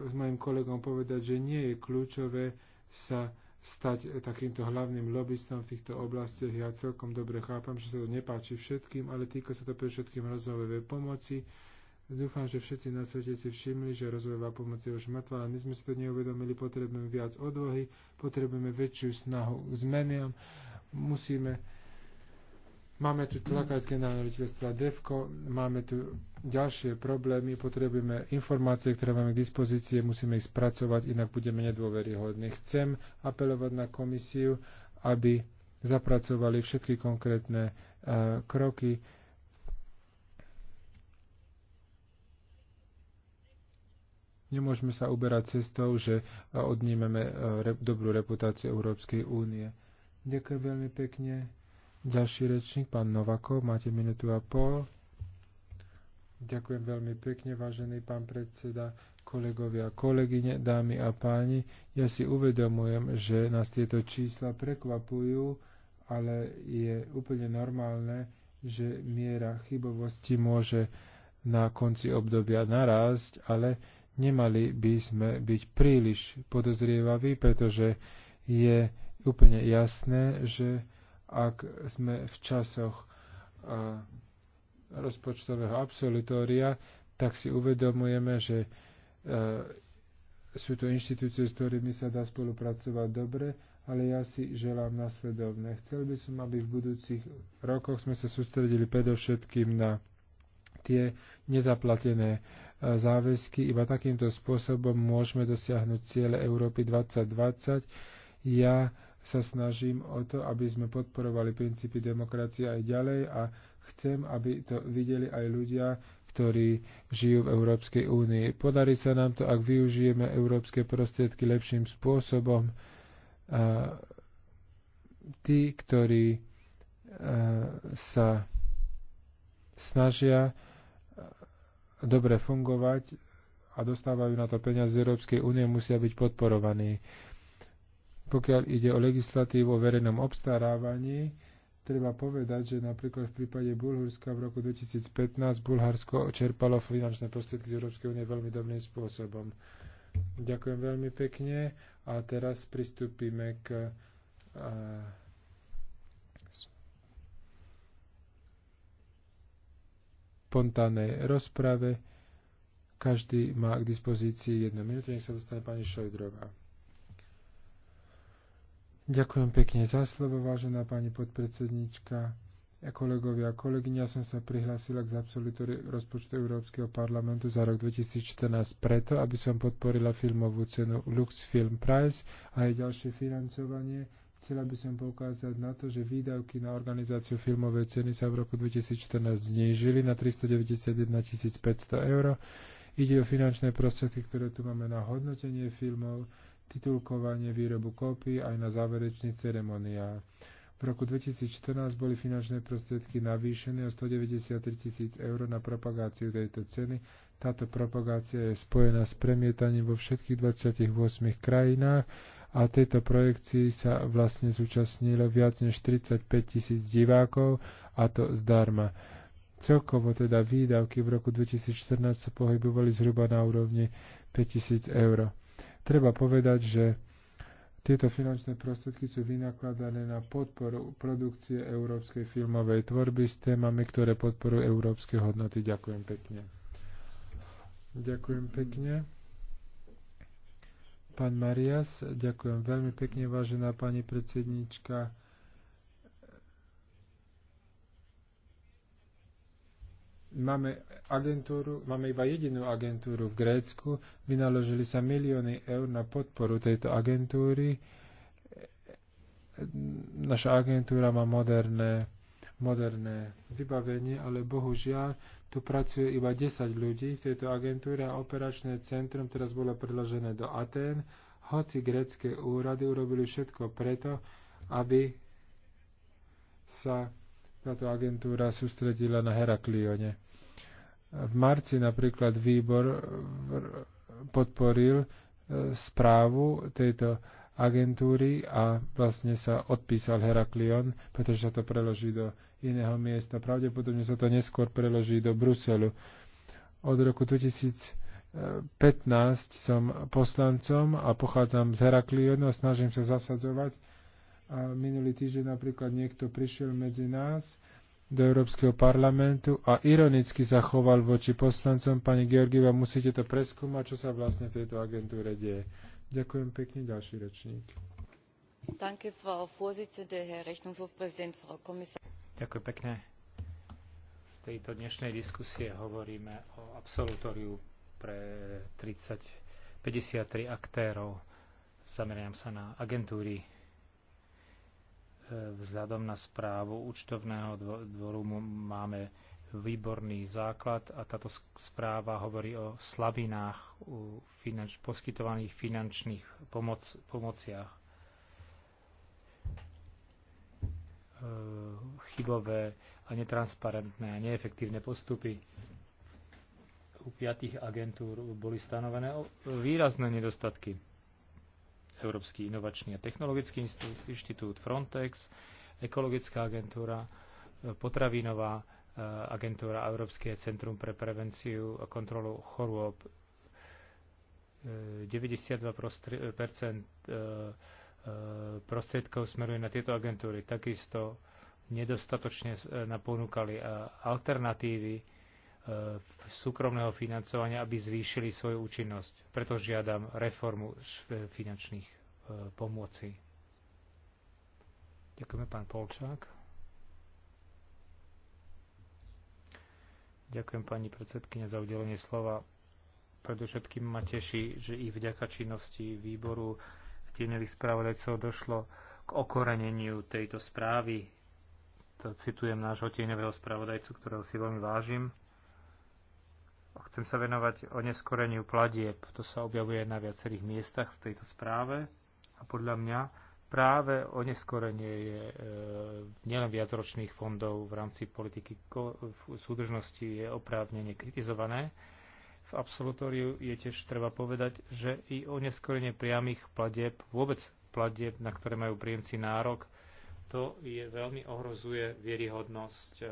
s mojim kolegom povedať, že nie je kľúčové sa stať eh, takýmto hlavným lobbystom v týchto oblastiach. Ja celkom dobre chápam, že sa to nepáči všetkým, ale týka sa to pre všetkým rozvojovej pomoci, Dúfam, že všetci na svete si všimli, že rozvojová pomoc je už mŕtva, ale my sme si to neuvedomili, potrebujeme viac odvahy, potrebujeme väčšiu snahu k zmeniam. musíme Máme tu tlaka z generálneho riaditeľstva DEVKO, máme tu ďalšie problémy, potrebujeme informácie, ktoré máme k dispozície, musíme ich spracovať, inak budeme nedôveryhodní. Chcem apelovať na komisiu, aby zapracovali všetky konkrétne uh, kroky, Nemôžeme sa uberať cestou, že e, odnímeme e, dobrú reputáciu Európskej únie. Ďakujem veľmi pekne. Ďalší rečník, pán Novakov, máte minútu a pol. Ďakujem veľmi pekne, vážený pán predseda, kolegovia, kolegyne, dámy a páni. Ja si uvedomujem, že nás tieto čísla prekvapujú, ale je úplne normálne, že miera chybovosti môže na konci obdobia narásť, ale Nemali by sme byť príliš podozrievaví, pretože je úplne jasné, že ak sme v časoch rozpočtového absolutória, tak si uvedomujeme, že e, sú to inštitúcie, s ktorými sa dá spolupracovať dobre, ale ja si želám nasledovné. Chcel by som, aby v budúcich rokoch sme sa sústredili predovšetkým na tie nezaplatené záväzky. Iba takýmto spôsobom môžeme dosiahnuť ciele Európy 2020. Ja sa snažím o to, aby sme podporovali princípy demokracie aj ďalej a chcem, aby to videli aj ľudia, ktorí žijú v Európskej únii. Podarí sa nám to, ak využijeme európske prostriedky lepším spôsobom. A tí, ktorí sa snažia dobre fungovať a dostávajú na to peniaze z Európskej únie, musia byť podporovaní. Pokiaľ ide o legislatívu o verejnom obstarávaní, treba povedať, že napríklad v prípade Bulharska v roku 2015 Bulharsko čerpalo finančné prostriedky z Európskej únie veľmi dobrým spôsobom. Ďakujem veľmi pekne a teraz pristúpime k uh, spontánnej rozprave. Každý má k dispozícii jednu minútu. Nech sa dostane pani Šojdrová. Ďakujem pekne za slovo, vážená pani podpredsednička. Ja, kolegovia a kolegyňa, som sa prihlásila k absolutóriu rozpočtu Európskeho parlamentu za rok 2014 preto, aby som podporila filmovú cenu Lux Film Prize a jej ďalšie financovanie Chcela by som poukázať na to, že výdavky na organizáciu filmovej ceny sa v roku 2014 znížili na 391 500 eur. Ide o finančné prostriedky, ktoré tu máme na hodnotenie filmov, titulkovanie, výrobu kópy aj na záverečný ceremoniál. V roku 2014 boli finančné prostriedky navýšené o 193 tisíc eur na propagáciu tejto ceny. Táto propagácia je spojená s premietaním vo všetkých 28 krajinách a tejto projekcii sa vlastne zúčastnilo viac než 35 tisíc divákov a to zdarma. Celkovo teda výdavky v roku 2014 sa pohybovali zhruba na úrovni 5000 eur. Treba povedať, že tieto finančné prostriedky sú vynakladané na podporu produkcie európskej filmovej tvorby s témami, ktoré podporujú európske hodnoty. Ďakujem pekne. Ďakujem pekne. Pán Marias, ďakujem veľmi pekne, vážená pani predsednička. Máme agentúru, máme iba jedinú agentúru v Grécku. Vynaložili sa milióny eur na podporu tejto agentúry. Naša agentúra má moderné moderné vybavenie, ale bohužiaľ tu pracuje iba 10 ľudí v tejto agentúre a operačné centrum teraz bolo predložené do Atén, hoci grecké úrady urobili všetko preto, aby sa táto agentúra sústredila na Heraklione. V marci napríklad výbor podporil e, správu tejto agentúry a vlastne sa odpísal Heraklion, pretože sa to preloží do iného miesta. Pravdepodobne sa to neskôr preloží do Bruselu. Od roku 2015 som poslancom a pochádzam z Heraklionu a snažím sa zasadzovať. A minulý týždeň napríklad niekto prišiel medzi nás do Európskeho parlamentu a ironicky sa choval voči poslancom. Pani Georgieva, musíte to preskúmať, čo sa vlastne v tejto agentúre deje. Ďakujem pekne, ďalší rečník. Danke, Frau Vorsitzende, Herr Rechnungshofpräsident, Frau Ďakujem pekne. V tejto dnešnej diskusie hovoríme o absolutóriu pre 30, 53 aktérov. Zameriam sa na agentúry. E, vzhľadom na správu účtovného dvoru máme výborný základ a táto správa hovorí o slabinách u finanč, poskytovaných finančných pomoc, pomociach e, chybové a netransparentné a neefektívne postupy u piatých agentúr boli stanovené výrazné nedostatky. Európsky inovačný a technologický inštitút Frontex, ekologická agentúra, e, potravinová e, agentúra Európske centrum pre prevenciu a kontrolu chorôb. 92% e, prostriedkov smeruje na tieto agentúry. Takisto nedostatočne e, naponúkali e, alternatívy e, súkromného financovania, aby zvýšili svoju účinnosť. Preto žiadam reformu finančných pomoci. Ďakujeme, pán Polčák. Ďakujem, pani predsedkynia, za udelenie slova. Predovšetkým ma teší, že i vďaka činnosti výboru tieňových spravodajcov došlo k okoreneniu tejto správy citujem nášho tieňového spravodajcu, ktorého si veľmi vážim. Chcem sa venovať o neskoreniu pladieb. To sa objavuje na viacerých miestach v tejto správe a podľa mňa práve o neskorenie je e, nielen viacročných fondov v rámci politiky ko, v súdržnosti je oprávnene kritizované. V absolutóriu je tiež treba povedať, že i o neskorenie priamých pladieb, vôbec pladieb, na ktoré majú príjemci nárok, to je, veľmi ohrozuje vieryhodnosť e,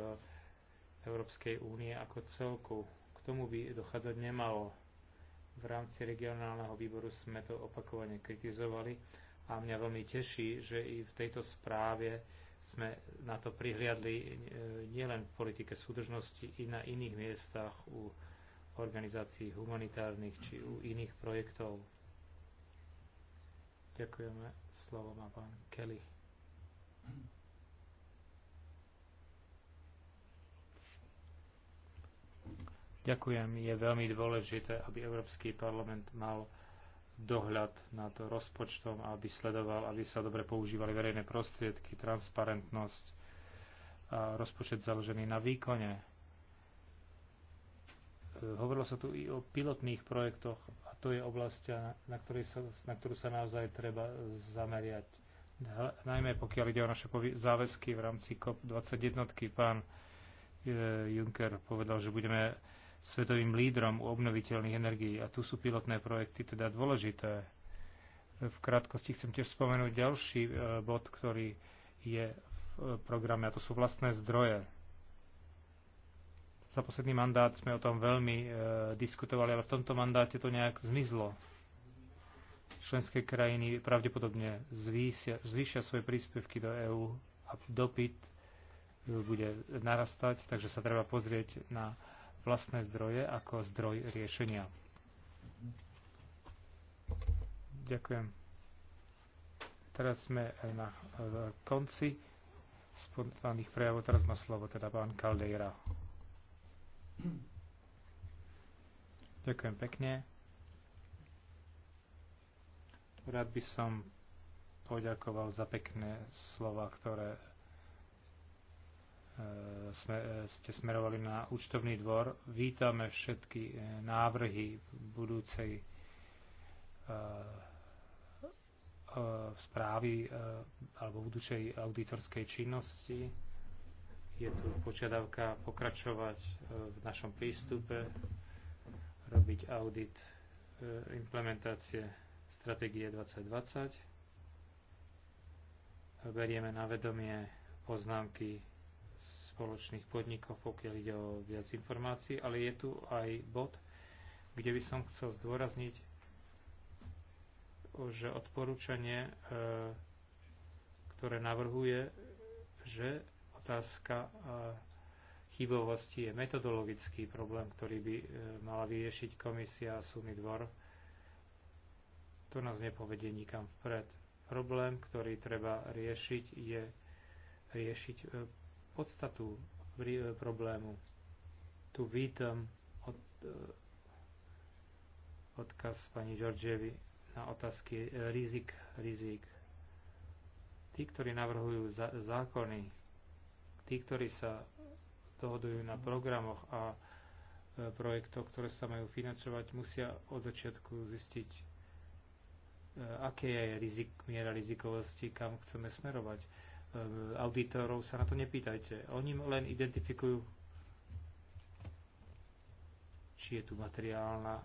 Európskej únie ako celku. K tomu by dochádzať nemalo. V rámci regionálneho výboru sme to opakovane kritizovali a mňa veľmi teší, že i v tejto správe sme na to prihliadli e, nielen v politike súdržnosti, i na iných miestach u organizácií humanitárnych či u iných projektov. Ďakujeme. Slovo má pán Kelly. Ďakujem. Je veľmi dôležité, aby Európsky parlament mal dohľad nad rozpočtom, aby sledoval, aby sa dobre používali verejné prostriedky, transparentnosť a rozpočet založený na výkone. Hovorilo sa tu i o pilotných projektoch a to je oblasť, na, na, sa, na ktorú sa naozaj treba zameriať najmä pokiaľ ide o naše záväzky v rámci COP21. Pán e, Juncker povedal, že budeme svetovým lídrom u obnoviteľných energií a tu sú pilotné projekty teda dôležité. V krátkosti chcem tiež spomenúť ďalší e, bod, ktorý je v programe a to sú vlastné zdroje. Za posledný mandát sme o tom veľmi e, diskutovali, ale v tomto mandáte to nejak zmizlo. Členské krajiny pravdepodobne zvýšia, zvýšia svoje príspevky do EÚ a dopyt bude narastať, takže sa treba pozrieť na vlastné zdroje ako zdroj riešenia. Ďakujem. Teraz sme na konci spontánnych prejavov. Teraz má slovo teda pán Caldeira. Ďakujem pekne. Rád by som poďakoval za pekné slova, ktoré e, e, ste smerovali na účtovný dvor. Vítame všetky e, návrhy budúcej správy alebo budúcej auditorskej činnosti. Je tu požiadavka pokračovať v našom prístupe, robiť audit implementácie stratégie 2020. Berieme na vedomie poznámky spoločných podnikov, pokiaľ ide o viac informácií, ale je tu aj bod, kde by som chcel zdôrazniť, že odporúčanie, e, ktoré navrhuje, že otázka e, chybovosti je metodologický problém, ktorý by e, mala vyriešiť komisia a súdny dvor. To nás nepovedie nikam vpred. Problém, ktorý treba riešiť, je riešiť e, podstatu e, problému. Tu vítam od, e, odkaz pani Georgievi na otázky rizik, rizik. Tí, ktorí navrhujú zákony, tí, ktorí sa dohodujú na programoch a projektoch, ktoré sa majú financovať, musia od začiatku zistiť, E, aké je rizik, miera rizikovosti, kam chceme smerovať. E, auditorov sa na to nepýtajte. Oni len identifikujú, či je tu materiálna e,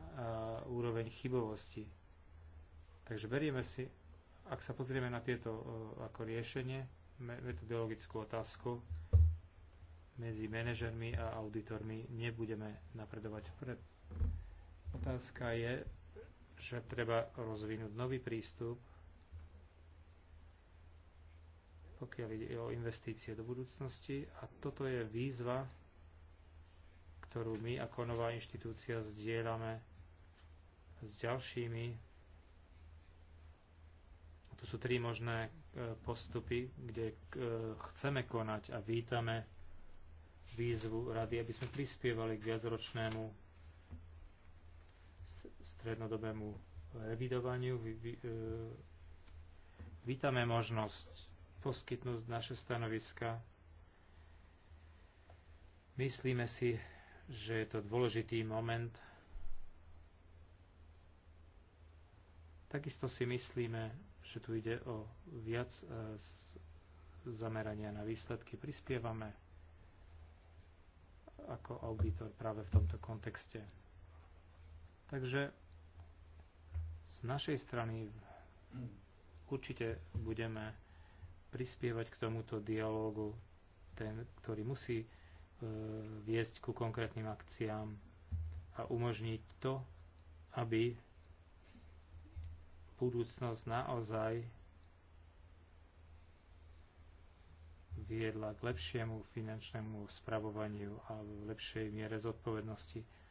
úroveň chybovosti. Takže berieme si, ak sa pozrieme na tieto ako riešenie, metodologickú otázku medzi manažermi a auditormi, nebudeme napredovať vpred. Otázka je, že treba rozvinúť nový prístup, pokiaľ ide o investície do budúcnosti. A toto je výzva, ktorú my ako nová inštitúcia zdieľame s ďalšími. Tu sú tri možné e, postupy, kde e, chceme konať a vítame výzvu rady, aby sme prispievali k viacročnému strednodobému revidovaniu. E, vítame možnosť poskytnúť naše stanoviska. Myslíme si, že je to dôležitý moment. Takisto si myslíme, že tu ide o viac e, zamerania na výsledky. Prispievame ako auditor práve v tomto kontexte. Takže z našej strany určite budeme prispievať k tomuto dialógu, ten, ktorý musí e, viesť ku konkrétnym akciám a umožniť to, aby budúcnosť naozaj viedla k lepšiemu finančnému spravovaniu a v lepšej miere zodpovednosti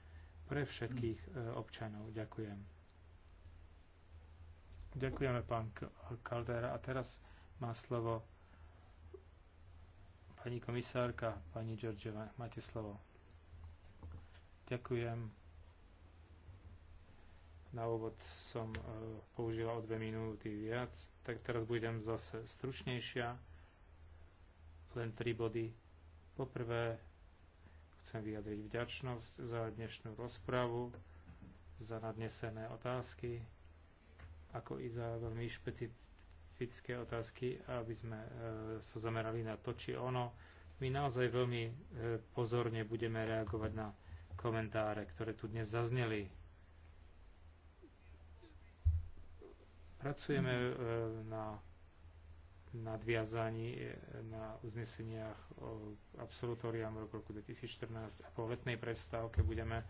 pre všetkých e, občanov. Ďakujem. Ďakujeme, pán Kaldera. A teraz má slovo pani komisárka, pani Georgieva. Máte slovo. Ďakujem. Na úvod som e, použila o dve minúty viac, tak teraz budem zase stručnejšia. Len tri body. Poprvé, Chcem vyjadriť vďačnosť za dnešnú rozpravu, za nadnesené otázky, ako i za veľmi špecifické otázky, aby sme e, sa zamerali na to, či ono. My naozaj veľmi e, pozorne budeme reagovať na komentáre, ktoré tu dnes zazneli. Pracujeme e, na nadviazaní e, na uzneseniach o absolutóriám v roku 2014 a po letnej prestávke budeme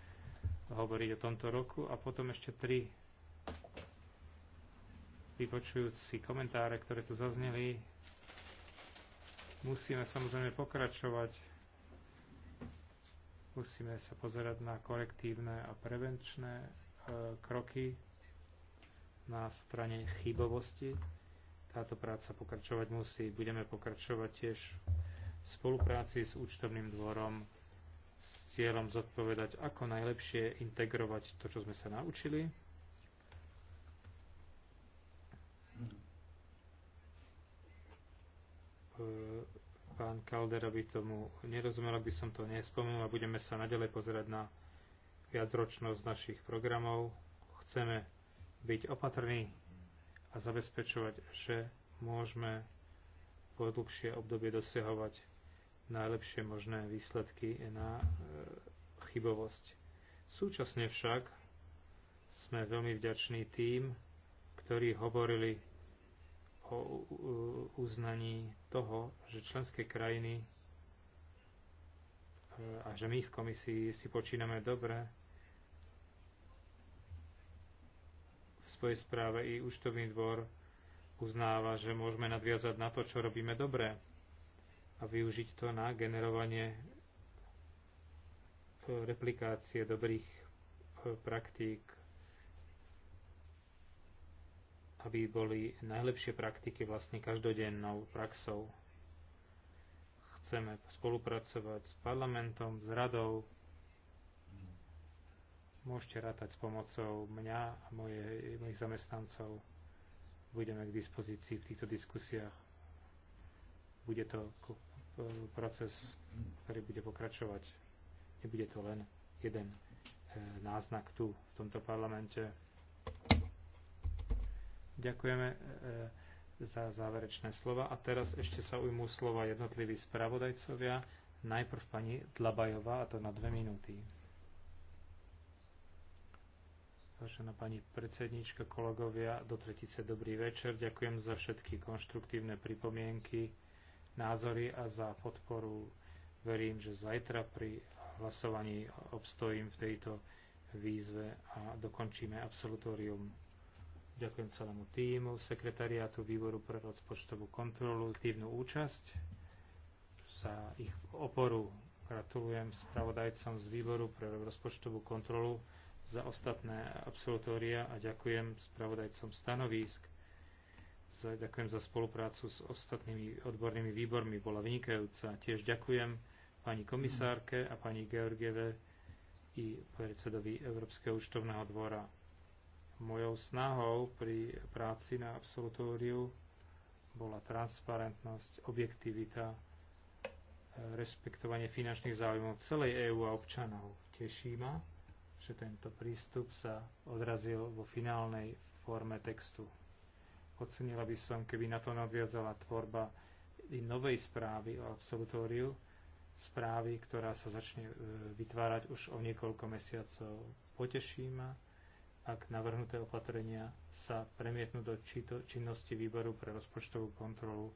hovoriť o tomto roku a potom ešte tri vypočujúci komentáre, ktoré tu zazneli. Musíme samozrejme pokračovať. Musíme sa pozerať na korektívne a prevenčné e, kroky na strane chybovosti táto práca pokračovať musí. Budeme pokračovať tiež v spolupráci s účtovným dvorom s cieľom zodpovedať, ako najlepšie integrovať to, čo sme sa naučili. Pán Kaldera by tomu nerozumel, ak by som to nespomenul a budeme sa naďalej pozerať na viacročnosť našich programov. Chceme byť opatrní a zabezpečovať, že môžeme po dlhšie obdobie dosiahovať najlepšie možné výsledky na e, chybovosť. Súčasne však sme veľmi vďační tým, ktorí hovorili o uznaní toho, že členské krajiny e, a že my v komisii si počíname dobre, svojej správe i účtovný dvor uznáva, že môžeme nadviazať na to, čo robíme dobre a využiť to na generovanie e, replikácie dobrých e, praktík, aby boli najlepšie praktiky vlastne každodennou praxou. Chceme spolupracovať s parlamentom, s radou, Môžete rátať s pomocou mňa a moje, mojich zamestnancov. Budeme k dispozícii v týchto diskusiách. Bude to e, proces, ktorý bude pokračovať. Nebude to len jeden e, náznak tu v tomto parlamente. Ďakujeme e, za záverečné slova. A teraz ešte sa ujmú slova jednotliví spravodajcovia. Najprv pani Dlabajová, a to na dve minúty. Vážená pani predsednička, kolegovia, do tretice dobrý večer. Ďakujem za všetky konštruktívne pripomienky, názory a za podporu. Verím, že zajtra pri hlasovaní obstojím v tejto výzve a dokončíme absolutórium. Ďakujem celému týmu, sekretariátu Výboru pre rozpočtovú kontrolu, aktívnu účasť za ich oporu. Gratulujem spravodajcom z Výboru pre rozpočtovú kontrolu za ostatné absolutória a ďakujem spravodajcom stanovísk. Za, ďakujem za spoluprácu s ostatnými odbornými výbormi, bola vynikajúca. Tiež ďakujem pani komisárke a pani Georgieve i predsedovi Európskeho účtovného dvora. Mojou snahou pri práci na absolutóriu bola transparentnosť, objektivita, respektovanie finančných záujmov celej EÚ a občanov. Teší ma, že tento prístup sa odrazil vo finálnej forme textu. Ocenila by som, keby na to nadviazala tvorba i novej správy o absolutóriu, správy, ktorá sa začne e, vytvárať už o niekoľko mesiacov. Poteší ma, ak navrhnuté opatrenia sa premietnú do činnosti výboru pre rozpočtovú kontrolu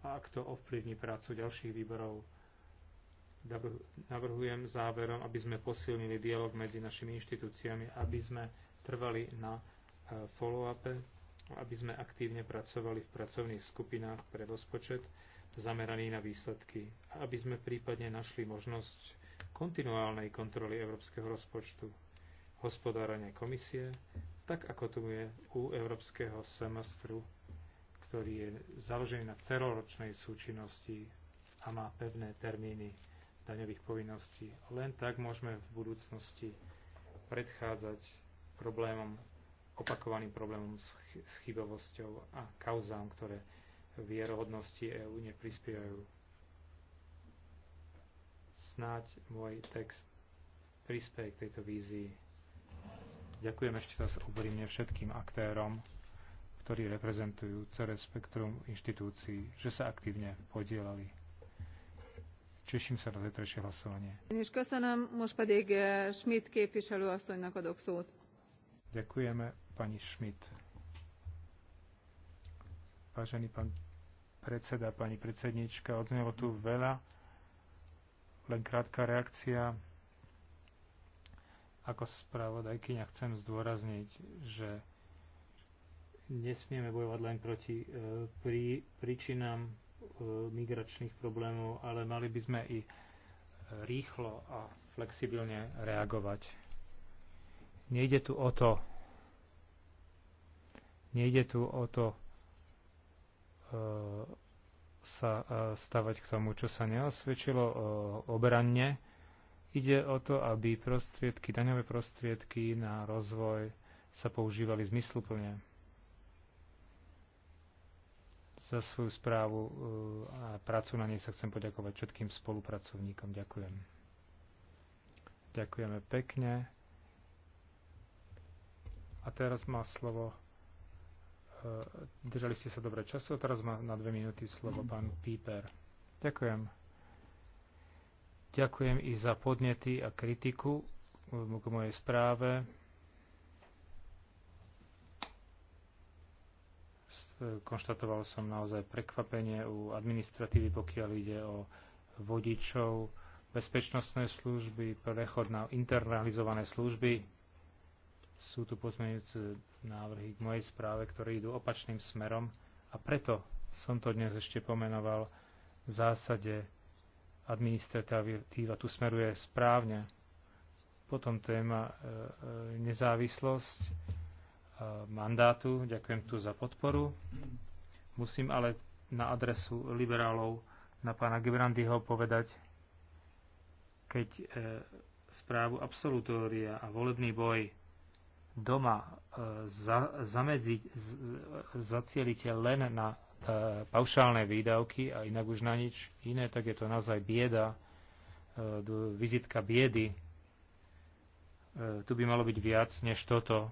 a ak to ovplyvní prácu ďalších výborov Navrhujem záverom, aby sme posilnili dialog medzi našimi inštitúciami, aby sme trvali na e, follow-upe, aby sme aktívne pracovali v pracovných skupinách pre rozpočet zameraný na výsledky, aby sme prípadne našli možnosť kontinuálnej kontroly európskeho rozpočtu, hospodárania komisie, tak ako tu je u európskeho semestru, ktorý je založený na celoročnej súčinnosti a má pevné termíny daňových povinností. Len tak môžeme v budúcnosti predchádzať problémom, opakovaným problémom s, chybovosťou a kauzám, ktoré vierohodnosti EÚ neprispievajú. Snáď môj text prispieje k tejto vízii. Ďakujem ešte raz úprimne všetkým aktérom, ktorí reprezentujú celé spektrum inštitúcií, že sa aktívne podielali Teším sa na zajtrajšie hlasovanie. Eh, Ďakujeme pani Schmidt. Vážený pán predseda, pani predsednička, odznelo tu veľa. Len krátka reakcia. Ako spravodajkyňa chcem zdôrazniť, že nesmieme bojovať len proti e, prí, príčinám E, migračných problémov, ale mali by sme i rýchlo a flexibilne reagovať. Nejde tu o to, nejde tu o to e, sa e, stavať k tomu, čo sa neosvedčilo e, obranne. Ide o to, aby prostriedky, daňové prostriedky na rozvoj sa používali zmysluplne za svoju správu e, a prácu na nej sa chcem poďakovať všetkým spolupracovníkom. Ďakujem. Ďakujeme pekne. A teraz má slovo. E, držali ste sa dobre času. Teraz má na dve minúty slovo pán Píper. Ďakujem. Ďakujem i za podnety a kritiku k mojej správe. konštatoval som naozaj prekvapenie u administratívy, pokiaľ ide o vodičov, bezpečnostné služby, prechod na internalizované služby. Sú tu pozmeňujúce návrhy k mojej správe, ktoré idú opačným smerom a preto som to dnes ešte pomenoval v zásade administratíva tu smeruje správne. Potom téma e, e, nezávislosť E, mandátu. Ďakujem tu za podporu. Musím ale na adresu liberálov na pána Gebrandyho povedať, keď e, správu absolutória a volebný boj doma e, za, zamedziť, z, zacielite len na e, paušálne výdavky a inak už na nič iné, tak je to naozaj bieda, e, vizitka biedy. E, tu by malo byť viac než toto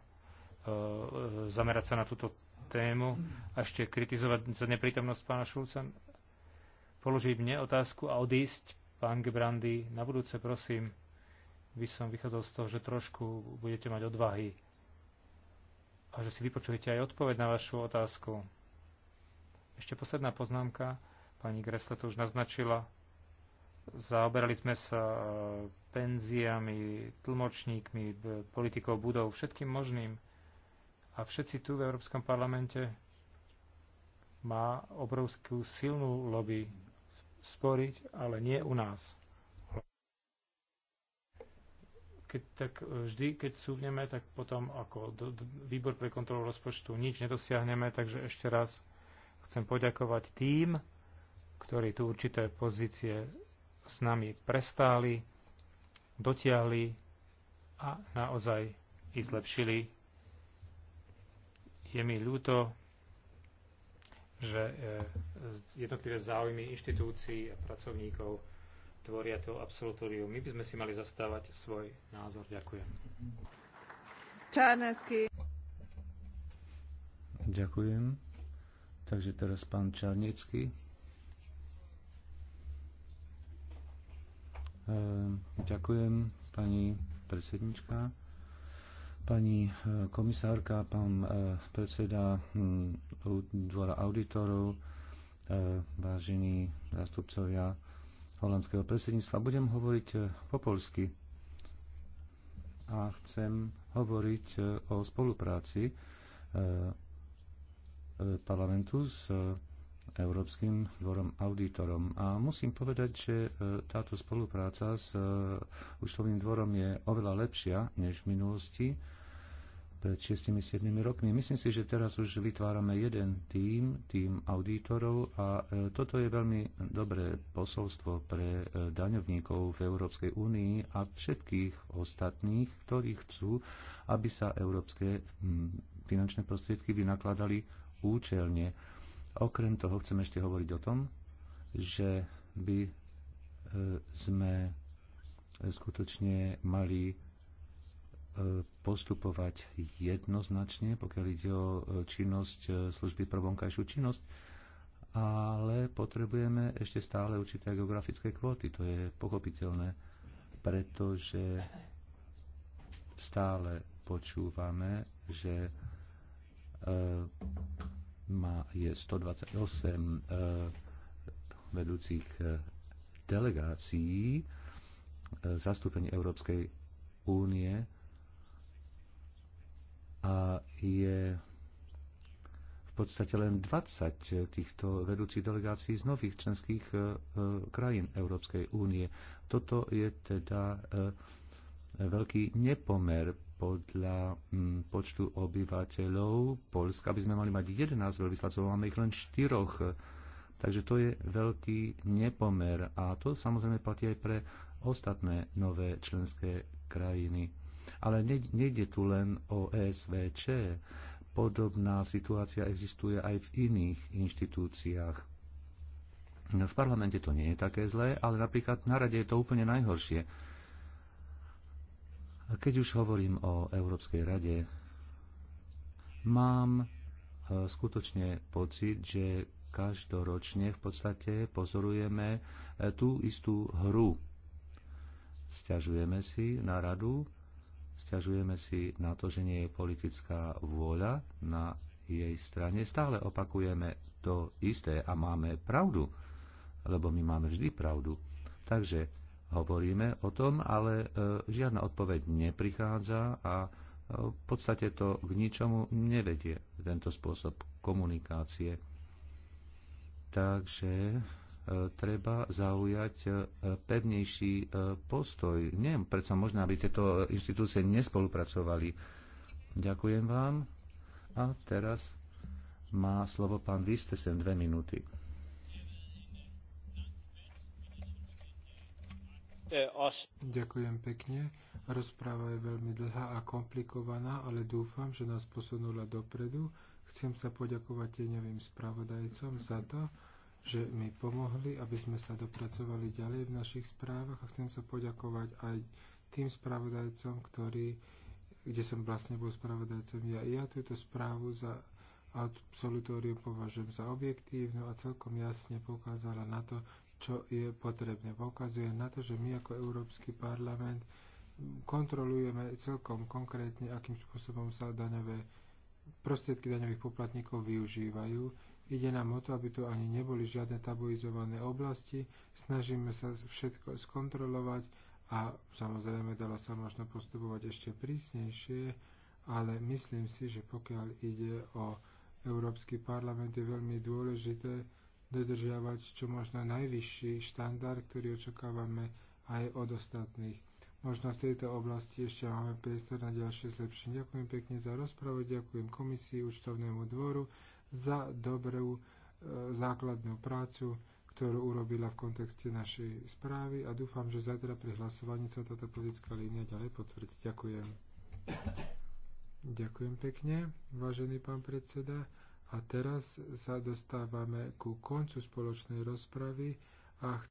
E, zamerať sa na túto tému a ešte kritizovať za neprítomnosť pána Šulca, položiť mne otázku a odísť. Pán Gebrandy, na budúce prosím, by som vychádzal z toho, že trošku budete mať odvahy a že si vypočujete aj odpoveď na vašu otázku. Ešte posledná poznámka. Pani Gresle to už naznačila. Zaoberali sme sa e, penziami, tlmočníkmi, politikou budov, všetkým možným a všetci tu v Európskom parlamente má obrovskú silnú lobby sporiť, ale nie u nás. Keď, tak e, vždy, keď súvneme, tak potom ako do, do, výbor pre kontrolu rozpočtu nič nedosiahneme, takže ešte raz chcem poďakovať tým, ktorí tu určité pozície s nami prestáli, dotiahli a naozaj i zlepšili je mi ľúto, že e, jednotlivé záujmy inštitúcií a pracovníkov tvoria to absolutórium. My by sme si mali zastávať svoj názor. Ďakujem. Čarnecký. Ďakujem. Takže teraz pán Čarnecký. E, ďakujem, pani predsednička. Pani e, komisárka, pán e, predseda hm, dvora auditorov, e, vážení zástupcovia holandského predsedníctva, budem hovoriť po polsky a chcem hovoriť o spolupráci parlamentu s Európskym dvorom auditorom. A musím povedať, že táto spolupráca s účtovným dvorom je oveľa lepšia než v minulosti pred 6-7 rokmi. Myslím si, že teraz už vytvárame jeden tím, tím auditorov a e, toto je veľmi dobré posolstvo pre e, daňovníkov v Európskej únii a všetkých ostatných, ktorí chcú, aby sa európske finančné prostriedky vynakladali účelne. Okrem toho chcem ešte hovoriť o tom, že by e, sme skutočne mali postupovať jednoznačne, pokiaľ ide o e, činnosť e, služby pre vonkajšiu činnosť, ale potrebujeme ešte stále určité geografické kvóty. To je pochopiteľné, pretože stále počúvame, že e, má, je 128 e, vedúcich e, delegácií e, zastúpení Európskej únie a je v podstate len 20 týchto vedúcich delegácií z nových členských e, e, krajín Európskej únie. Toto je teda e, veľký nepomer podľa mm, počtu obyvateľov Polska. aby sme mali mať 11 veľvyslancov, máme ich len 4. Takže to je veľký nepomer a to samozrejme platí aj pre ostatné nové členské krajiny. Ale nejde tu len o e SVČ. Podobná situácia existuje aj v iných inštitúciách. V parlamente to nie je také zlé, ale napríklad na rade je to úplne najhoršie. Keď už hovorím o Európskej rade, mám e, skutočne pocit, že každoročne v podstate pozorujeme e, tú istú hru. Sťažujeme si na radu, Sťažujeme si na to, že nie je politická vôľa na jej strane. Stále opakujeme to isté a máme pravdu, lebo my máme vždy pravdu. Takže hovoríme o tom, ale e, žiadna odpoveď neprichádza a e, v podstate to k ničomu nevedie tento spôsob komunikácie. Takže E, treba zaujať e, pevnejší e, postoj. Nie predsa možné, aby tieto inštitúcie nespolupracovali. Ďakujem vám. A teraz má slovo pán Vistesen dve minúty. Ďakujem pekne. Rozpráva je veľmi dlhá a komplikovaná, ale dúfam, že nás posunula dopredu. Chcem sa poďakovať tieňovým spravodajcom za to, že mi pomohli, aby sme sa dopracovali ďalej v našich správach a chcem sa poďakovať aj tým spravodajcom, ktorí, kde som vlastne bol spravodajcom ja. Ja túto správu za absolutórium považujem za objektívnu a celkom jasne poukázala na to, čo je potrebné. Poukazuje na to, že my ako Európsky parlament kontrolujeme celkom konkrétne, akým spôsobom sa daňové prostriedky daňových poplatníkov využívajú Ide nám o to, aby tu ani neboli žiadne tabuizované oblasti. Snažíme sa všetko skontrolovať a samozrejme dalo sa možno postupovať ešte prísnejšie, ale myslím si, že pokiaľ ide o Európsky parlament, je veľmi dôležité dodržiavať čo možno najvyšší štandard, ktorý očakávame aj od ostatných. Možno v tejto oblasti ešte máme priestor na ďalšie zlepšenie. Ďakujem pekne za rozpravu, ďakujem komisii, účtovnému dvoru za dobrú e, základnú prácu, ktorú urobila v kontexte našej správy a dúfam, že zajtra pri hlasovaní sa táto politická línia ďalej potvrdí. Ďakujem. Ďakujem pekne, vážený pán predseda. A teraz sa dostávame ku koncu spoločnej rozpravy a